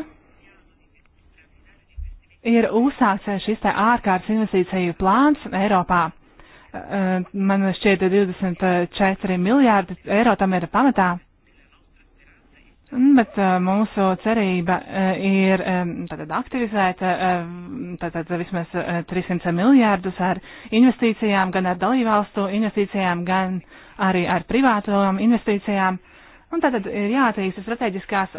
ir uzsākts šis tā ārkārtas investīciju plāns Eiropā. Man šķiet 24 miljārdi eiro tam ir pamatā. Mm, bet eh, mūsu cerība eh, ir eh, tātad, aktivizēt tātad, vismaz 300 miljārdus ar investīcijām, gan ar dalībvalstu investīcijām, gan arī ar privātām investīcijām. Un tātad ir jāattīsta strateģiskās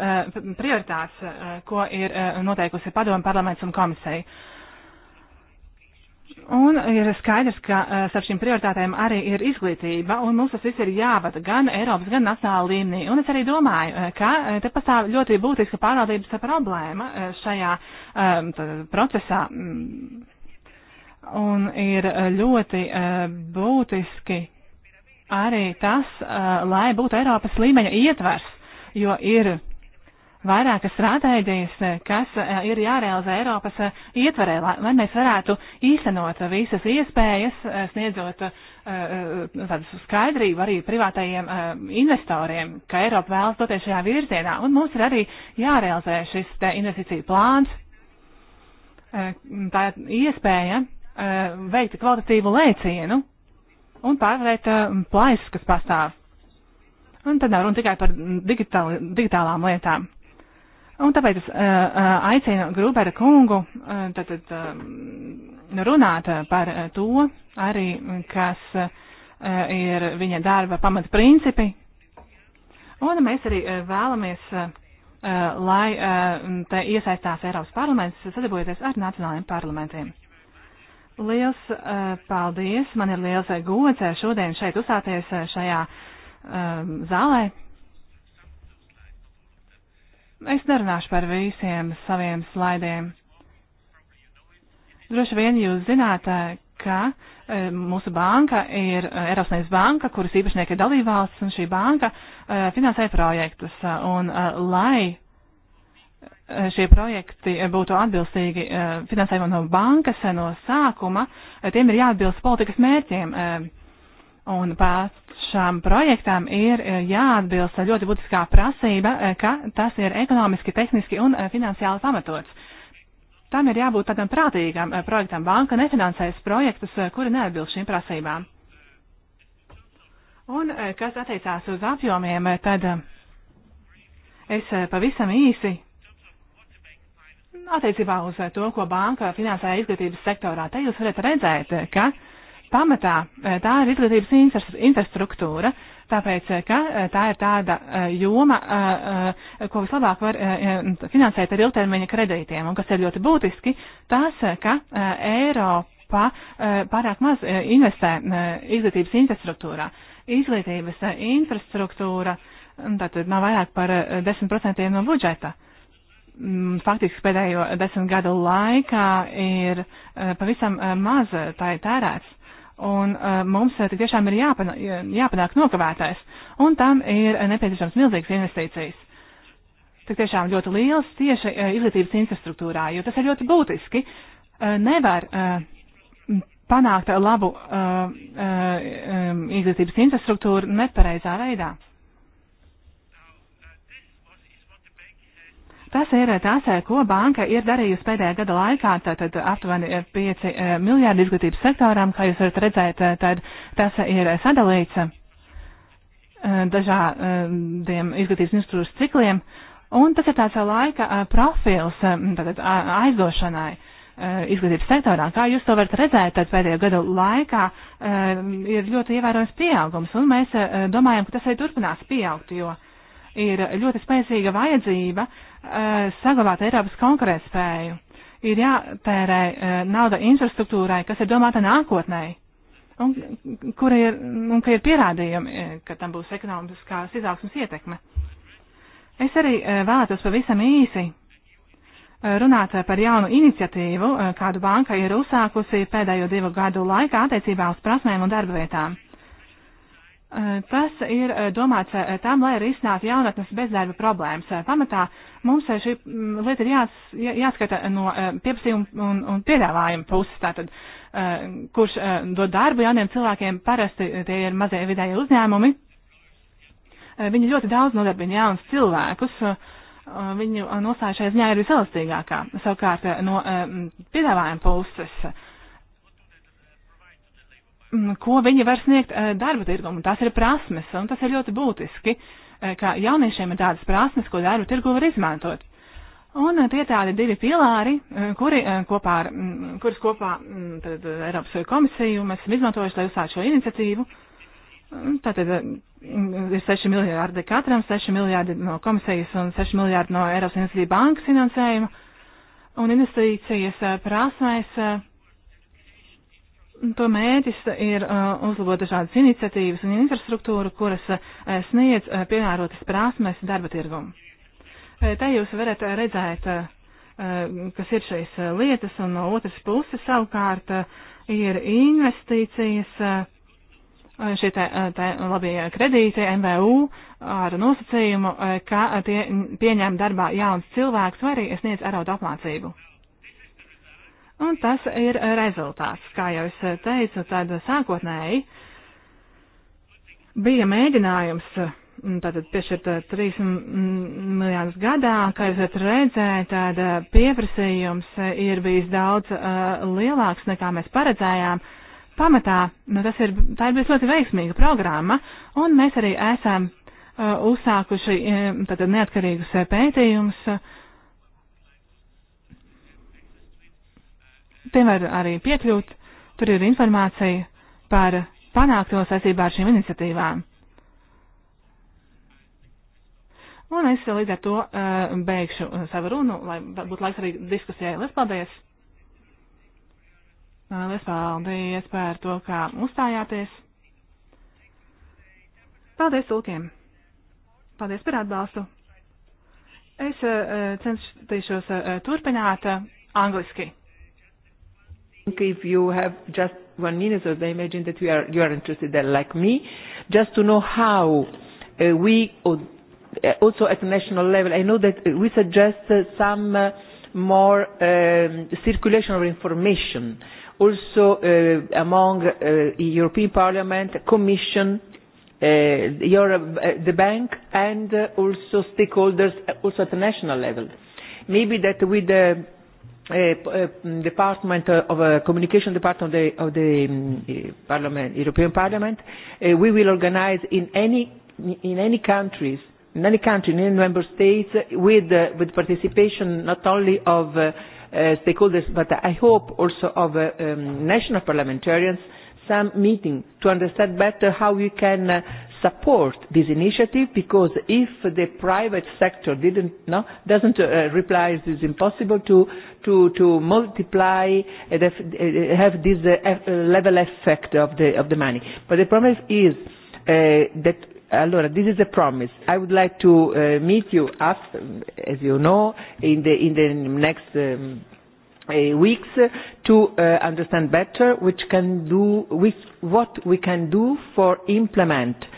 prioritātes, ko ir noteikusi padomu parlaments un komisija. Un ir skaidrs, ka eh, starp šīm prioritātēm arī ir izglītība, un mums tas viss ir jāvada gan Eiropas, gan nacionāla līmenī. Un es arī domāju, eh, ka eh, te pastāv ļoti būtiska pārvaldības problēma šajā tā, procesā. Un ir ļoti būtiski arī tas, lai būtu Eiropas līmeņa ietvers, jo ir vairākas strādājas, eh, kas eh, ir jārealizē Eiropas eh, ietvarē, lai mēs varētu īstenot visas iespējas, sniedzot tādu skaidrību arī privātajiem investoriem, ka Eiropa vēlas doties šajā virzienā. Un mums ir arī jārealizē šis investīciju plāns. Tā ir iespēja veikt kvalitatīvu lēcienu un pārvarēt plaisas, kas pastāv. Un tad nav runa tikai par digitāli, digitālām lietām. Un tāpēc es aicinu Grubera kungu tātad, runāt par to arī, kas ir viņa darba pamatprincipi. Un mēs arī vēlamies, lai te iesaistās Eiropas parlaments, sadarbojoties ar nacionālajiem parlamentiem. Liels paldies! Man ir liels gods šodien šeit uzstāties šajā zālē. Es nerunāšu par visiem saviem slaidiem. Droši vien jūs zināt, ka e, mūsu banka ir e, Eiropas Savienības banka, kuras īpašnieki ir dalībvalsts, un šī banka e, finansē projektus. Un lai šie projekti būtu atbilstīgi finansējumam no bankas no sākuma, tiem ir jāatbilst politikas mērķiem. Un pats šām projektām ir eh, jāatbilst ļoti būtiskā prasība, eh, ka tas ir ekonomiski, tehniski un eh, finansiāli pamatots. Tam ir jābūt tādam prātīgam projektam. Banka nefinansēs projektus, kuri neatbilst šīm prasībām. Un kas attiecās uz apjomiem, tad es pavisam īsi attiecībā uz to, ko banka finansēja izglītības sektorā. Te jūs varat redzēt, ka uh, pamatā eh, tā ir izglītības infrastruktūra, tāpēc, eh, ka eh, tā ir tāda joma, ko vislabāk var finansēt ar ilgtermiņa kredītiem, un kas ir ļoti būtiski, tas, ka Eiropa pārāk maz investē izglītības infrastruktūrā. Izglītības infrastruktūra, tātad nav vairāk par 10% no budžeta faktiski pēdējo desmit gadu laikā ir pavisam maz tā ir tērēts. Un uh, mums uh, tiešām ir jāpana, jāpanāk nokavētais, un tam ir uh, nepieciešams milzīgas investīcijas. Tik tiešām ļoti liels tieši uh, izglītības infrastruktūrā, jo tas ir ļoti būtiski. Uh, nevar uh, panākt labu uh, uh, um, izglītības infrastruktūru nepareizā veidā. Tas ir tas, ko banka ir darījusi pēdējā gada laikā, tātad aptuveni 5 eh, miljārdi izglītības sektoram, kā jūs varat redzēt, eh, tad tas ir sadalīts eh, dažādiem izglītības instruktūras cikliem, un tas ir tāds laika profils tātad, aizdošanai izglītības sektorā. Kā jūs to varat redzēt, tad pēdējo gadu laikā ir ļoti ievērojams pieaugums, un mēs domājam, ka tas arī turpinās pieaugt, jo ir ļoti spēcīga vajadzība eh, saglabāt Eiropas konkurētspēju. Ir jātērē eh, nauda infrastruktūrai, kas ir domāta nākotnē, un, kur ir, un ka ir pierādījumi, eh, ka tam būs ekonomiskās izaugsmas ietekme. Es arī vēlētos pavisam īsi runāt par jaunu iniciatīvu, kādu banka ir uzsākusi pēdējo divu gadu laikā attiecībā uz prasmēm un darba vietām. Tas ir domāts tam, lai arī izsnātu jaunatnes bezdarba problēmas. Pamatā mums šī lieta ir jās, jāskata no pieprasījuma un, un piedāvājuma puses. Tātad, kurš dod darbu jauniem cilvēkiem, parasti tie ir mazie vidēji uzņēmumi. Viņi ļoti daudz nodarbina jaunus cilvēkus. Viņu nostāja šajā ziņā ir viselastīgākā. Savukārt no piedāvājuma puses Mm, ko viņi var sniegt eh, darba tirgumu. Tās ir prasmes, un tas ir ļoti būtiski, eh, ka jauniešiem ir tādas prasmes, ko darba tirgu var izmantot. Un eh, tie tādi divi pilāri, kuri kopā ar, mm, kuras kopā mm, tad, Eiropas komisiju mēs esam izmantojuši, lai uzsāktu šo iniciatīvu. Tātad ir 6 miljārdi katram, 6 miljārdi no komisijas un 6 miljārdi no Eiropas investīcija bankas finansējuma. Un investīcijas prasmēs To mērķis ir uh, uzlabot dažādas iniciatīvas un infrastruktūru, kuras uh, sniedz uh, piemērotas prasmes darba tirgumu. Uh, te jūs varat uh, redzēt, uh, uh, kas ir šīs uh, lietas, un no otras puses savukārt uh, ir investīcijas, uh, uh šie tā, tā labie kredīti, MVU ar nosacījumu, uh, ka tie pieņem darbā jauns cilvēks vai arī sniedz arautu apmācību. Un tas ir rezultāts. Kā jau es teicu, tad sākotnēji bija mēģinājums mm, tātad piešķirt 3 eh, mm, mm, miljārdus gadā, kā jūs varat redzēt, tad eh, pieprasījums eh, ir bijis daudz uh, lielāks nekā mēs paredzējām. Pamatā nu, tas ir, tā ir bijusi ļoti veiksmīga programma, un mēs arī esam uh, uzsākuši uh, tātad neatkarīgus pētījumus. Uh, tiem var arī piekļūt. Tur ir informācija par panākto saistībā ar šīm iniciatīvām. Un es līdz ar to uh, beigšu savu runu, lai būtu laiks arī diskusijai. Lies paldies! Lies paldies par to, kā uzstājāties. Paldies sūtiem! Paldies par atbalstu! Es uh, cenšos uh, turpināt uh, angliski. If you have just one minute, as I imagine that you are, you are interested there like me, just to know how uh, we, uh, also at national level, I know that we suggest uh, some uh, more um, circulation of information, also uh, among uh, European Parliament, Commission, uh, your, uh, the bank, and uh, also stakeholders, uh, also at the national level. Maybe that with the uh, uh, department uh, of uh, communication department of the, of the um, parliament, European Parliament, uh, we will organize in any in any countries, in any country, in any member states, with uh, with participation not only of uh, uh, stakeholders, but I hope also of uh, um, national parliamentarians, some meeting to understand better how we can uh, support this initiative because if the private sector didn't no doesn't uh, reply it is impossible to to to multiply uh, uh have this uh, uh, level effect of the of the money but the problem is uh, that Allora, this is a promise. I would like to uh, meet you after, as you know, in the, in the next um, uh, weeks to uh, understand better which can do, which, what we can do for implement uh,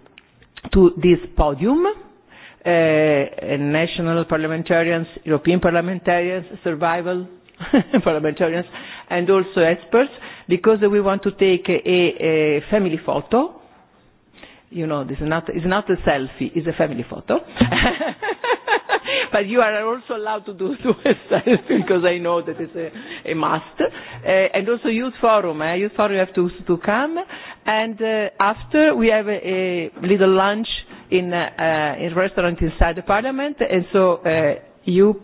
to this podium. Uh, national parliamentarians, European parliamentarians, survival parliamentarians, and also experts, because we want to take a, a family photo. You know, this is not, it's not a selfie, it's a family photo. but you are also allowed to do, do a selfie because I know that it's a, a must. Uh, and also youth forum, eh? youth forum you have to, to come and uh, after we have a, a little lunch in uh, a uh, restaurant inside the parliament and so uh, you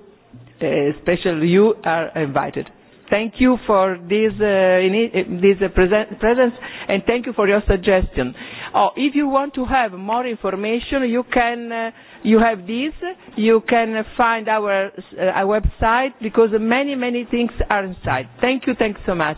especially uh, you are invited. Thank you for this, uh, uh this uh, present, presence and thank you for your suggestion. Oh, if you want to have more information, you can, uh, you have this, you can find our, uh, our website because many, many things are inside. Thank you, thanks so much.